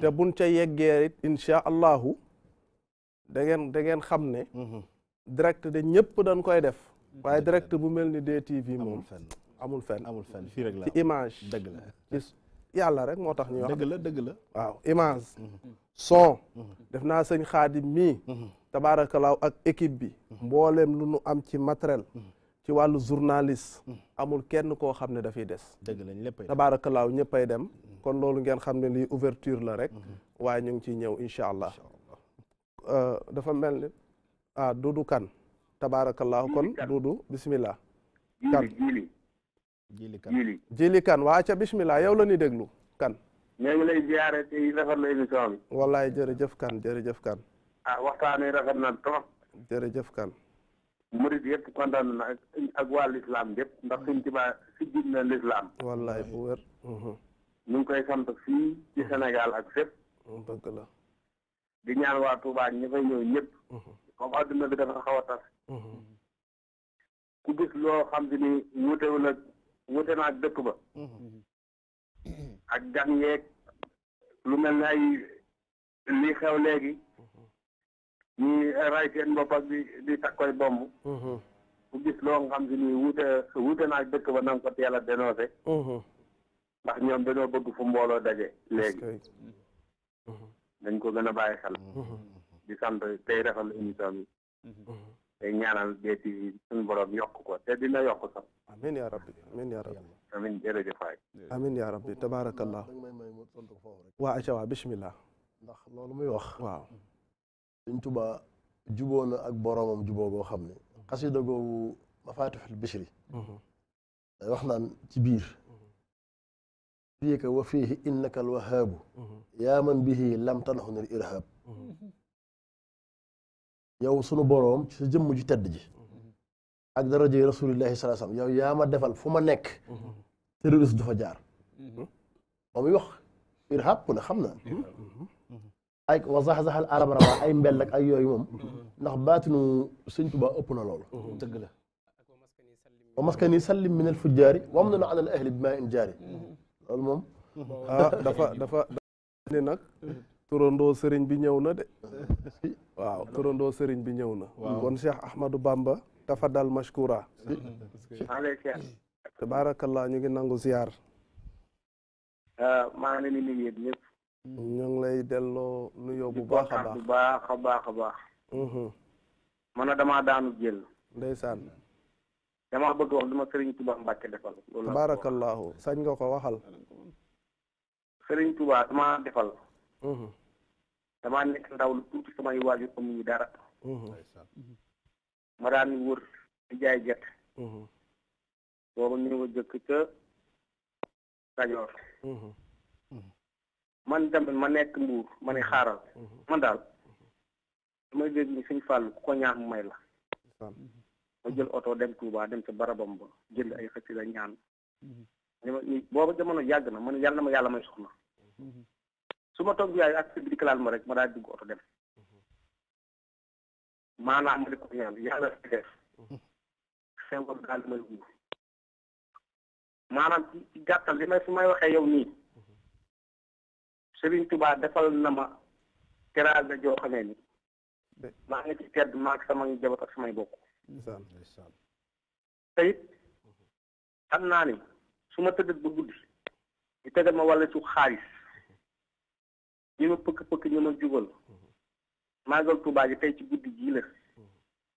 [SPEAKER 2] te buñ ca yeggee it incha allahu da ngeen da ngeen xam ne. Mhm. direct de ñëpp dañ koy def. waaye direct bu mel ni DTV moom amul fenn amul fenn fii rek la ci image. dëgg la yàlla rek moo tax ñuy wax. dëgg la dëgg image. Mhm. son. Mhm. def naa sëñ xaadim mii. tabaarakalaaw ak équipe bi. mboolem lu nu am ci matériel. ci wàllu journaliste. Hmm. amul kenn koo xam ne dafay des. dëgg lañ léppay dem tabaarakallaaw ñëppay dem. kon loolu ngeen xam ne lii ouverture la rek. Hmm. waaye ñu ngi ciy ñëw incha allah. Euh, dafa mel ni ah Dudu kan tabaarakallaahu kon Dudu bismillah. kan jili kan jili kan waa ca bismillah yow la ni déglu kan.
[SPEAKER 9] ñoo ngi lay ziare ci rafetlu émission bi.
[SPEAKER 2] wallaay jërëjëf kan jërëjëf kan.
[SPEAKER 9] ah waxtaan wi rafet na trop.
[SPEAKER 2] jërëjëf kan.
[SPEAKER 9] murid yëpp kontaan na ak waa lislaam yëpp ndax suñ tubaa si jiit na lislaam
[SPEAKER 2] wallaay bu wér mhm.
[SPEAKER 9] ñu koy sant fii ci mhm. Sénégal ak fépp mhm, dëgg la di ñaan waa Touba ñi fay ñëw ñëpp comme adduna bi dafa xaw a tas ku gis loo xam si ni wutewul ak wute na ak dëkk ba ak gan yeeg lu mel ne ay lii xew léegi ñi ray seen bopp ak di di takkoy bomb ku gis loo nga xam si nii wuute wuute naa dëkk ba nanga ko teel a ndax ñoom dañoo bëgg fu mbooloo daje léegi dañ ko gën a bàyyi xel di sant tey defal émission bi tey ñaanal deeti suñu borom yokk ko te dina yokk sax
[SPEAKER 2] amin yaa rabbi amin yaa rabbi
[SPEAKER 4] amin jërëjëf
[SPEAKER 2] yaa rabbi tabaarakallah waa aca waa bismillah ndax loolu muy wax waaw Sëñ Tuubaa
[SPEAKER 4] juboo na ak boroomam juboo goo xam ne xasida googu mafatihul bichri day wax naan ci biir fiika wa alwahaabu yaa man bihi lam tanxunil irhab yow sunu boroom ci sa jëmm ju tedd ji ak daraje rasulillahi sallallahu yaa ma defal fu ma nekk terroriste du fa jaar moom wax irhab ku ne xam na ay wasax-saxal arab rawa ay mbell ak ay yoy mom ndax batinu sëñ Tuubaa ëpp na loolu deug la wa maskani sallim min al fujjaari wa am ala al ahli bi maa in jaari loolu moom
[SPEAKER 6] dafa
[SPEAKER 2] dafa ni nak turondo sëriñ bi ñëw na de waaw turondo sëriñ bi ñëw na kon Cheikh Ahmadou Bamba tafadal mashkura tabarakallah ñu ngi nangu ziar
[SPEAKER 9] ah ma ngi ni di nuyu ñëpp
[SPEAKER 2] Mm-hmm. ñoo ngi lay delloo nuyoo bu baax a
[SPEAKER 9] baax a baax
[SPEAKER 2] mm-hmm. a a
[SPEAKER 9] baax. man damaa daanu jël. ndeysaan. damaa bëgg wax li ma Serigne Touba Mbacke defal.
[SPEAKER 2] loolu sañ nga ko waxal.
[SPEAKER 9] Serigne Touba damaa defal. Mm-hmm. damaa nekk ndaw lu tuuti samay waajur amuñu dara. ma daan wër di jaay jet. boobu ñu jëkk ca Kajoor. man tamit ma nekk mbuur ma ne xaaral man daal ko ñaax mu la ma jël oto dem Touba dem ca barabam ba jënd ay la ñaan li ma ni yàgg na man yàlla na ma yàlla may soxna su ma toog bi yaay ak bi di kalaal ma rek ma daal dugg oto dem maanaam ma di ko ñaan yàlla may waxee yow nii Serigne tubaa defal na ma teraanga joo xamee ni maa ngi ci tedd maak sama njaboot ak samay bokk te it xam naa ni su ma tëdd ba guddi ñu tegal ma walla su xaalis ñu ma pëkk pëkk ñu ma jugal màggal tubaa ji tey ci guddi jii la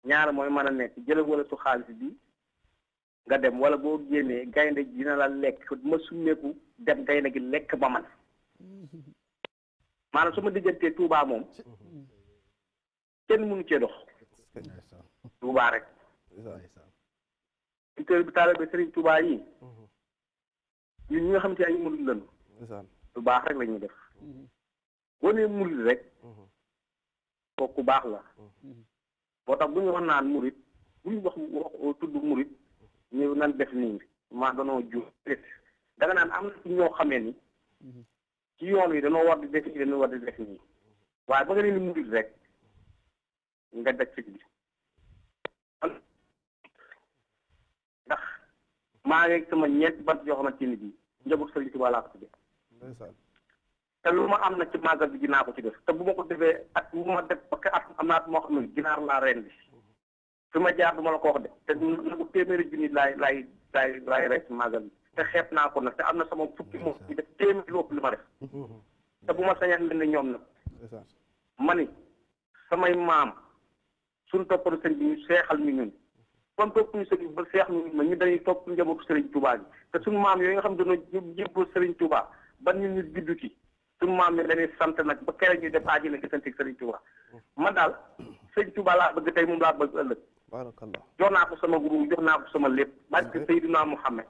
[SPEAKER 9] ñaar mooy mën a nekk jëlal walla su xaalis bi nga dem wala boo génnee gaynde dina la lekk ma summeeku dem gaynde gi lekk ba man <laughs> maanaam sama diggante Touba moom kenn mënu cee dox Touba rek inter bi taalibe Serigne Touba yi ñun nga xam ci ay murid lañu lu baax rek la ñuy def boo nee murid rek kooku baax la boo tax bu ñu wax naan murid bu ñu wax wax tudd murid ñu nan def nii maa danoo ju danga naan am na ñoo xamee ni ci yoon wi dañoo war di def dañoo war di def nii waaye ba nga leen mujjul rek nga daj ci bi ndax maa ngi sama ñeent bant yoo xamante ni bii njaboot sëriñ Tuubaa laa ko ci def te lu ma am na ci màggal bi dinaa ko ci def te bu ma ko defee at bu ma def parce que at am naa at moo xam ne ginaar laa ren bi fi ma jaar du ma la ko wax de te nagu téeméeri junni laay laay laay laay ci màggal bi te xeeb naa ko nag te am na sama fukki moom bi def téeméer lu ëpp li ma def te bu ma sañaan mel ñoom nag ma ni samay maam suñ toppal sëñ bi ñu seexal ñu ñun kon topp ñu sëñ bi ba seex ñu ma ñu dañuy topp njabootu Sëriñ Tuubaa bi te suñu maam yooyu nga xam dañoo jébbal Sëriñ Tuubaa ba ñu ñu juddu ci suñu maam yi dañuy sant nag ba kere ñuy def aajina gisante ak Sëriñ Tuubaa mm. man daal Sëriñ Tuubaa laa bëgg tey moom laa bëgg ëllëg baarakallah jox naa ko sama guru jox naa ko sama lépp barke Seydina Muhammad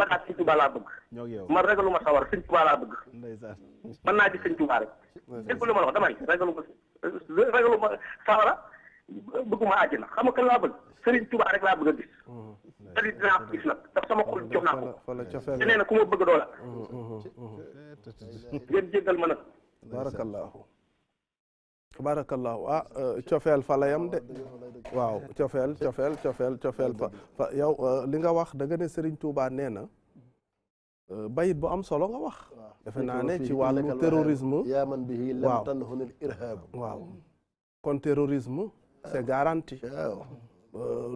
[SPEAKER 9] man ak laa bëgg ñoo yow man ragalu ma sawar sëñ Tuubaa laa bëgg ndeysaan mën naa gis sëñ Tuubaa rek la wax ma ragalu ma sawara bëgguma àjjana xam nga laa bëgg sëriñ Tuubaa laa bëgg a gis mm-hmm. te dinaa ko gis nag sama xol jox naa
[SPEAKER 2] ko te ku ma bëgg doola mm-hmm. ngeen
[SPEAKER 8] jéggal ma nag
[SPEAKER 2] barakallahu ah euh, cofeel fa la de waaw cofeel cofeel cofeel cofeel fa yow euh, li nga wax da nga ne Serigne Touba nee na euh, bayit bu am solo nga wax
[SPEAKER 4] defe naa ne ci wàllu terrorisme yaa man bihi
[SPEAKER 2] waaw kon terrorisme c'est ah. garanti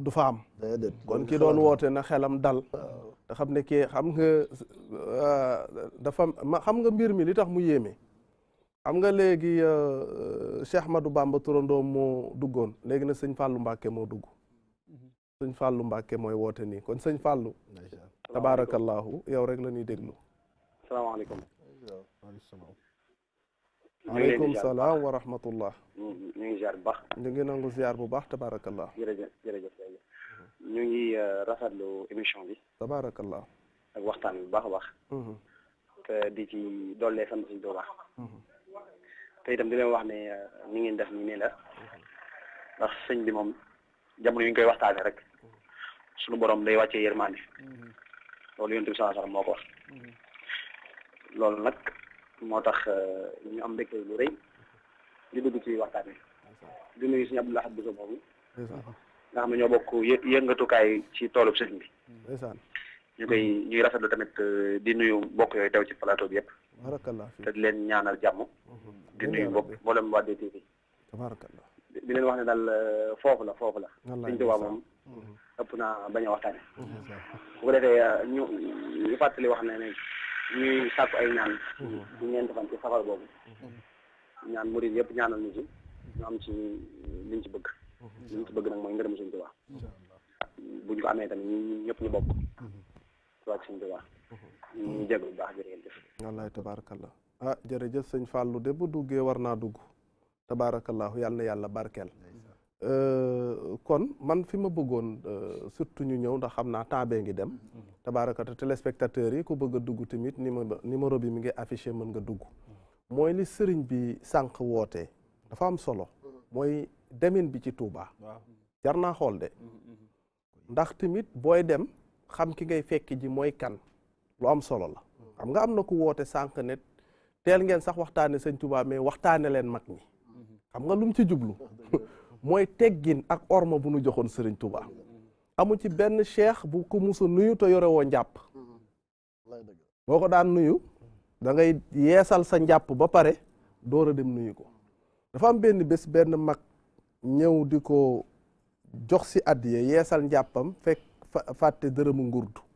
[SPEAKER 2] du fa am kon ki doon woote na xelam dal te xam ne kii xam nga dafa xam nga mbir mi li tax mu yéeme xam nga léegi euh, euh, Cheikh Ahmadou Bamba turandoo moo duggoon léegi na sëñ Fallou Mbacke moo dugg mm-hmm. sëñ Fallou Mbacke mooy woote nii kon sëñ Fallou tabaarakallaahu yow rek la ñuy déglu
[SPEAKER 8] salaamaaleykum
[SPEAKER 9] aleykum salaam
[SPEAKER 2] wa rahmatullah
[SPEAKER 9] mm-hmm. ñu ngi ziar bu baax ñu
[SPEAKER 2] ngi nangu ziar bu baax tabaarakallah
[SPEAKER 9] jërëjëf jërëjëf mm-hmm. ñu ngi euh, rafetlu émission bi
[SPEAKER 2] tabaarakallah
[SPEAKER 9] ak waxtaan bi baax a baax te di ci dollee sant suñu baax te itam dina wax ni euh, ni ngeen def ni nii la ndax señ bi mom jamono yi ngi koy waxtane rek suñu borom day wacce yermani lolou yentou sa sax moko wax lolou nak motax euh, ñu am mbégte lu reuy di dugg ci waxtane di nuyu suñu Abdou Lahad Bousso boobu nga xam ñoo bokku yë kay ci tolu señ bi ñu koy ñuy rafetlu tamit euh, di nuyu bokk yoy tew ci plateau bi yépp
[SPEAKER 2] barakallah te di
[SPEAKER 9] leen ñaanal jàmm. di nuyu mbokk mboolem waa DTV. tabarakallah di leen wax ne daal euh, foofu la foofu la. wallaahi Sëñ Tuubaa moom. ëpp naa bañ a waxtaane bu ko defee euh, ñu ñu fàttali wax ne ne ñuy sàkku ay ñaan. ñu mhm. ñeenti fan ci safar boobu. Mhm. ñaan murid yëpp ñaanal ñu ci ñu am ci liñ ci bëgg. Mhm. liñ ci bëgg nag mooy ngërëm Sëñ Tuubaa. buñ ko amee tamit ñu ñëpp ñu bokk. ci wàcc Sëñ ñu jégalu bu baax jërë ngeen jëf.
[SPEAKER 2] wallaay ah jërëjëf sëñ Fallou de bu duggee war naa dugg tabaarakallahu yàlla na yàlla barkeel. Euh, kon man fi ma bëggoon euh, surtout ñu ñëw ndax xam naa temps bee ngi dem. Mhm. tabaarakata téléspectateurs yi ku bëgg a dugg tamit numéro bi mi ngi affiché mën nga dugg. Mhm. mooy li sëriñ bi sànq wootee dafa am solo. Mhm. mooy demin bi ci tuubaa jar naa xool de. ndax tamit booy dem xam ki ngay fekk ji mooy kan. lu am solo la xam nga am na ku woote sànq ne teel ngeen sax waxtaane sëñ Tuubaa mais waxtaane leen mag ñi xam nga lu mu ci jublu <laughs> mooy teggin ak orma bu nu joxoon sëriñ Tuubaa amu ci benn cheikh bu ko musa nuyu te yore woo njàpp boo ko daan nuyu da ngay yeesal sa njàpp ba pare door a dem nuyu ko dafa am benn bés benn mag ñëw di ko jox si addiye yeesal njàppam fekk fàtte dërëmu ngurdu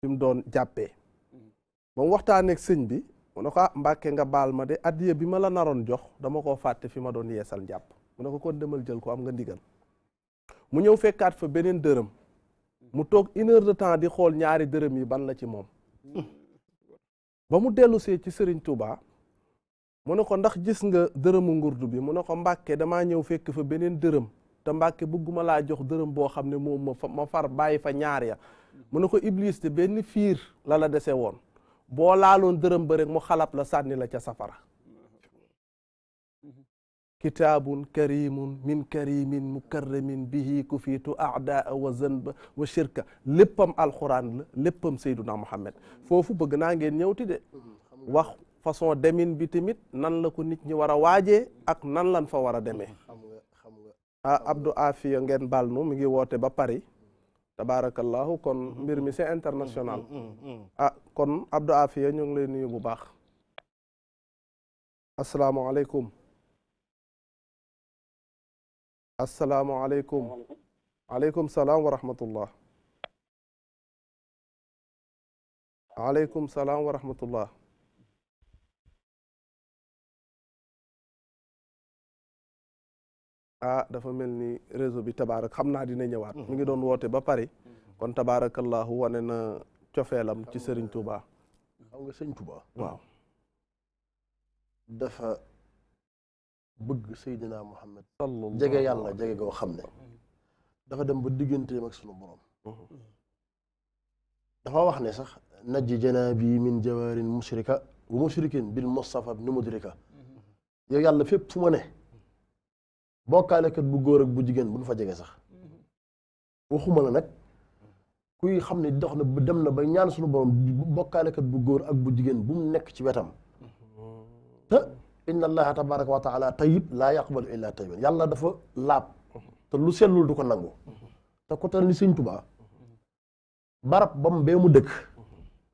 [SPEAKER 2] fi mu doon jàppee ba mu waxtaanee sëñ bi mu ne ko ah mbàkke nga baal ma de addiya bi ma la naroon jox dama koo fàtte fi ma doon yeesal jàpp mu ne ko kon demal jël ko am nga ndigal mu ñëw fekkaat fa beneen dërëm mu toog une temps di xool ñaari dërëm yi ban la ci moom ba mu dellusee ci sëriñ Touba mu ne ko ndax gis nga dërëmu ngurdu bi mu ne ko mbàkke damaa ñëw fekk fa beneen dërëm te mbàkke bëgguma laa jox dërëm boo xam ne moom ma far bàyyi fa ñaar ya mu ne ko iblis te benn fiir lala la dese woon boo laaloon dërëm ba mu xalab la sànni la ca safara kitaabun karimun min karimin mukarramin bihi kufitu aadaa wa zanba wa shirka léppam alxuraan la léppam sayduna muhammad foofu bëgg naa ngeen ñëwti de wax façon demin bi tamit nan la ko nit ñi war a waajee ak nan lan fa war a demee ah abdou afiya ngeen bal nu mi ngi woote ba Paris tabaarakallahu kon mm-hmm. mbir mi c'est international mm-hmm. Mm-hmm. ah kon Abdou Afia ñu ngi lay nuyu bu baax asalaamualeykum asalaamualeykum aleykum salaam wa rahmatullah aleykum salaam wa rahmatullah ah dafa mel ni réseau bi tabaarak xam naa dina ñëwaat mu mm-hmm. ngi doon woote ba pari kon tabaarakallahu wane na cofeelam ci sëriñ Touba.
[SPEAKER 4] xam nga sëñ Touba waaw dafa bëgg Seydina Muhammad jege yàlla jege goo xam ne mm-hmm. dafa dem bu diggante ak sunu borom mm-hmm. dafa wax ne sax najji janaabi min jawaarin mushrika wa mushrikin bil mustafa bi nu mudrika yow yàlla fépp fu ne kat bu góor ak bu jigen bu ñu fa jégué sax waxuma la nak kuy xam doxna bu dem na ba ñaan suñu borom kat bu góor ak bu jigen bu mu nek ci wetam ta inna allaha tabaarak wa taala tayyib la yaqbalu illa tayyib yàlla dafa lab ta lu sellul du ko nangu ta ko tan ni seigne touba barab bam be mu dëkk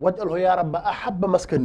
[SPEAKER 4] wajjalhu ya rabba ahabba maskan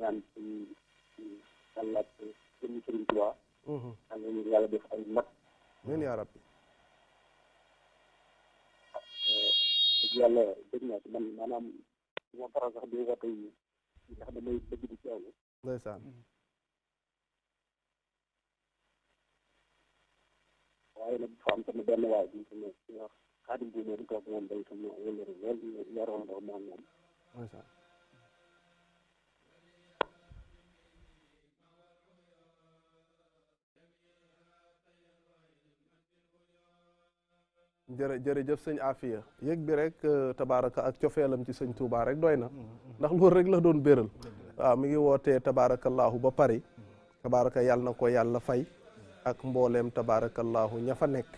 [SPEAKER 9] ñaan ci yàlla ak jëmm Sëriñ Tuubaa. Mhm. am nañu yàlla def ay mat. amiin yaa rabbi. dëgg yàlla dëgg naa ci man maanaam su ma faral di woote yi ndax damay waaye nag dafa am sama benn waay bi ñu wax xaadim bu moom toog moom day sama wëllëre lool yaroon ndox moom moom.
[SPEAKER 2] jërë jërëjëf sëñ Afia yëg bi rek euh, tabaaraka ak cofeelam ci sëñ Touba rek doy na ndax loolu rek la doon béral waaw mi ngi wootee tabaarakallaahu ba Paris tabaaraka yàlla na ko yàlla fay ak mbooleem tabaarakallaahu ña fa nekk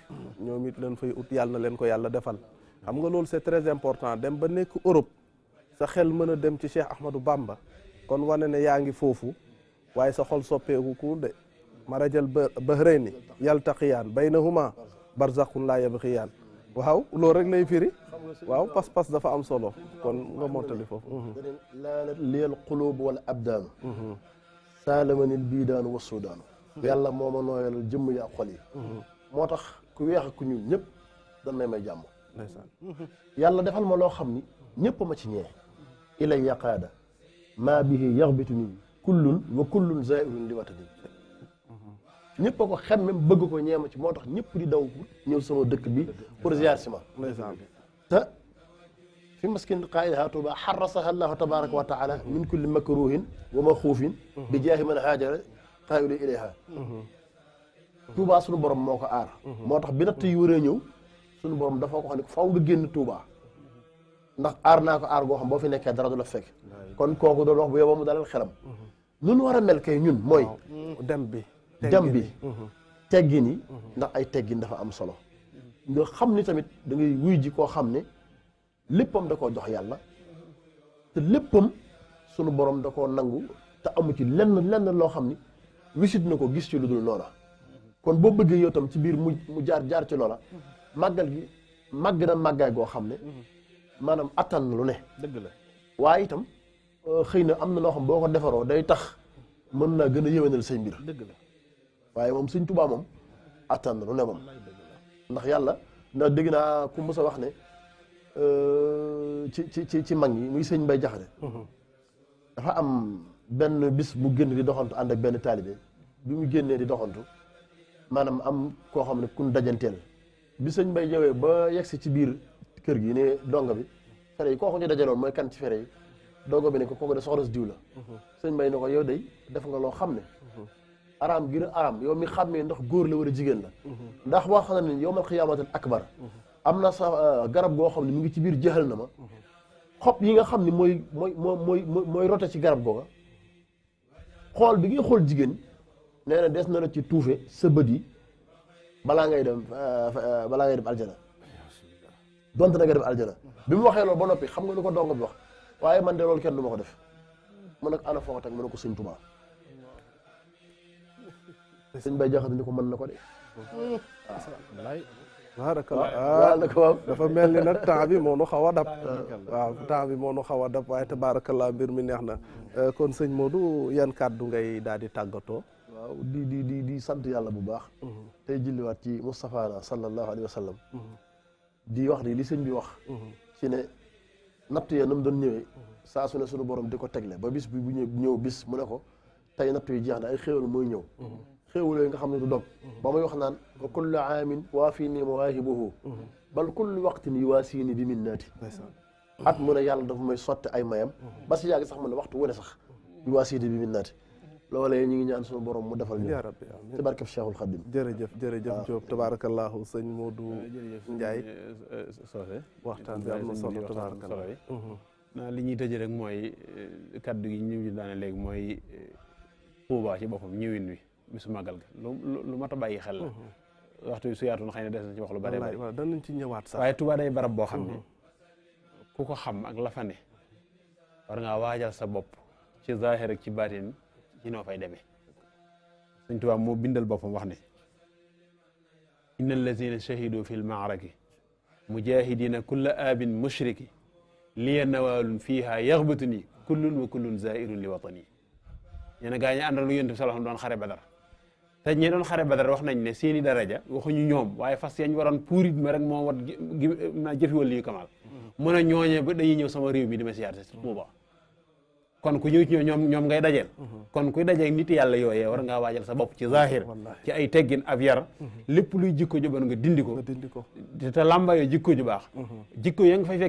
[SPEAKER 2] ñoom it leen fay ut yàlla na leen ko yàlla defal xam nga lool c'est très important dem ba nekk Europe sa xel mën a dem ci Cheikh Ahmadou Bamba kon wane ne yaa ngi foofu waaye sa xol soppeeku ku de marajal bahrayni yaltaqiyaan baynahuma barzaqun laa yabxiyan waaw loolu rek lay firi waaw pas-pas dafa am solo kon nga mottali foofu laanat leel qulub wal abdaan
[SPEAKER 4] saalamanil biidaan wa suudaan yàlla moo ma nooyal jëmm yaa xol yi moo tax ku weex ak ku ñuul ñëpp dan may may jàmm yàlla defal ma loo xam ni ñëpp ma ci ñee ilay yaqaada maa bihi yaxbitu nii kullun wa kullun zairun li watani ñëpp a ko xemmem bëgg ko ñeema ci moo tax ñëpp di daw ñëw sama dëkk bi pour ziar si ma te fi maskin qaaidaha tuuba xarasaha allahu tabaraka wa taala min kulli makruhin wa maxuufin bi jaahi man haajara qaaila ilayha tuuba suñu borom moo ko aar moo tax bi natt yi waree ñëw suñu borom dafa ko xam ne faw nga génn tuuba ndax aar naa ko aar goo xam boo fi nekkee dara du la fekk kon kooku doon wax bu yoba mu dalal xelam nun war a mel kay ñun mooy dem bi dem bi mhm. teggin yi mhm. ndax ay teggin dafa am solo nga xam ni tamit dangay ngay wuy ji koo xam ne léppam da ko jox yàlla te léppam sunu borom da koo nangu te amu ci lenn lenn loo xam ni wisit na ko gis ci lu dul noona kon boo bëggee yow tam ci biir mu mu jaar jaar ci loola mhm. màggal gi màgg na màggaay goo xam ne maanaam attan na lu ne dëgg la waaye itam euh, xëy na am na loo xam boo ko defaroo day tax mën naa gën a yéwénal say mbir dëgg la waaye moom Sëñ Tuubaa moom attan na lu ne moom ndax yàlla ndax dégg naa ku mës a wax ne euh, ci ci ci ci mag yi muy sëñ Mbay Jaxate mhm. dafa am benn bis mu génn di doxantu ànd ak benn taalibe bi mu génnee di doxantu maanaam am koo xam ne kun dajanteel bi sëñ Mbay ñëwee ba yegsi ci biir kër gi ne donga bi fere yi kooku ñu dajaloon mooy kan ci fere yi donga bi ne ko kooku de soxna si diw la mhm. sëñ Mbay ne ko yow day def nga loo xam ne mhm. araam gën a araam yow mi xàmmee ndax góor la wala jigéen la ndax wax na ne yowmal xiyaamatal akbar am na sa garab goo xam ne mu ngi ci biir jahannama xob yi nga xam ne mooy mooy mooy mooy rote ci garab googa xool bi ngay xool jigéen nee na des na la ci tuufe sa bët yi balaa ngay dem balaa ngay dem aljana donte na nga dem aljana bi mu waxee loolu ba noppi xam nga ni ko dong bi wax waaye man de loolu kenn du ma ko def mu nag ana foo ko teg mu ne ko sëñ Tuubaa sëñ Baye Jaxate ni ko mën na ko de
[SPEAKER 6] waaw
[SPEAKER 2] baarakallah ah waaw dafa mel ni nag temps bi moo nu xaw a dab ah. waaw temps bi xaw a dab waaye tabaarakallah mbir mi neex na euh, kon sëñ Modou yan kàddu ngay daal di tàggatoo waaw di sant yàlla bu baax mhm. tey julliwaat ci
[SPEAKER 4] Moustapha na sallallahu alayhi wa sallam mhm. di wax ni li sëñ bi wax mhm. ci ne natt yee nam doon ñëwee saa su ne suñu borom di ko tegle ba bis bi bu ñëw bis mu ne ko tey natt yi jeex na ay xéwal mooy ñëw xéewal yi nga xam ne du dog ba wax wa kullu aamin waa fii nii mawaahibuhu bal kullu waqtin ba si yàgg sax mu ne waxtu wane sax yuwaasii ni bi minnaati loolee ñu ngi ñaan suñu borom mu defal ñu. yaa rabbi amiin ci barkeb
[SPEAKER 2] Cheikhul Khadim. jërëjëf jërëjëf Diop tabaarakallahu sëñ Modou Ndiaye. soose waxtaan bi am na solo tabaarakallahu mhm.
[SPEAKER 5] naa li ñuy tëjee rek mooy eh, kaddu gi ñu ngi daane léegi mooy eh, Tuubaa ci boppam ñëwin wi. bisu màggal ga lu lu mat bàyyi xel la waxtu yi su yaatu na xëy na des wax lu bari bari
[SPEAKER 2] danañ ci ñëwaat sax waaye Tuubaa day barab boo xam ne
[SPEAKER 5] ku ko xam ak la fa ne war ngaa waajal sa bopp ci zaahir ci baatin ci noo deme demee Sëñ Tuubaa moo bindal boppam wax ne inna allazina shahidu fi lmaaraki mujahidina kulla abin mushriki liya nawaalun fiiha yaxbatuni kullun wa kullun zairun li watani nee na gaa ñi àndal lu yonent bi salaam doon xare badar te ñi doon xare ba Badar wax nañ ne seeni daraja waxuñu ñoom waaye fas yañ waroon puurit ma rek moo wat ma jëfi wal liyu kamaal mun mm-hmm. a ñooñe ba dañuy ñëw sama réew mi di ma siyaare si boobaa kon ku ñëw ci ñoom ñoom ngay dajeel mhm. kon kuy dajeeg nit yàlla yooyee war ngaa waajal sa bopp ci zahir ci ay teggin ab yar mhm. lépp luy jikko ju bon nga dindi ko te làmbayoo jikko ju baax mhm. jikko ya baax ya nga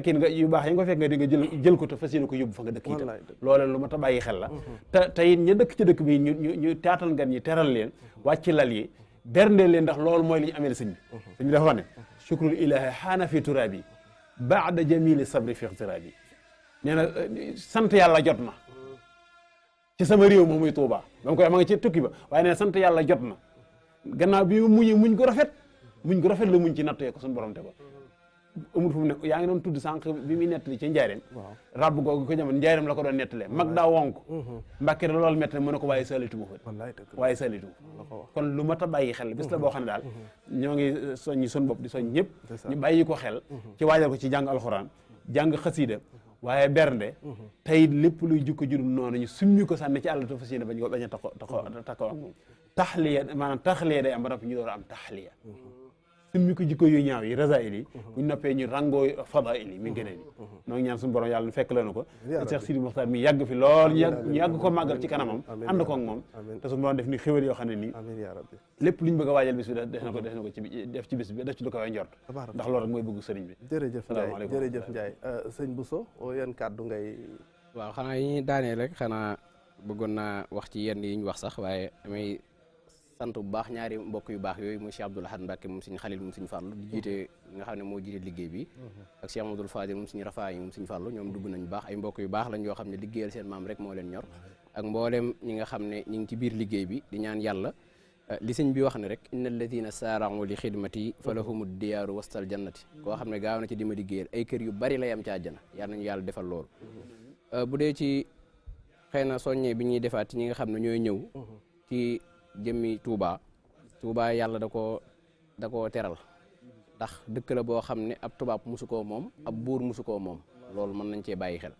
[SPEAKER 5] fay fekk nga di jël ko te fas yéene ko yóbbu fa nga dëkk itam loolee lu ma ta bàyyi xel te te it dëkk ci dëkk bi ñu taatal ngan ñi teral leen wàcc lal yi berndeel ndax loolu mooy li ñu amee sëñ bi sëñ shukrul ilahi xaana fi turaabi baada jamili sabri fi xtiraabi nee na eh, sant ci sama réew moom muy Touba ba mu koy ma nga ci tukki ba waaye ne sant yàlla jot na gannaaw bi muñee muñ ko rafet muñ ko rafet la muñ ci nattee ko suñu borom te ko amul fu mu ne yaa ngi doon tudd sànq bi muy nettali ci njaareem rabb googu ko jamono njaareem la ko doon nettalee mag daa wonk mm-hmm. mbàkke da loolu metti mu ne ko waaye salituma fa waaye salituma kon lu mat a bàyyi xel bis la mm-hmm. boo xam ne daal mm-hmm. ñoo ngi soññi sun bopp di soñ ñëpp ñu bàyyi ko xel ci waajal ko ci jàng alxuraan jàng xasiida waaye bernde mhm. tey lépp luy jukko judum noonu ñu summi ko sànni ci àll te fas yéene bañ ko bañ a taxo taxo mhm. taxliya ma taxliya day am ba noppi ñu door a am taxliya mhm. summi ko jikko yu ñaaw yi rasail yi mhm. buñ noppee ñu rangoo fadail yi mi ngi gënee yi mhm. noo ngi ñaan suñu borom fekk la nu ko Cheikh Sidi Mokhtar mi yàgg fi lool ñu yàgg ko màggal ci kanamam moom te suñu borom def ni xéwal yoo xam ne lépp lu ñu a waajal bis
[SPEAKER 7] bi def ci bis bi def ci lu ko way njort ndax loolu rek mooy bëgg sëriñ bi jërëjëf Ndiaye jërëjëf
[SPEAKER 2] Ndiaye euh, yan kàddu ngay
[SPEAKER 7] waaw xanaa yi ñuy daanee rek xanaa bëggoon naa wax ci yenn yi wax sax waaye sant bu baax ñaari mbokk yu baax yooyu mooy Cheikh Abdoul Ahad Mbacke moom suñu xalil moom suñu fàllu di jiite nga xam ne moo jiite liggéey bi ak Cheikh Amadou Fadil moom suñu rafaa yi moom suñu ñoom dugg nañu baax ay mbokk yu baax lañ yoo xam ne liggéeyal seen maam rek moo leen ñor ak mbooleem ñi nga xam ne ñi ngi liggéey bi di ñaan yàlla eh, li sëñ bi wax ne rek inna alladina saaramu xidmati fa lahumu diyaaru wastal jannati koo xam ne gaaw na ci dima liggéeyal ay kër yu bari lay am ci àjjana yàlla nañu yàlla defal loolu eh, bu dee ci xëy na soññee bi ñuy defaat ci xam ne ñooy ñëw ci jëmmi Touba Touba yàlla da ko da koo teral ndax dëkk la boo xam ne ab tubaab musukoo moom ab buur musu koo moom loolu mën nañ cee bàyyi xel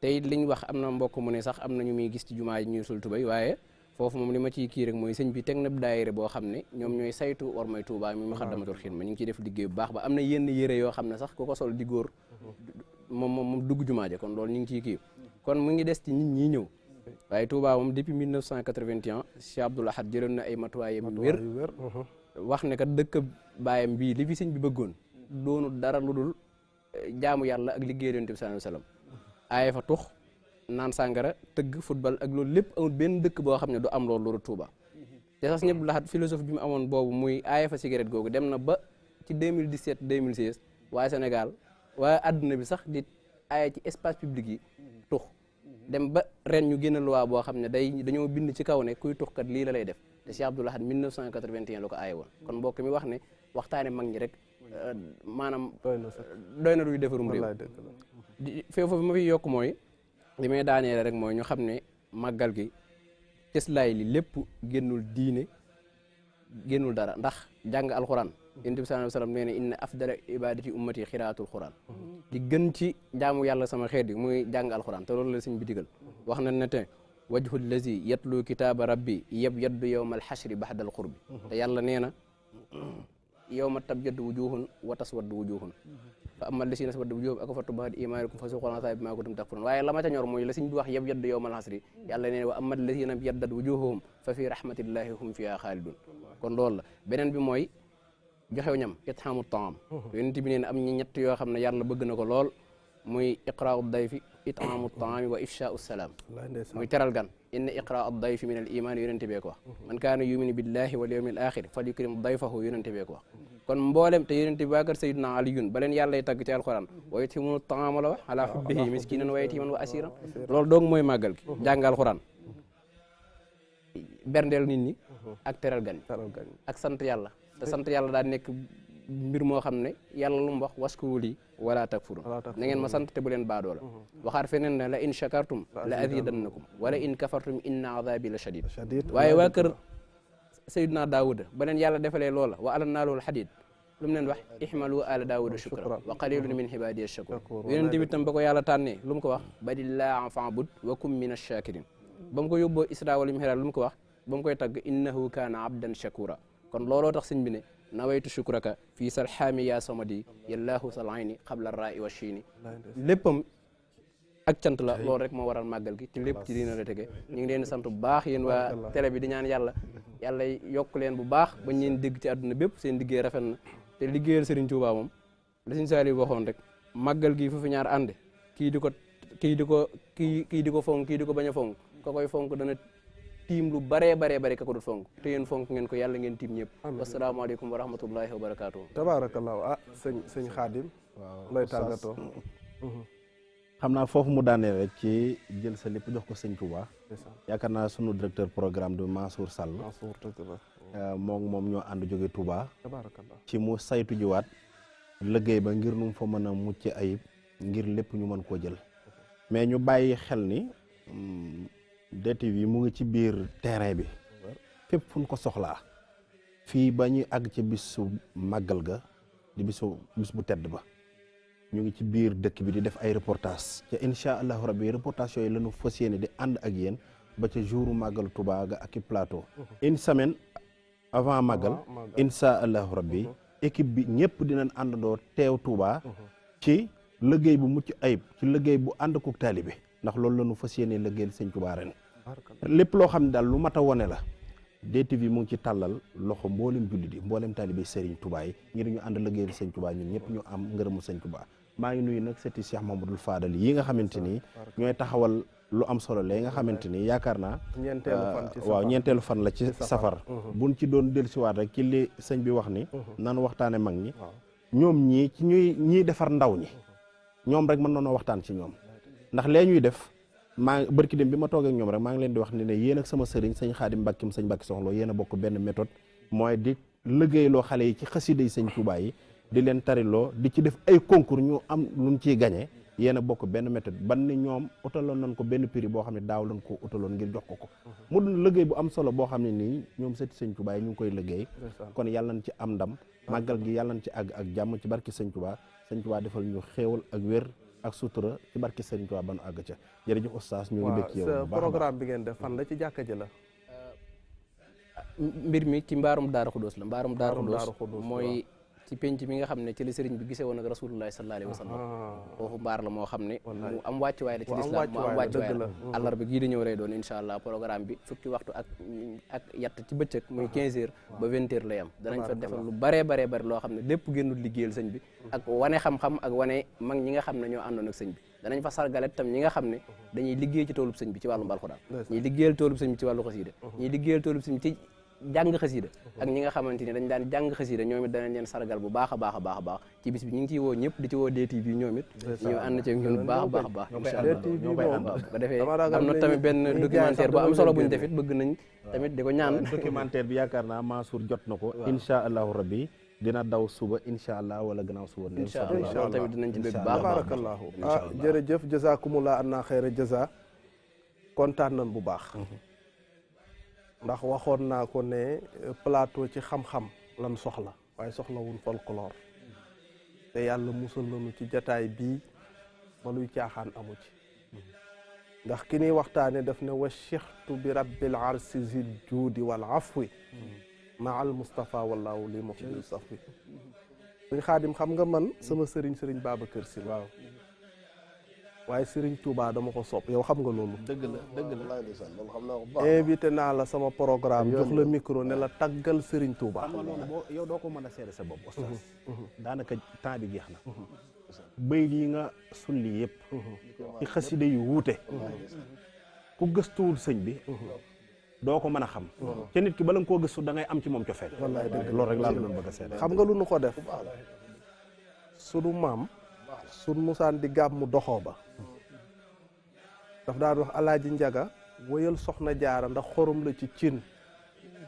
[SPEAKER 7] tey it liñ wax am na mbokk mu ne sax am na ñu muy gis ci jumaa ji ñuy sul tubay waaye foofu moom li ma ciy kii rek mooy sëñ bi teg na daayira boo xam ne ñoom ñooy saytu war may Touba mi Moukhaddamatoul Khidma ñu ngi ciy def liggéey bu baax ba am na yenn yére yoo ne sax ku sol di góor moom moom dugg jumaa ja kon loolu ñu ngi ciy kii mu ngi des ci nit ñi ñëw waaye Touba moom depuis 1981 Cheikh Abdoul Ahad jëloon na ay matuwaayam yu wér uh-huh. wax ne kat dëkk baayam bii li fi siñ bi bëggoon doonu dara lu dul eh, jaamu yàlla ak liggéey yonent bi sallallahu alayhi wasallam aaye fa tux naan sàngara tëgg football ak loolu lépp amul benn dëkk boo xam ne du am loolu loolu Touba te sax ñëpp laxat philosophie bi mu amoon boobu muy aaye fa cigarette googu dem na ba ci 2017 2016 waaye Sénégal waaye àddina bi sax di aaye ci espace public yi tux dem ba ren ñu génn loi boo xam ne day dañoo bind ci kaw ne kuy tuxkat lii la lay def te Cheikh Abdoul Ahad 1981 la ko aaye woon kon mbokk mi wax ne waxtaane mag ñi rek euh, maanaam euh, doy na luy defarum réew fee foofu ma fi yokk mooy li may daaneele rek mooy ñu xam ne màggal gi cëslaay li lépp génnul diine génnul dara ndax jàng alxuraan yonent bi sallallahu alayhi wa sallam nee na inna afdala ibadati ummati xiraatul quran di gën ci jaamu yàlla sama xeet yi muy jàng alquran te loolu la sëñ bi digal wax na ne te wajhu lazi yatlu kitaaba rabbi yab yaddu yowma alxashri baxdal qurbi te yàlla nee na yowma tabjaddu wujuhun wa taswaddu wujuhun fa amma lasi naswaddu wujuhum akafartu ba'da imanikum fa suqul azabi bima kuntum takfurun waaye la ma ca ñor mooy la sëñ bi wax yab yaddu yowma alxashri yàlla nee na wa amma lazina yabdad wujuhum fa fi rahmatillahi hum fiha xaalidun kon loolu la beneen bi mooy joxew ñam itxaamu taam yonent bi nee na am ñi ñett yoo xam ne yàlla bëgg na ko lool muy iqraau dayfi itaamu taami wa ifshaau salaam muy teral gan inna iqraau dayfi min al imaan yonent bee ko wax man kaana yuminu billahi wal yawmi al axir fal yukrim dayfahu yonent bee ko wax kon mboolem te yonent bi waa kër sayidna aliyun ba leen yàllay tagg ci alquran wa yuthimuuna taama la wax ala xubbihi miskinan wa yatiman wa asiran loolu doog mooy màggal gi jàng alquran berndeel nit ñi ak teral gan ak sant yàlla sant yàlla da nek mbir mo xamne yàlla lu wax waskuwul wala takfuru na ngeen ma sant te bu ba do la waxar fenen la in shakartum la azidannakum wala in kafartum inna azabi la shadid waye wa keur sayyidna daawuda ba yàlla defale loola wa alanna lul hadid lum len wax ihmalu ala daawuda shukra wa qalilun min ash shakur yeen dibi tam bako yàlla tanne lum ko wax badillah fa'bud wa kum min ash-shakirin bam ko yobbo isra wal mi'raj lum ko wax bam koy tag innahu kana abdan shakura kon lolo tax sëñ bi ne nawaytu shukraka fi sarhami ya samadi yallahu salaini qabla Ra'i wa shini leppam ak tiant la lolo rek mo waral magal gi te lepp ci dina la tege ñu ngi leen sant bu baax yeen wa télé bi di ñaan yalla yalla leen bu baax ba ñeen deg ci aduna bepp seen liggéey rafet na te liggéeyal Serigne Touba mom la Serigne Saliou waxon rek magal gi foofu ñaar ki ki diko ko diko ki ki diko fonk ki diko ko fonk ko fonk dana Tim lu bare bare bare ka ko dul fonk te yéen fonk ngeen ko yàlla ngeen ñep assalamu alaykum wa rahmatullahi wa barakatuh
[SPEAKER 2] tabarakallah ah señ señ khadim lay tagato mhm.
[SPEAKER 3] xamna fofu mu dané rek ci jël sa lepp jox ko señ Touba yakarna suñu directeur programme de Mansour Sall ngi euh, mom ñoo and joge Touba ci mu saytu wat liggey ba ngir nu mu fa mën mucc ayib ngir lepp ñu mën ko jël mais ñu bayyi xel ni mm, DTV mu ngi ci biir terrain bi fépp fu ko soxlaa fii ba ñuy àgg ci bisu màggal ga di bisu bis bu tedd ba ñu ngi ci biir dëkk bi di def ay reportage ca incha allahu rabbi reportage yooyu la ñu fas yéene di ànd ak yéen ba ca jouru màggal Tuubaa ga ak i plateau mhm. une semaine avant màggal incha allahu rabbi mhm. équipe bi ñëpp dinañ àndandoo teew Tuubaa mhm. ci liggéey bu mucc ayib ci liggéey bu ànd ko taalibe ndax loolu la nu fas yéene liggéeyal sëñ Tuubaa lépp loo xam ne daal lu mata wone la DTV mu ngi ci tàllal loxo mboolem jullit yi mboolem taalibe Serigne Touba yi ngir ñu ànd liggéeyal Serigne Touba ñun ñëpp ñu am ngërëmu Serigne Touba maa ngi nuy nag sëti Cheikh Mamadou Fadal yi nga xamante ni ñooy taxawal lu am solo la nga xamante ni yaakaar naa euh, waaw ñeenteelu fan la ci safar buñ ci doon dellusiwaat rek ci sëñ bi wax ni nan waxtaane mag ñi ñoom ñii ci ñuy ñiy defar ndaw ñi ñoom rek mën noonoo waxtaan ci ñoom ndax lee ñuy def maa barki dem bi ma toog ak ñoom rek maa ngi leen di wax ne ne yéen ak sama sëriñ sëñ xaadim mbàkkim sëñ mbàkki soxloo yéen a bokk benn méthode mooy di liggéeyloo xale yi ci xasida yi sëñ Tuubaa yi di leen tariloo di ci def ay concours ñu am luñ ciy gañe yéen a bokk benn méthode ban ni ñoom utaloon nañ ko benn piri boo xam ne daaw lañ ko utaloon ngir jox ko ko mu doon liggéey bu am solo boo xam ne nii ñoom sëti sëñ Tuubaa yi ñu ngi koy liggéey kon yàlla nañ ci am ndam ah. màggal gi yàlla ci àgg ak jàmm ci barki sëñ Tuubaa sëñ Tuubaa defal ñu xéewal ak wér ak sutura ci barki Serigne Touba ba nu àgg ca jërëjëf oustaz ñu ngi bëgg yow programme
[SPEAKER 2] bi ngeen def fan la ci jàkka ji la
[SPEAKER 7] euh, mbir mi ci mbaarum daar Xuddoos la mbaarum Daaru Xuddoos mooy ci penc mi nga xam ne ci la sëriñ bi gisee woon ak rasulullah sallallahu alayhi ah. la moo xam ne mu am wàccuwaay la ci lislaam mu am wàccuwaay la àllarba gii di ñëw lay doon incha allah programme bi fukki waxtu ak ak ci bëccëg muy 15 heures ba 20 heures lay am danañ fa defal lu baree baree bari loo xam ne lépp génnul liggéeyal sëñ bi mm-hmm. ak wane xam-xam ak wane mag ñi nga xam ne ñoo àndoon ak sëñ bi danañ fa sargalet tam ñi nga xam ne mm-hmm. dañuy liggéey ci toolub sëñ bi ci wàllu mbal xuraan ñuy liggéeyal toolub sëñ bi ci wàllu xasiida mm-hmm. ñuy liggéeyal toolub sëñ bi jàng xasida ak ñi nga xamante ni dañ daan jàng xasida ñoom it danañ leen sargal bu baax a baax a baax a baax ci bis bi ñu ngi ciy woo ñëpp di ci woo DTV ñoom it ñu ànd ci ñun baax a baax a baax incha allah ba defee am na tamit benn documentaire bu am solo buñu defit bëgg
[SPEAKER 3] nañ tamit di ko ñaan documentaire bi yaakaar naa Mansour jot na ko incha allahu rabbi dina daw suba incha allah wala gannaaw suba. incha allah loolu tamit dinañ ci baax baarakallaahu ah
[SPEAKER 2] jërëjëf jazakumullah anna xayra jaza kontaan nan bu baax mhm. ndax waxoon naa ko ne euh, plateau ci xam-xam lan soxla waaye soxlawul folklore te yàlla musal nañu ci jataay bii ba caaxaan amu ci ndax ki ñuy waxtaane daf ne wa chixtu bi rabbil arsi zil juudi wal afwi maa al mustafa wallaahu li muxbil safwi suñ xaadim xam nga man sama sëriñ sëriñ Babacar Si waaw waaye Serigne Touba dama ko sopp yow xam nga loolu. dëgg la dëgg la loolu xam naa ko baax invité naa la sama programme jox la micro ne la taggal Serigne Touba. xam nga loolu
[SPEAKER 3] boo yow doo ko mën a seere sa bopp. oustaz mhm, mhm. daanaka temps bi jeex na. Mhm.
[SPEAKER 2] bëy yi nga sulli
[SPEAKER 3] yëpp. ci xaside yu wuute. ku gëstuwul sëñ bi. doo ko mën a xam. ca nit ki bala nga koo gëstu da ngay am ci moom cofeel. wallaay dëgg loolu rek laa doon bëgg a seere. xam nga
[SPEAKER 2] lu nu ko def. sunu maam. sunu musaan di gàmmu doxoo ba. daf daan wax alaaji njaga wëyal soxna jaara ndax xorom la ci cin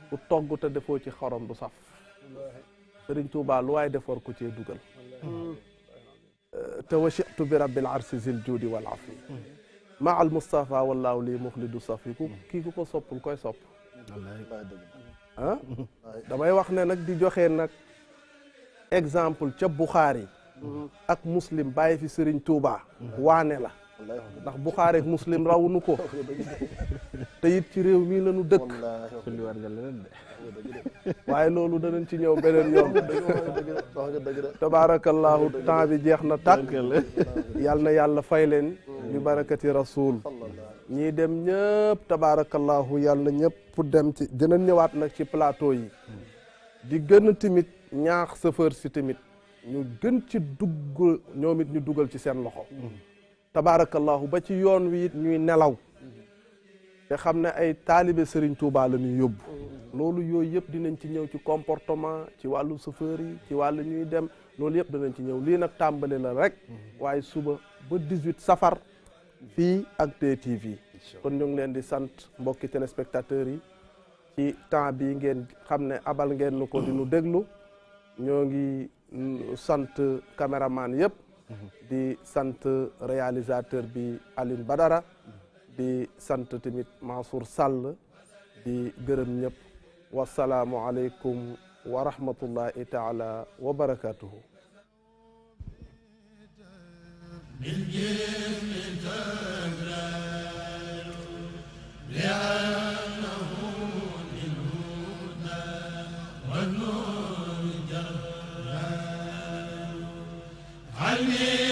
[SPEAKER 2] ku togg te defoo ci xorom du saf sëriñ tuubaa lu waaye def war ko cee dugal te wachitu bi rabbil arsi zil juudi wal afi maa al mustafa wallaahu lii muxlidu safi ku kii ku ko soppul koy sopp ah? damay wax ne nag di joxe nag exemple ca buxaari ak muslim bàyyi fi sëriñ tuubaa waane la ndax Buxaari ak raw nu ko te it ci réew mii lañu dëkk waaye loolu danañ ci ñëw beneen yoon tabaarakallaahu temps bi jeex na tàkk yal na yàlla fay leen bi barakati rasul ñii dem ñëpp tabaarakallaahu yàlla ñëpp dem ci dinañ ñëwaat nag ci plateau yi di gën tamit ñaax chauffeur si tamit ñu gën ci dugg ñoom ñu dugal ci seen loxo mm-hmm. tabaarakallahu ba ci yoon wi ñuy nelaw te xam ne ay taalibe sëriñ Touba la ñuy yóbbu loolu yooyu yëpp dinañ ci ñëw ci comportement ci wàllu chauffeur yi ci wàllu ñuy dem loolu yëpp dinañ ci ñëw lii nag tàmbali la rek waaye suba ba 18 safar fii ak TTV kon ñu ngi leen di sant mbokki téléspectateurs yi ci temps bi ngeen xam ne abal ngeen nu ko di nu déglu ñoo ngi sant caméraman yëpp di sant réalisateur bi Alioune Badara bi sant tamit Mansour Sall di gërëm ñëpp wasalaamualeykum wa rahmatullahi taala wa
[SPEAKER 8] Amen.